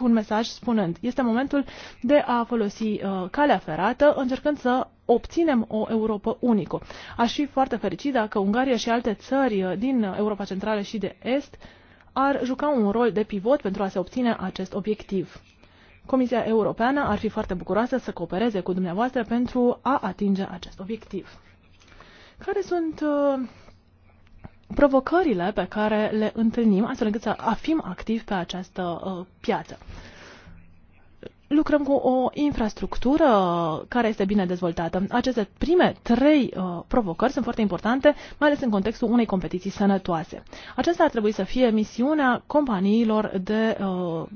S2: un mesaj spunând este momentul de a folosi uh, calea ferată încercând să obținem o Europa unică. Aș fi foarte fericit dacă Ungaria și alte țări uh, din Europa Centrală și de Est ar juca un rol de pivot pentru a se obține acest obiectiv. Comisia Europeană ar fi foarte bucuroasă să coopereze cu dumneavoastră pentru a atinge acest obiectiv. Care sunt uh, provocările pe care le întâlnim, astfel încât să fim activi pe această uh, piață lucrăm cu o infrastructură care este bine dezvoltată. Aceste prime trei uh, provocări sunt foarte importante, mai ales în contextul unei competiții sănătoase. Aceasta ar trebui să fie misiunea companiilor de uh,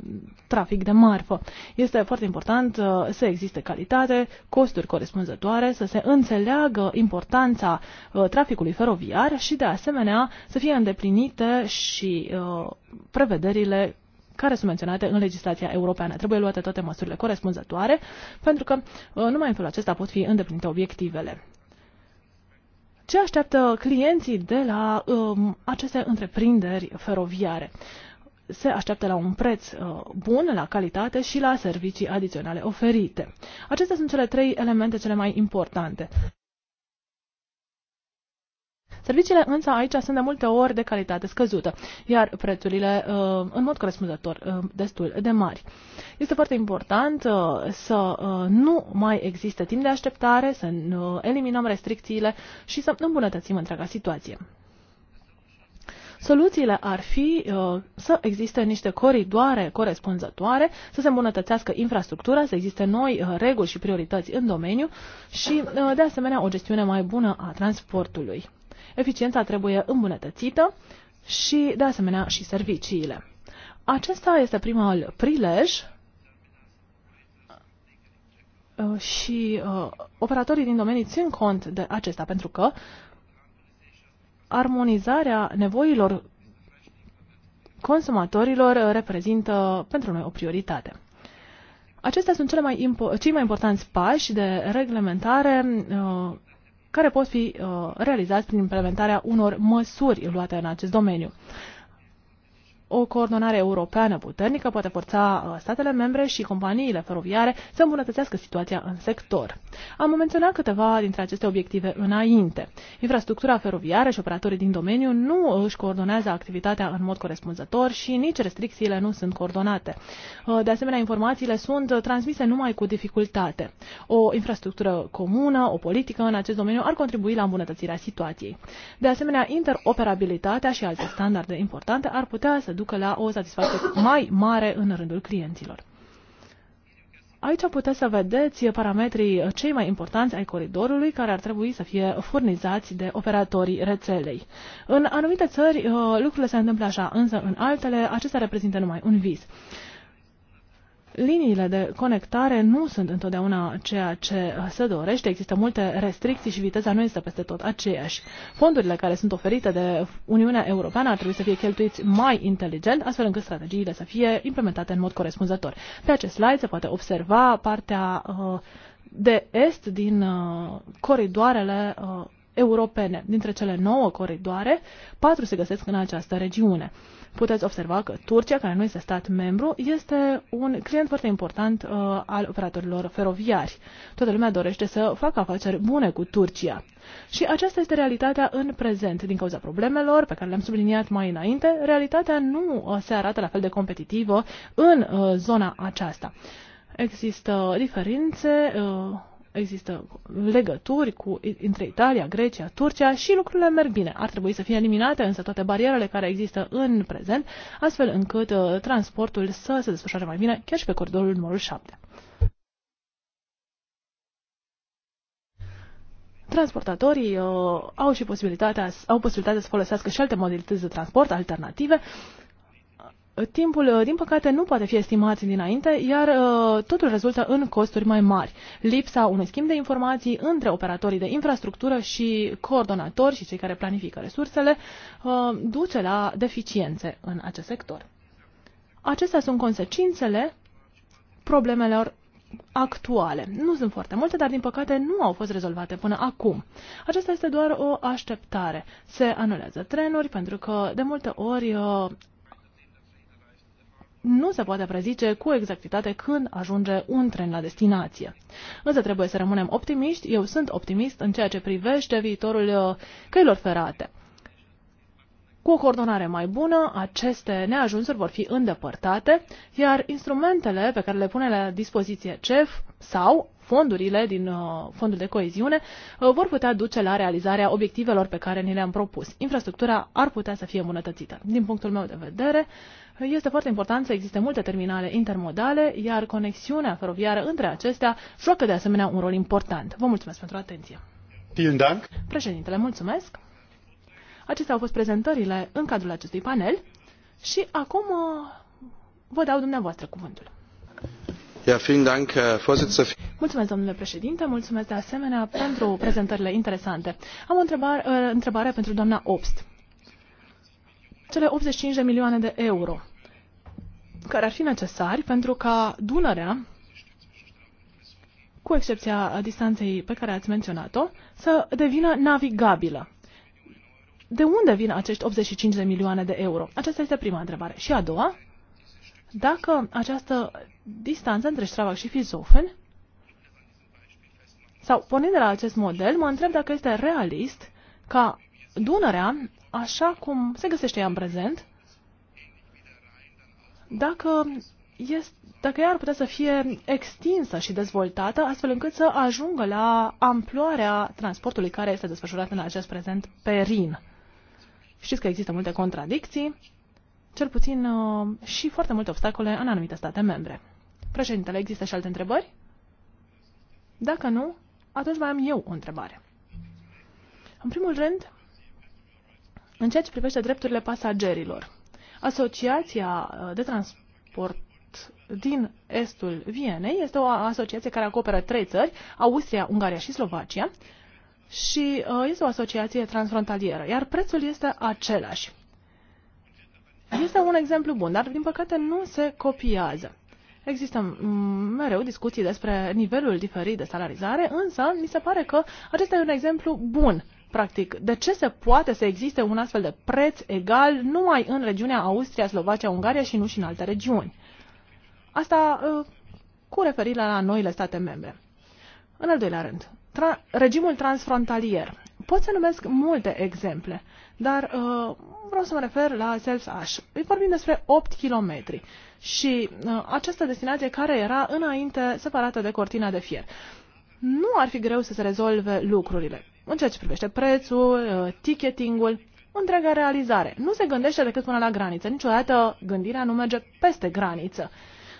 S2: trafic de marfă. Este foarte important uh, să existe calitate, costuri corespunzătoare, să se înțeleagă importanța uh, traficului feroviar și, de asemenea, să fie îndeplinite și uh, prevederile care sunt menționate în legislația europeană. Trebuie luate toate măsurile corespunzătoare, pentru că uh, numai în felul acesta pot fi îndeplinite obiectivele. Ce așteaptă clienții de la um, aceste întreprinderi feroviare? se așteaptă la un preț uh, bun, la calitate și la servicii adiționale oferite. Acestea sunt cele trei elemente cele mai importante. Serviciile însă aici sunt de multe ori de calitate scăzută, iar prețurile uh, în mod corespunzător uh, destul de mari. Este foarte important uh, să nu mai existe timp de așteptare, să eliminăm restricțiile și să îmbunătățim întreaga situație. Soluțiile ar fi uh, să existe niște coridoare corespunzătoare, să se îmbunătățească infrastructura, să existe noi uh, reguli și priorități în domeniu și, uh, de asemenea, o gestiune mai bună a transportului. Eficiența trebuie îmbunătățită și, de asemenea, și serviciile. Acesta este primul prilej uh, și uh, operatorii din domenii țin cont de acesta, pentru că armonizarea nevoilor consumatorilor reprezintă pentru noi o prioritate. Acestea sunt cele mai cei mai importanți pași de reglementare uh, care pot fi uh, realizați prin implementarea unor măsuri luate în acest domeniu o coordonare europeană puternică poate forța uh, statele membre și companiile feroviare să îmbunătățească situația în sector. Am menționat câteva dintre aceste obiective înainte. Infrastructura feroviară și operatorii din domeniu nu își coordonează activitatea în mod corespunzător și nici restricțiile nu sunt coordonate. Uh, de asemenea, informațiile sunt transmise numai cu dificultate. O infrastructură comună, o politică în acest domeniu ar contribui la îmbunătățirea situației. De asemenea, interoperabilitatea și alte standarde importante ar putea să ducă la o satisfacție mai mare în rândul clienților. Aici puteți să vedeți parametrii cei mai importanți ai coridorului care ar trebui să fie furnizați de operatorii rețelei. În anumite țări uh, lucrurile se întâmplă așa, însă în altele acesta reprezintă numai un vis liniile de conectare nu sunt întotdeauna ceea ce se dorește, există multe restricții și viteza nu este peste tot aceeași. Fondurile care sunt oferite de Uniunea Europeană ar trebui să fie cheltuiți mai inteligent, astfel încât strategiile să fie implementate în mod corespunzător. Pe acest slide se poate observa partea uh, de est din uh, coridoarele uh, europene. Dintre cele nouă coridoare, patru se găsesc în această regiune. Puteți observa că Turcia, care nu este stat membru, este un client foarte important uh, al operatorilor feroviari. Toată lumea dorește să facă afaceri bune cu Turcia. Și aceasta este realitatea în prezent. Din cauza problemelor pe care le-am subliniat mai înainte, realitatea nu uh, se arată la fel de competitivă în uh, zona aceasta. Există diferențe uh, există legături cu, între Italia, Grecia, Turcia și lucrurile merg bine. Ar trebui să fie eliminate însă toate barierele care există în prezent, astfel încât uh, transportul să se desfășoare mai bine, chiar și pe coridorul numărul 7. Transportatorii uh, au și posibilitatea, au posibilitatea să folosească și alte modalități de transport alternative, timpul, uh, din păcate, nu poate fi estimat dinainte, iar uh, totul rezultă în costuri mai mari. Lipsa unui schimb de informații între operatorii de infrastructură și coordonatori și cei care planifică resursele uh, duce la deficiențe în acest sector. Acestea sunt consecințele problemelor actuale. Nu sunt foarte multe, dar din păcate nu au fost rezolvate până acum. Aceasta este doar o așteptare. Se anulează trenuri pentru că de multe ori nu se poate prezice cu exactitate când ajunge un tren la destinație. Însă trebuie să rămânem optimiști, eu sunt optimist în ceea ce privește viitorul uh, căilor ferate. Cu o coordonare mai bună, aceste neajunsuri vor fi îndepărtate, iar instrumentele pe care le pune la dispoziție CEF sau fondurile din uh, fondul de coeziune uh, vor putea duce la realizarea obiectivelor pe care ni le-am propus. Infrastructura ar putea să fie îmbunătățită. Din punctul meu de vedere, este foarte important să existe multe terminale intermodale, iar conexiunea feroviară între acestea joacă de asemenea un rol important. Vă mulțumesc pentru atenție. Dank. Președintele, mulțumesc. Acestea au fost prezentările în cadrul acestui panel și acum uh, vă dau dumneavoastră cuvântul.
S1: Ja, vielen Dank, Vorsitzender.
S2: Mulțumesc, domnule președinte, mulțumesc de asemenea pentru prezentările interesante. Am o întrebare, uh, întrebare pentru doamna Obst cele 85 de milioane de euro care ar fi necesari pentru ca Dunărea, cu excepția distanței pe care ați menționat-o, să devină navigabilă. De unde vin acești 85 de milioane de euro? Aceasta este prima întrebare. Și a doua, dacă această distanță între Stravac și Fizofen, sau pornind de la acest model, mă întreb dacă este realist ca Dunărea așa cum se găsește ea în prezent, dacă, este, dacă ea ar putea să fie extinsă și dezvoltată, astfel încât să ajungă la amploarea transportului care este desfășurat în acest prezent pe RIN. Știți că există multe contradicții, cel puțin uh, și foarte multe obstacole în anumite state membre. Președintele, există și alte întrebări? Dacă nu, atunci mai am eu o întrebare. În primul rând, în ceea ce privește drepturile pasagerilor, Asociația uh, de Transport din estul Vienei este o asociație care acoperă trei țări, Austria, Ungaria și Slovacia, și uh, este o asociație transfrontalieră, iar prețul este același. Este un exemplu bun, dar din păcate nu se copiază. Există mereu discuții despre nivelul diferit de salarizare, însă mi se pare că acesta e un exemplu bun Practic, de ce se poate să existe un astfel de preț egal numai în regiunea Austria, Slovacia, Ungaria și nu și în alte regiuni? Asta ă, cu referire la noile state membre. În al doilea rând, tra- regimul transfrontalier. Pot să numesc multe exemple, dar uh, vreau să mă refer la Selfs Ash. Vorbim despre 8 km și uh, această destinație care era înainte separată de cortina de fier. Nu ar fi greu să se rezolve lucrurile în ceea ce privește prețul, uh, ticketingul, întreaga realizare. Nu se gândește decât până la graniță. Niciodată gândirea nu merge peste graniță.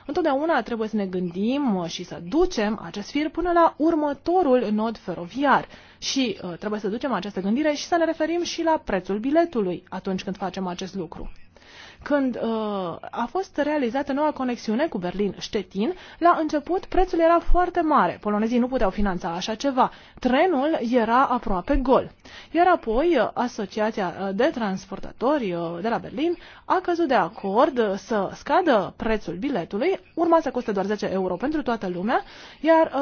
S2: Întotdeauna trebuie să ne gândim uh, și să ducem acest fir până la următorul nod feroviar. Și uh, trebuie să ducem această gândire și să ne referim și la prețul biletului atunci când facem acest lucru. Când uh, a fost realizată noua conexiune cu Berlin-Ștetin, la început prețul era foarte mare. Polonezii nu puteau finanța așa ceva. Trenul era aproape gol. Iar apoi uh, Asociația uh, de Transportatori uh, de la Berlin a căzut de acord să scadă prețul biletului. Urma să coste doar 10 euro pentru toată lumea, iar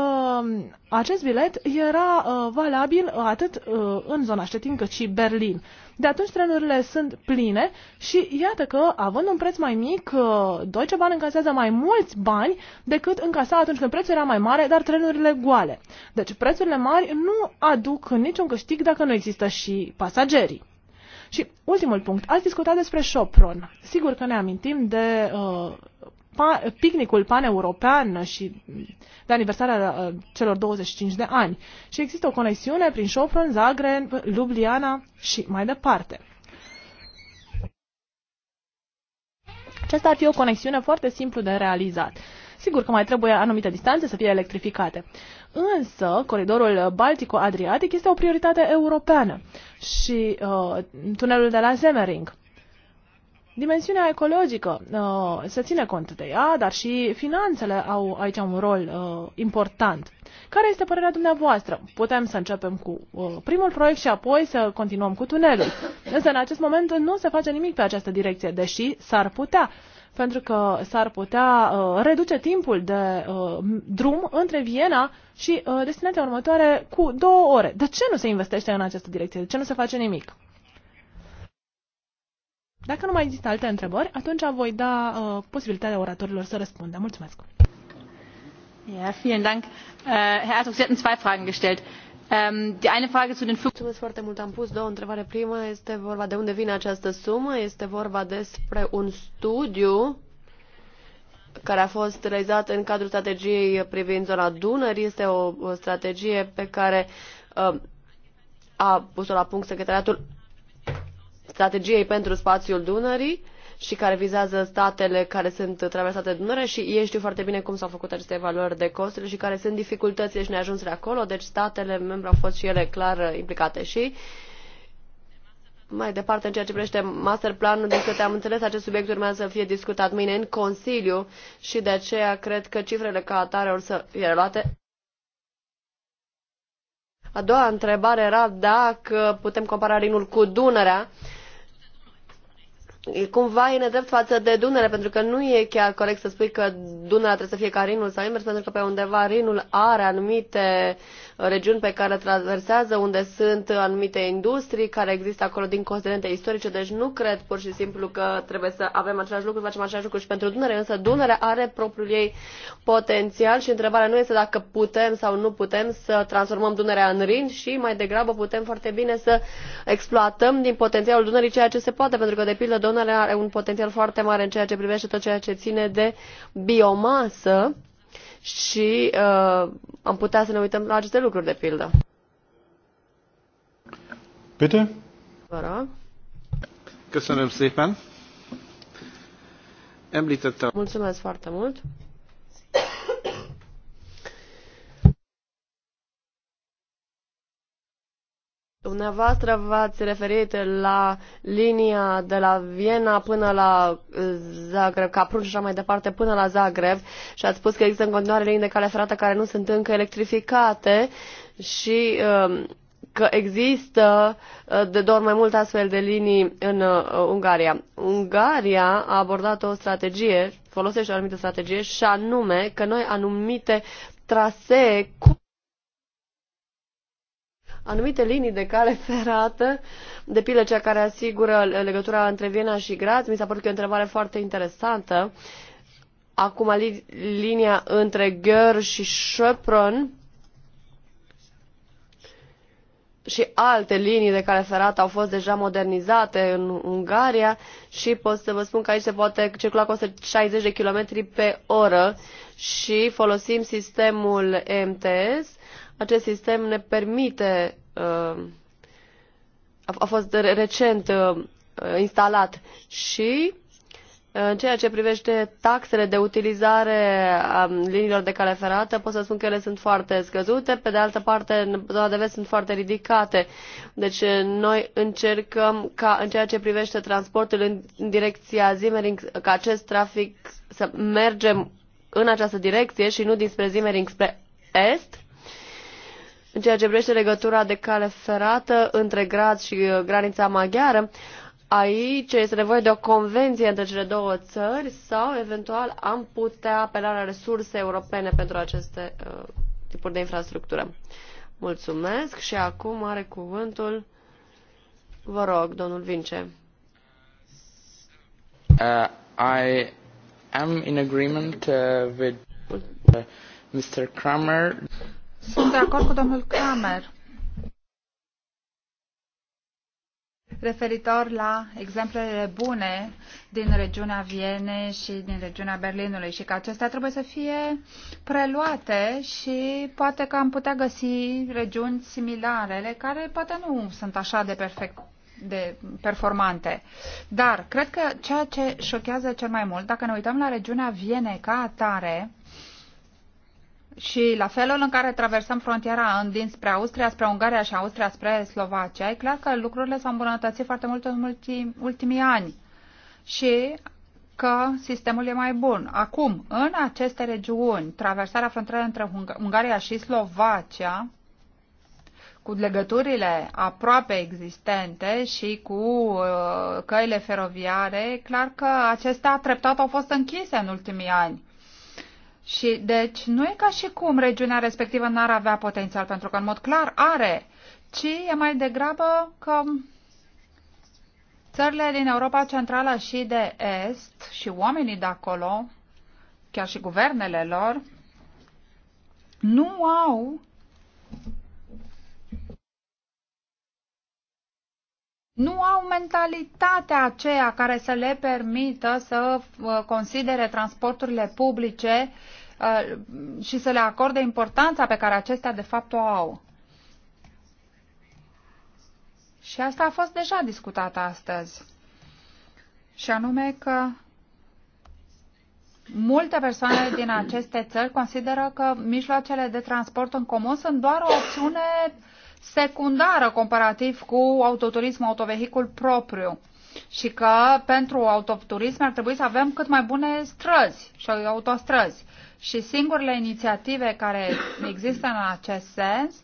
S2: uh, acest bilet era uh, valabil atât uh, în zona Ștetin cât și Berlin. De atunci trenurile sunt pline și iată că, având un preț mai mic, uh, Deutsche Bahn încasează mai mulți bani decât încasa atunci când prețul era mai mare, dar trenurile goale. Deci prețurile mari nu aduc niciun câștig dacă nu există și pasagerii. Și ultimul punct. Ați discutat despre Chopron. Sigur că ne amintim de uh, pa, picnicul paneuropean și de aniversarea uh, celor 25 de ani. Și există o conexiune prin Sopron, Zagreb, Ljubljana și mai departe. Aceasta ar fi o conexiune foarte simplu de realizat. Sigur că mai trebuie anumite distanțe să fie electrificate. Însă, coridorul Baltico-Adriatic este o prioritate europeană și uh, tunelul de la Uh, dimensiunea ecologică, uh, se ține cont de ea, dar și finanțele au aici un rol uh, important. Care este părerea dumneavoastră? Putem să începem cu uh, primul proiect și apoi să continuăm cu tunelul. Însă în acest moment nu se face nimic pe această direcție, deși s-ar putea pentru că s-ar putea uh, reduce timpul de uh, drum între Viena și uh, destinația următoare cu două ore. De ce nu se investește în această direcție? De ce nu se face nimic? Dacă nu mai există alte întrebări, atunci voi da uh, posibilitatea oratorilor să răspundă. Mulțumesc. Ja, vielen Dank. Uh,
S5: Herr Atok, Sie hatten zwei Fragen gestellt. Um, die eine Frage zu den Mulțumesc foarte mult. Am pus două întrebare. Prima este vorba de unde vine această sumă. Este vorba despre un studiu care a fost realizat în cadrul strategiei privind zona Dunării. Este o, o strategie pe care uh, a pus-o la punct secretariatul strategiei pentru spațiul Dunării și care vizează statele care sunt traversate de Dunăre și ei știu foarte bine cum s-au făcut aceste evaluări de costuri și care sunt dificultățile și neajunsurile acolo, deci statele membre au fost și ele clar uh, implicate și mai departe, în ceea ce privește master planul, din câte am înțeles, acest subiect urmează să fie discutat mâine în Consiliu și de aceea cred că cifrele ca atare or să fie luate. A doua întrebare era dacă putem compara Rinul cu Dunărea E cumva e nedrept față de Dunăre, pentru că nu e chiar corect să spui că Dunărea trebuie să fie ca Rinul sau invers, pentru că pe undeva Rinul are anumite uh, regiuni pe care le traversează, unde sunt anumite industrii care există acolo din considerente istorice, deci nu cred pur și simplu că trebuie să avem același lucru, facem același lucru și pentru Dunăre, însă Dunărea are propriul ei potențial și întrebarea nu este dacă putem sau nu putem să transformăm Dunărea în Rin și mai degrabă putem foarte bine să exploatăm din potențialul Dunării ceea ce se poate, pentru că de pildă zonele are un potențial foarte mare în ceea ce privește tot ceea ce ține de biomasă și uh, am putea să ne uităm la aceste lucruri, de pildă. Bitte? Vă rog. Mulțumesc foarte mult. Dumneavoastră v-ați referit la linia de la Viena până la uh, Zagreb, Caprun și așa mai departe, până la Zagreb și ați spus că există în continuare linii de cale ferată care nu sunt încă electrificate și um, că există uh, de doar mai multe astfel de linii în uh, Ungaria. Ungaria a abordat o strategie, folosește o anumită strategie și anume că noi anumite trasee cu anumite linii de cale ferată, de pile cea care asigură legătura între Viena și Graz. Mi s-a părut că e o întrebare foarte interesantă. Acum li linia între Gör și Schöpron și alte linii de care ferat au fost deja modernizate în Ungaria și pot să vă spun că aici se poate circula cu 160 de km pe oră și folosim sistemul MTS acest sistem ne permite, uh, a fost recent uh, uh, instalat și în ceea ce privește taxele de utilizare a um, liniilor de cale ferată, pot să spun că ele sunt foarte scăzute, pe de altă parte, în zona de vest sunt foarte ridicate. Deci noi încercăm ca în ceea ce privește transportul în direcția Zimering, ca acest trafic să mergem în această direcție și nu dinspre Zimering spre est, în ceea ce privește legătura de cale ferată între Graz și uh, granița maghiară, aici este nevoie de o convenție între cele două țări sau eventual am putea apela la resurse europene pentru aceste uh, tipuri de infrastructură. Mulțumesc și acum are cuvântul, vă rog, domnul Vince.
S1: Uh, I am in agreement uh, with uh, Mr. Kramer.
S3: Sunt de acord cu domnul Kramer referitor la exemplele bune din regiunea Vienei și din regiunea Berlinului și că acestea trebuie să fie preluate și poate că am putea găsi regiuni similare care poate nu sunt așa de perfect de performante. Dar cred că ceea ce șochează cel mai mult, dacă ne uităm la regiunea Viene ca atare, și la felul în care traversăm frontiera în dinspre Austria, spre Ungaria și Austria spre Slovacia, e clar că lucrurile s-au îmbunătățit foarte mult în ultimii, ultimii ani și că sistemul e mai bun. Acum, în aceste regiuni, traversarea frontierei între Ungaria și Slovacia, cu legăturile aproape existente și cu uh, căile feroviare, clar că acestea treptat au fost închise în ultimii ani. Și deci nu e ca și cum regiunea respectivă n-ar avea potențial, pentru că în mod clar are, ci e mai degrabă că țările din Europa Centrală și de Est și oamenii de acolo, chiar și guvernele lor, nu au nu au mentalitatea aceea care să le permită să uh, considere transporturile publice Uh, și să le acorde importanța pe care acestea de fapt o au. Și asta a fost deja discutat astăzi. Și anume că multe persoane din aceste țări consideră că mijloacele de transport în comun sunt doar o opțiune secundară comparativ cu autoturism, autovehicul propriu și că pentru autoturism ar trebui să avem cât mai bune străzi și autostrăzi. Și singurele inițiative care există în acest sens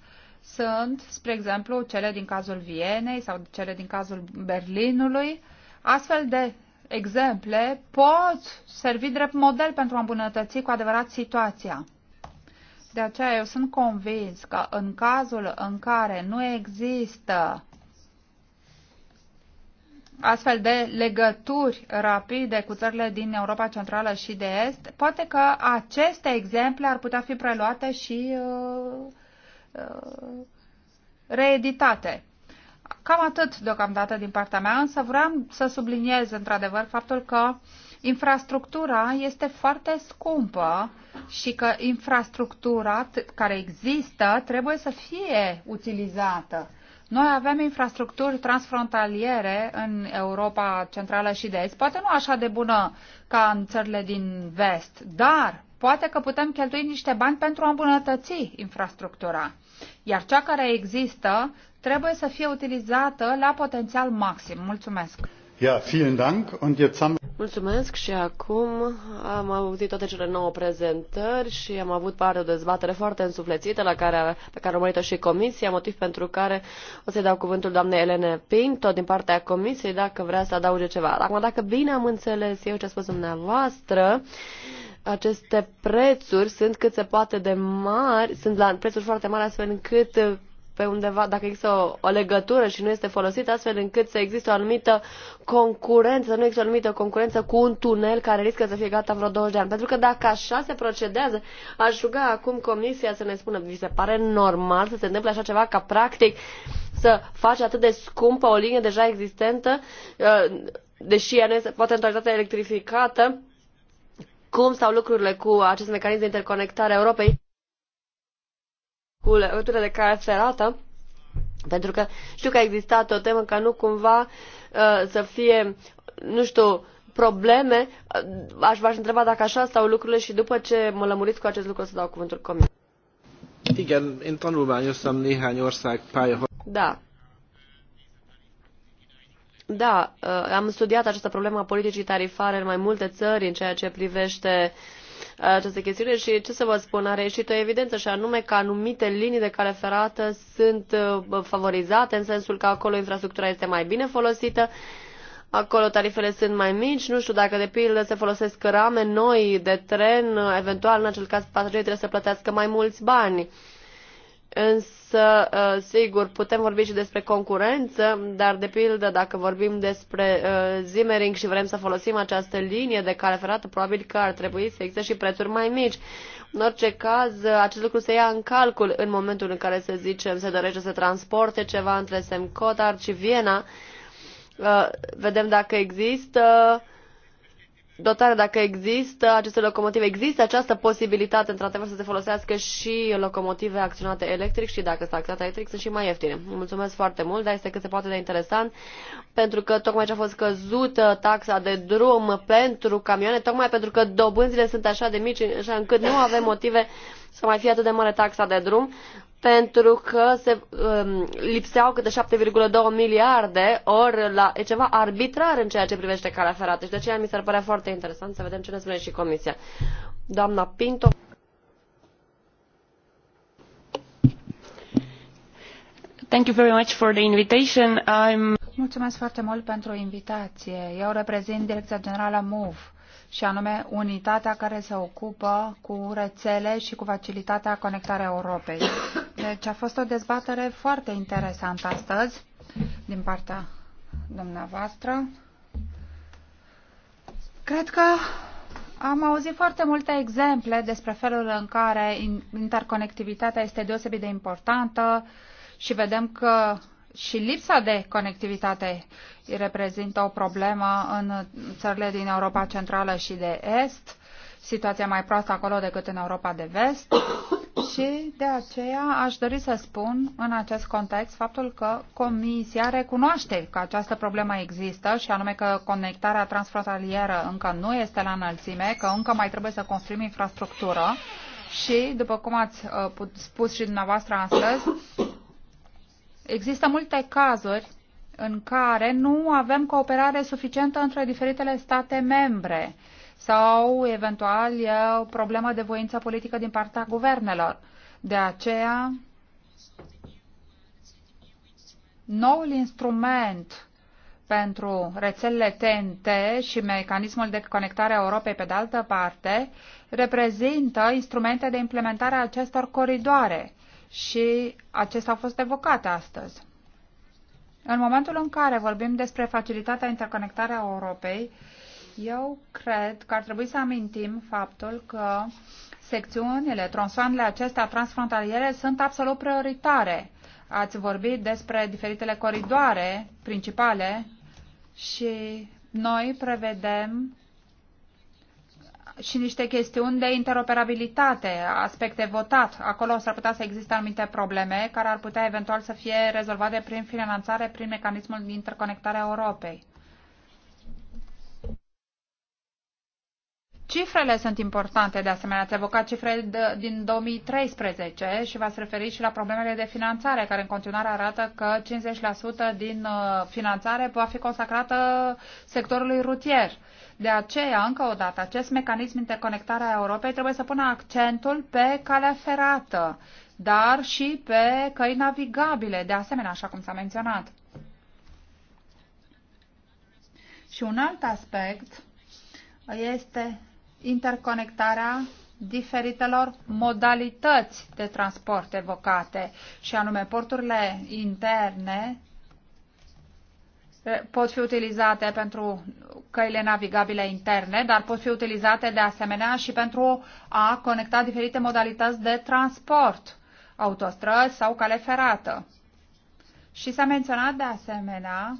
S3: sunt, spre exemplu, cele din cazul Vienei sau cele din cazul Berlinului. Astfel de exemple pot servi drept model pentru a îmbunătăți cu adevărat situația. De aceea eu sunt convins că în cazul în care nu există astfel de legături rapide cu țările din Europa Centrală și de Est, poate că aceste exemple ar putea fi preluate și uh, uh, reeditate. Cam atât deocamdată din partea mea, însă vreau să subliniez într-adevăr faptul că infrastructura este foarte scumpă și că infrastructura care există trebuie să fie utilizată noi avem infrastructuri transfrontaliere în Europa Centrală și de Est, poate nu așa de bună ca în țările din vest, dar poate că putem cheltui niște bani pentru a îmbunătăți infrastructura. Iar cea care există trebuie să fie utilizată la potențial
S5: maxim. Mulțumesc! Mulțumesc și acum am auzit toate cele nouă prezentări și am avut parte de o dezbatere foarte însuflețită la care, pe care a urmărit-o și Comisia, motiv pentru care o să-i dau cuvântul doamnei Elene Pinto din partea Comisiei dacă vrea să adauge ceva. Acum, dacă bine am înțeles eu ce a spus dumneavoastră, aceste prețuri sunt cât se poate de mari, sunt la prețuri foarte mari astfel încât pe undeva, dacă există o, o legătură și nu este folosită, astfel încât să existe o anumită concurență, nu există o anumită concurență cu un tunel care riscă să fie gata vreo 20 de ani. Pentru că dacă așa se procedează, aș ruga acum Comisia să ne spună, vi se pare normal să se întâmple așa ceva ca practic să faci atât de scumpă o linie deja existentă, uh, deși ea nu este poate în totalitate electrificată, cum stau lucrurile cu acest mecanism de interconectare a Europei? cu legătură de calea ferată, pentru că știu că a existat o temă ca nu cumva uh, să fie, nu știu, probleme. Uh, aș v-aș întreba dacă așa stau lucrurile și după ce mă lămuriți cu acest lucru să dau cuvântul comis.
S2: Igen, én tanulmányoztam néhány ország
S5: Da. Da, uh, am studiat această problemă a politicii tarifare în mai multe țări în ceea ce privește uh, această chestiune și ce să vă spun, a reieșit o evidență și anume că anumite linii de cale ferată sunt uh, favorizate în sensul că acolo infrastructura este mai bine folosită, acolo tarifele sunt mai mici, nu știu dacă de pildă se folosesc rame noi de tren, eventual în acel caz pasagerii trebuie să plătească mai mulți bani Însă, uh, sigur, putem vorbi și despre concurență, dar, de pildă, dacă vorbim despre uh, Zimmering și vrem să folosim această linie de cale ferată, probabil că ar trebui să existe și prețuri mai mici. În orice caz, uh, acest lucru se ia în calcul în momentul în care, să zicem, se dorește să transporte ceva între Semcotar și Viena. Uh, vedem dacă există uh, dotare dacă există aceste locomotive. Există această posibilitate, într-adevăr, să se folosească și locomotive acționate electric și dacă sunt acționate electric, sunt și mai ieftine. Mulțumesc foarte mult, dar este cât se poate de interesant, pentru că tocmai ce a fost căzută taxa de drum pentru camioane, tocmai pentru că dobânzile sunt așa de mici, așa încât nu avem motive să mai fie atât de mare taxa de drum pentru că se um, lipseau câte 7,2 miliarde, ori la, e ceva arbitrar în ceea ce privește calea ferată și de aceea mi s-ar părea foarte interesant să vedem ce ne spune și Comisia. Doamna Pinto. Thank you very much for the invitation. I'm... Mulțumesc
S3: foarte mult pentru invitație. Eu reprezint Direcția Generală MOVE și anume unitatea care se ocupă cu rețele și cu facilitatea conectarea Europei. Deci a fost o dezbatere foarte interesantă astăzi din partea dumneavoastră. Cred că am auzit foarte multe exemple despre felul în care interconectivitatea este deosebit de importantă și vedem că și lipsa de conectivitate reprezintă o problemă în țările din Europa Centrală și de Est situația mai proastă acolo decât în Europa de Vest și de aceea aș dori să spun în acest context faptul că Comisia recunoaște că această problemă există și anume că conectarea transfrontalieră încă nu este la înălțime, că încă mai trebuie să construim infrastructură și, după cum ați uh, spus și dumneavoastră astăzi, există multe cazuri în care nu avem cooperare suficientă între diferitele state membre sau eventual e o problemă de voință politică din partea guvernelor. De aceea, noul instrument pentru rețelele TNT și mecanismul de conectare a Europei pe de altă parte reprezintă instrumente de implementare a acestor coridoare și acestea au fost evocate astăzi. În momentul în care vorbim despre facilitatea interconectarea Europei, eu cred că ar trebui să amintim faptul că secțiunile, tronsoanele acestea transfrontaliere sunt absolut prioritare. Ați vorbit despre diferitele coridoare principale și noi prevedem și niște chestiuni de interoperabilitate, aspecte votat. Acolo s-ar putea să existe anumite probleme care ar putea eventual să fie rezolvate prin finanțare, prin mecanismul de interconectare a Europei. Cifrele sunt importante, de asemenea, ați evocat cifrele din 2013 și v-ați referit și la problemele de finanțare, care în continuare arată că 50% din uh, finanțare va fi consacrată sectorului rutier. De aceea, încă o dată, acest mecanism a Europei trebuie să pună accentul pe calea ferată, dar și pe căi navigabile, de asemenea, așa cum s-a menționat. Și un alt aspect este interconectarea diferitelor modalități de transport evocate, și anume porturile interne eh, pot fi utilizate pentru căile navigabile interne, dar pot fi utilizate de asemenea și pentru a conecta diferite modalități de transport, autostrăzi sau cale ferată. Și s-a menționat de asemenea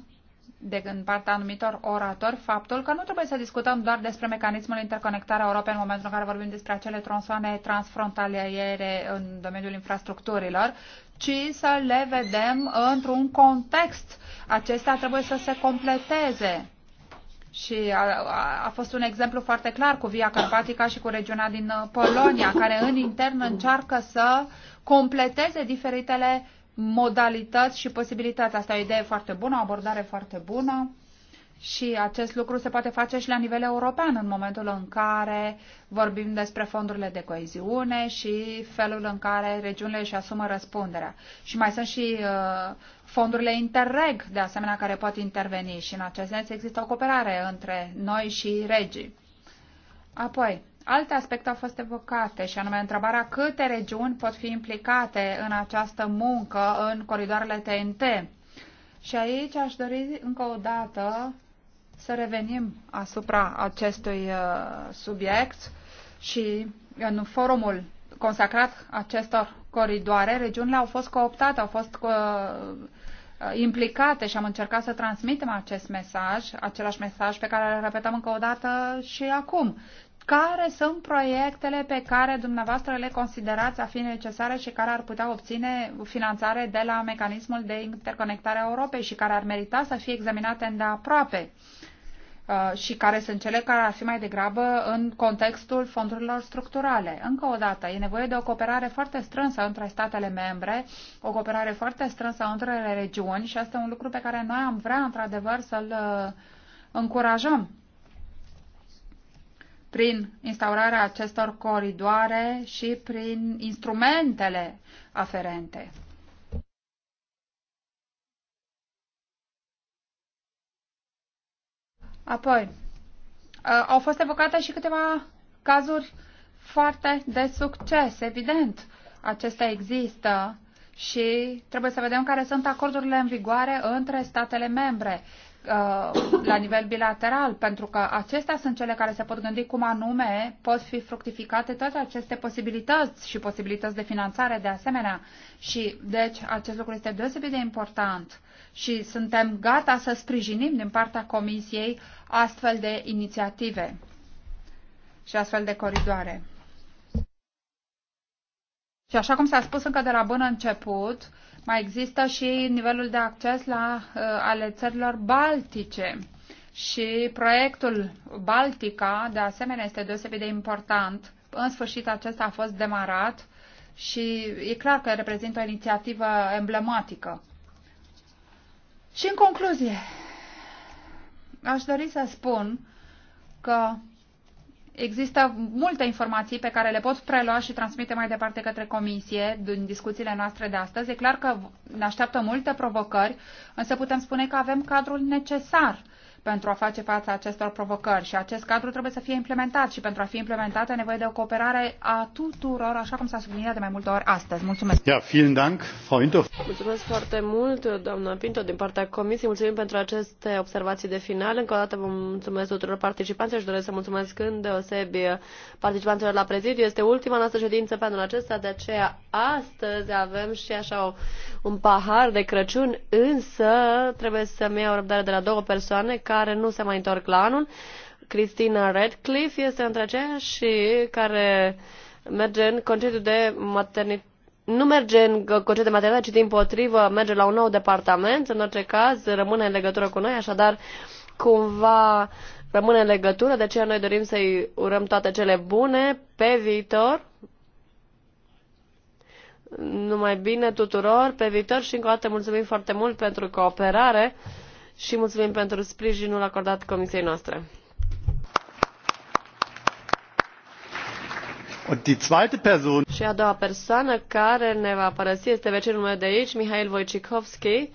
S3: de în partea anumitor oratori faptul că nu trebuie să discutăm doar despre mecanismul interconectarea Europei în momentul în care vorbim despre acele tronsoane transfrontaliere în domeniul infrastructurilor, ci să le vedem într-un context. Acestea trebuie să se completeze. Și a, a, a fost un exemplu foarte clar cu Via Carpatica și cu regiunea din uh, Polonia, care în intern încearcă să completeze diferitele uh, modalități și posibilități. Asta e o idee foarte bună, o abordare foarte bună. Și acest lucru se poate face și la nivel european în momentul în care vorbim despre fondurile de coeziune și felul în care regiunile își asumă răspunderea. Și mai sunt și uh, fondurile interreg, de asemenea, care pot interveni și în acest sens există o cooperare între noi și regii. Apoi, Alte aspecte au fost evocate și anume întrebarea câte regiuni pot fi implicate în această muncă în coridoarele TNT. Și aici aș dori încă o dată să revenim asupra acestui uh, subiect și în forumul consacrat acestor coridoare, regiunile au fost cooptate, au fost uh, uh, implicate și am încercat să transmitem acest mesaj, același mesaj pe care îl repetăm încă o dată și acum care sunt proiectele pe care dumneavoastră le considerați a fi necesare și care ar putea obține finanțare de la mecanismul de interconectare a Europei și care ar merita să fie examinate îndeaproape uh, și care sunt cele care ar fi mai degrabă în contextul fondurilor structurale. Încă o dată, e nevoie de o cooperare foarte strânsă între statele membre, o cooperare foarte strânsă între regiuni și asta e un lucru pe care noi am vrea într-adevăr să-l uh, încurajăm prin instaurarea acestor coridoare și prin instrumentele aferente. Apoi, uh, au fost evocate și câteva cazuri foarte de succes, evident. Acestea există și trebuie să vedem care sunt acordurile în vigoare între statele membre. Uh, la nivel bilateral, pentru că acestea sunt cele care se pot gândi cum anume pot fi fructificate toate aceste posibilități și posibilități de finanțare de asemenea. Și deci acest lucru este deosebit de important și suntem gata să sprijinim din partea Comisiei astfel de inițiative și astfel de coridoare. Și așa cum s-a spus încă de la bun început, uh, mai există și nivelul de acces la, uh, ale țărilor baltice. Și proiectul Baltica, de asemenea, este deosebit de important. În sfârșit, acesta a fost demarat și e clar că reprezintă o inițiativă emblematică. Și în concluzie, aș dori să spun că Există multe informații pe care le pot prelua și transmite mai departe către comisie din discuțiile noastre de astăzi. E clar că ne așteaptă multe provocări, însă putem spune că avem cadrul necesar uh, pentru a face față acestor provocări și acest cadru trebuie să fie implementat și pentru a fi implementat e nevoie de o cooperare a tuturor, așa cum s-a subliniat de mai multe ori astăzi. Mulțumesc!
S1: Ja, vielen Dank, Frau Pinto.
S5: Mulțumesc foarte mult, doamna Pinto, din partea Comisiei. Mulțumim pentru aceste observații de final. Încă o dată vă mulțumesc tuturor participanților și doresc să mulțumesc în deosebi participanților la prezidiu. Este ultima noastră ședință pe anul acesta, de aceea astăzi avem și așa o, un pahar de Crăciun, însă trebuie să-mi iau răbdare de la două persoane ca care nu se mai întorc la anul. Christina Radcliffe este între aceia și care merge în concediu de maternitate nu merge în concediu de maternitate, ci din potrivă merge la un nou departament, în orice caz rămâne în legătură cu noi, așadar cumva rămâne în legătură, de aceea noi dorim să-i urăm toate cele bune pe viitor. Numai bine tuturor pe viitor și încă o dată mulțumim foarte mult pentru cooperare și mulțumim pentru sprijinul acordat comisiei noastre. Și a doua persoană care ne va părăsi este vecinul meu de aici, Mihail Wojciechowski.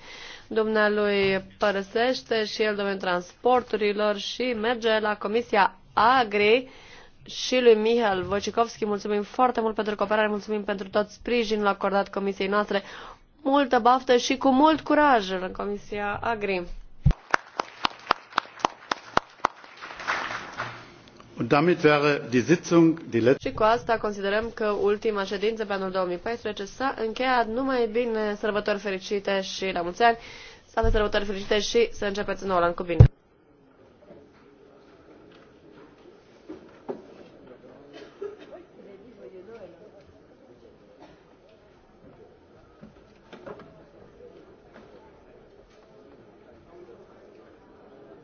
S5: Dumnealui părăsește și el domeniul transporturilor și merge la Comisia Agri și lui Mihail Wojciechowski. Mulțumim foarte mult pentru cooperare, mulțumim pentru tot sprijinul acordat Comisiei noastre. Multă baftă și cu mult curaj în Comisia Agri. Și cu asta considerăm că ultima ședință pe anul 2014 s-a încheiat. Numai bine, sărbători fericite și la mulți ani, să aveți sărbători fericite și să începeți nouă an cu bine.